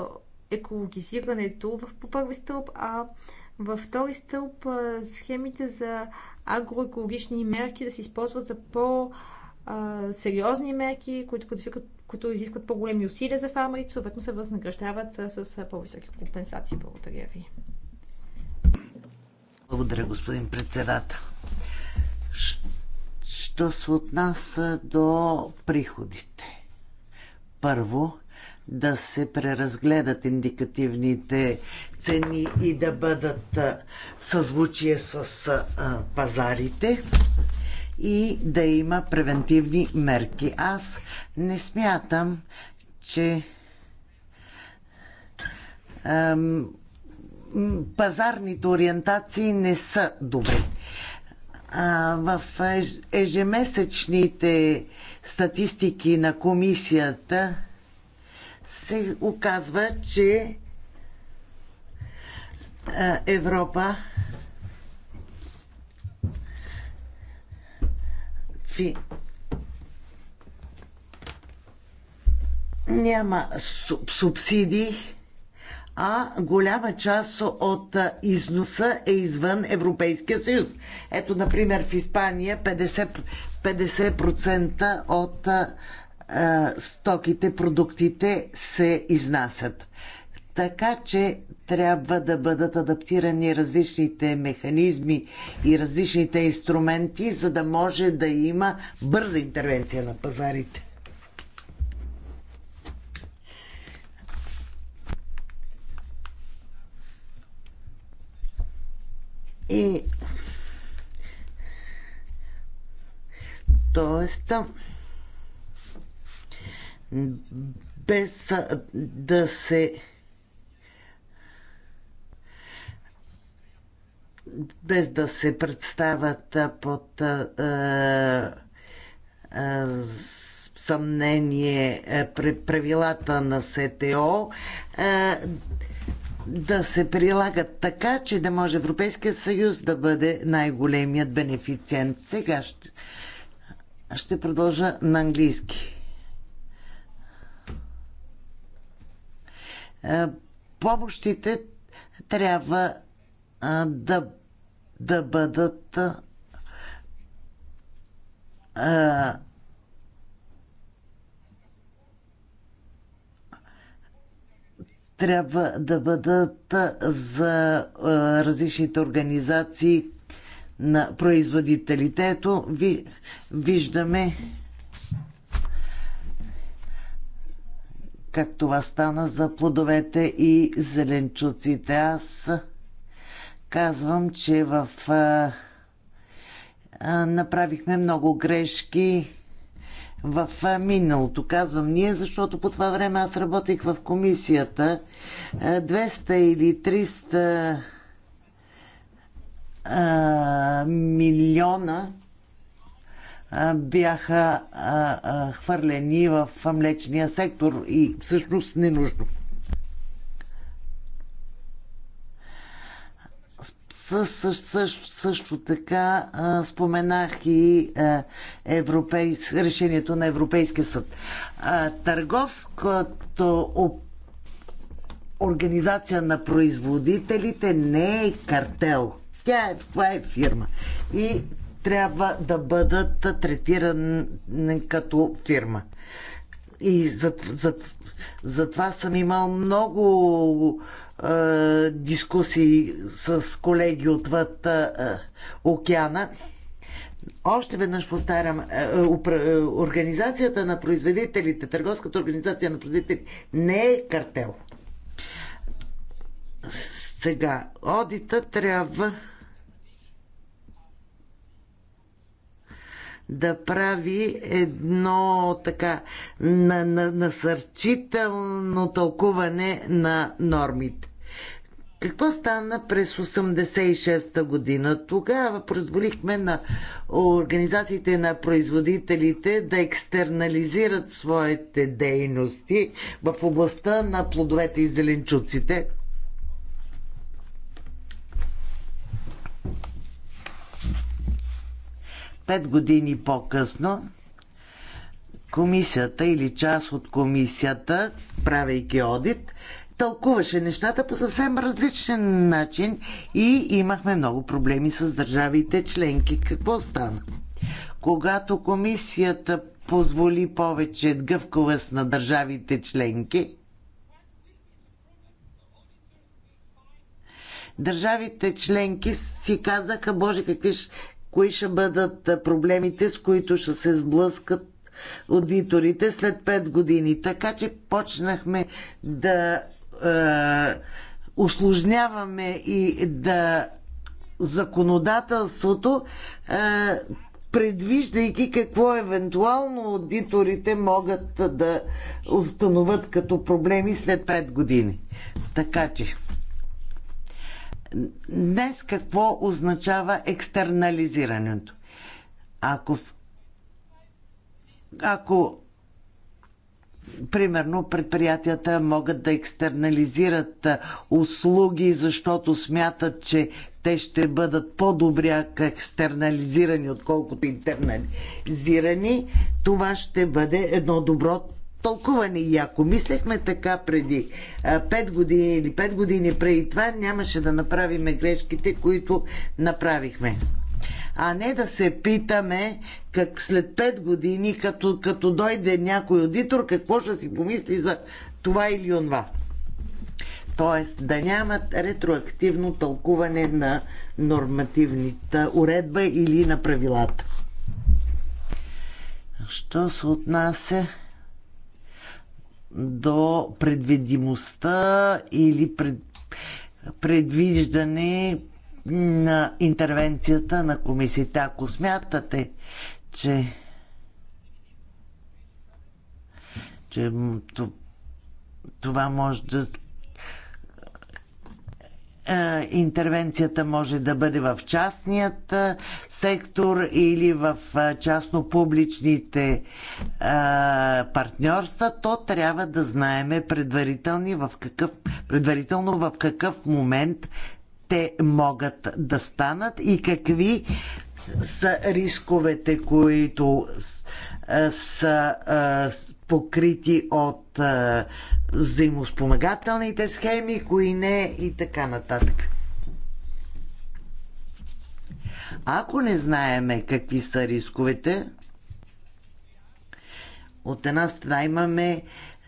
екологизирането в по първи стълб, а във втори стълб схемите за агроекологични мерки да се използват за по-сериозни мерки, които предизвикат които изискват по-големи усилия за фармерите, съответно се възнаграждават с, с по-високи компенсации. Благодаря ви. Благодаря, господин председател що се отнася до приходите. Първо, да се преразгледат индикативните цени и да бъдат съзвучие с пазарите и да има превентивни мерки. Аз не смятам, че ам, пазарните ориентации не са добри в ежемесечните статистики на комисията се оказва, че Европа фи... няма субсидии а голяма част от износа е извън Европейския съюз. Ето, например, в Испания 50%, 50% от стоките, продуктите се изнасят. Така че трябва да бъдат адаптирани различните механизми и различните инструменти, за да може да има бърза интервенция на пазарите. И Тоест, без да се без да се представят под а, а, съмнение правилата на СТО, а, да се прилагат така, че да може Европейския съюз да бъде най-големият бенефициент. Сега ще, ще продължа на английски. Е, помощите трябва да, да бъдат а, трябва да бъдат за различните организации на производителите. Ето ви, виждаме как това стана за плодовете и зеленчуците. Аз казвам, че в а, а, направихме много грешки в миналото, казвам ние, защото по това време аз работех в комисията. 200 или 300 а, милиона а, бяха а, хвърлени в млечния сектор и всъщност ненужно. също, също, също така а, споменах и а, европейс, решението на Европейския съд. А, търговското оп... организация на производителите не е картел. Тя е, това е фирма. И трябва да бъдат третирани като фирма. И затова за, за, съм имал много дискусии с колеги отвъд океана. Още веднъж повтарям, организацията на производителите, търговската организация на производителите не е картел. Сега, одита трябва да прави едно така на, на, насърчително тълкуване на нормите. Какво стана през 86-та година? Тогава позволихме на организациите на производителите да екстернализират своите дейности в областта на плодовете и зеленчуците. Пет години по-късно комисията или част от комисията, правейки одит, тълкуваше нещата по съвсем различен начин и имахме много проблеми с държавите членки. Какво стана? Когато комисията позволи повече гъвковост на държавите членки, държавите членки си казаха, Боже, какви, кои ще бъдат проблемите, с които ще се сблъскат аудиторите след 5 години. Така че почнахме да осложняваме е, и да законодателството, е, предвиждайки какво евентуално аудиторите могат да установят като проблеми след 5 години. Така че, днес какво означава екстернализирането? Ако, ако примерно предприятията могат да екстернализират услуги, защото смятат, че те ще бъдат по добри екстернализирани, отколкото интернализирани. Това ще бъде едно добро тълкуване. И ако мислехме така преди 5 години или 5 години преди това, нямаше да направим грешките, които направихме а не да се питаме как след 5 години, като, като дойде някой аудитор, какво ще си помисли за това или онва. Тоест да нямат ретроактивно тълкуване на нормативната уредба или на правилата. Що се отнася до предвидимостта или пред, предвиждане на интервенцията на комисията. Ако смятате, че че това може да е, интервенцията може да бъде в частният е, сектор или в е, частно-публичните партньорства, то трябва да знаеме предварително в какъв момент те могат да станат и какви са рисковете, които са покрити от взаимоспомагателните схеми, кои не и така нататък. Ако не знаеме какви са рисковете, от една страна имаме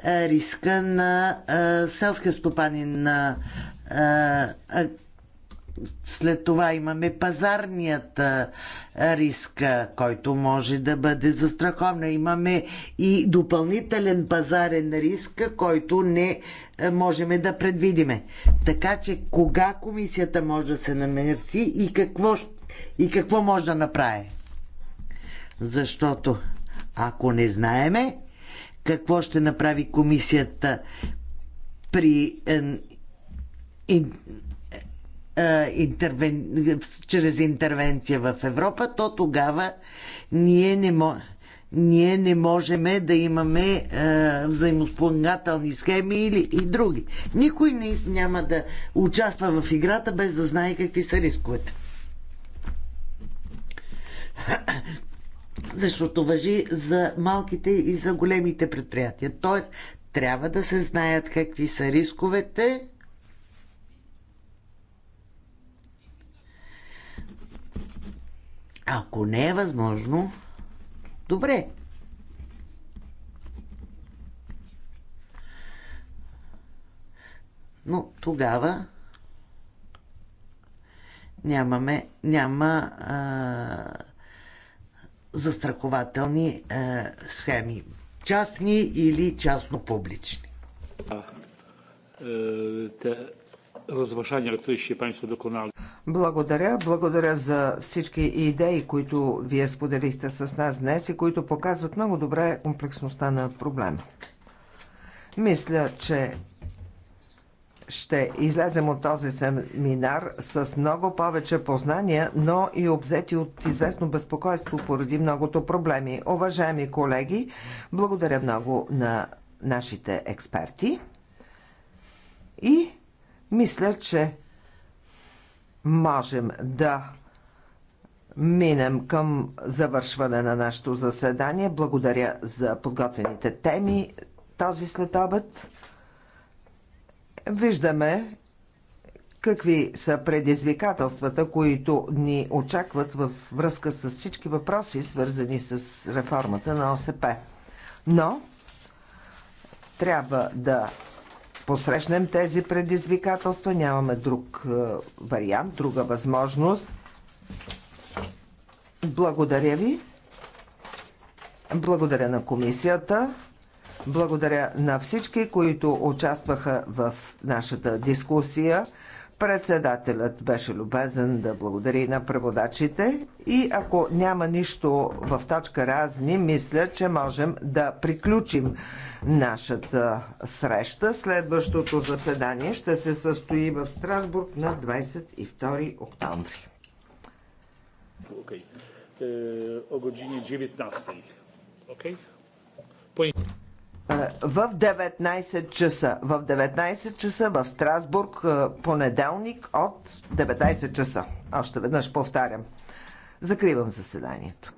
риска на селския стопанин на след това имаме пазарният риск, който може да бъде застрахован. Имаме и допълнителен пазарен риск, който не можем да предвидиме. Така че кога комисията може да се намерси и какво, и какво може да направи? Защото ако не знаеме какво ще направи комисията при е, интервен... чрез интервенция в Европа, то тогава ние не можем ние не можем да имаме а, е, взаимоспомагателни схеми или и други. Никой не, няма да участва в играта без да знае какви са рисковете. Защото въжи за малките и за големите предприятия. Тоест, трябва да се знаят какви са рисковете Ако не е възможно, добре. Но тогава нямаме, няма а, застрахователни а, схеми. Частни или частно-публични. Е, на което ще панство доконали. Благодаря. Благодаря за всички идеи, които Вие споделихте с нас днес и които показват много добре комплексността на проблема. Мисля, че ще излезем от този семинар с много повече познания, но и обзети от известно безпокойство поради многото проблеми. Уважаеми колеги, благодаря много на нашите експерти и мисля, че можем да минем към завършване на нашето заседание. Благодаря за подготвените теми този следобед. Виждаме какви са предизвикателствата, които ни очакват във връзка с всички въпроси, свързани с реформата на ОСП. Но трябва да посрещнем тези предизвикателства. Нямаме друг е, вариант, друга възможност. Благодаря ви. Благодаря на комисията. Благодаря на всички, които участваха в нашата дискусия. Председателят беше любезен да благодари на преводачите и ако няма нищо в точка разни, мисля, че можем да приключим нашата среща. Следващото заседание ще се състои в Страсбург на 22 октомври. Okay. Uh, 19. Okay? Е, в 19 часа. В 19 часа в Страсбург, е, понеделник от 19 часа. Още веднъж повтарям. Закривам заседанието.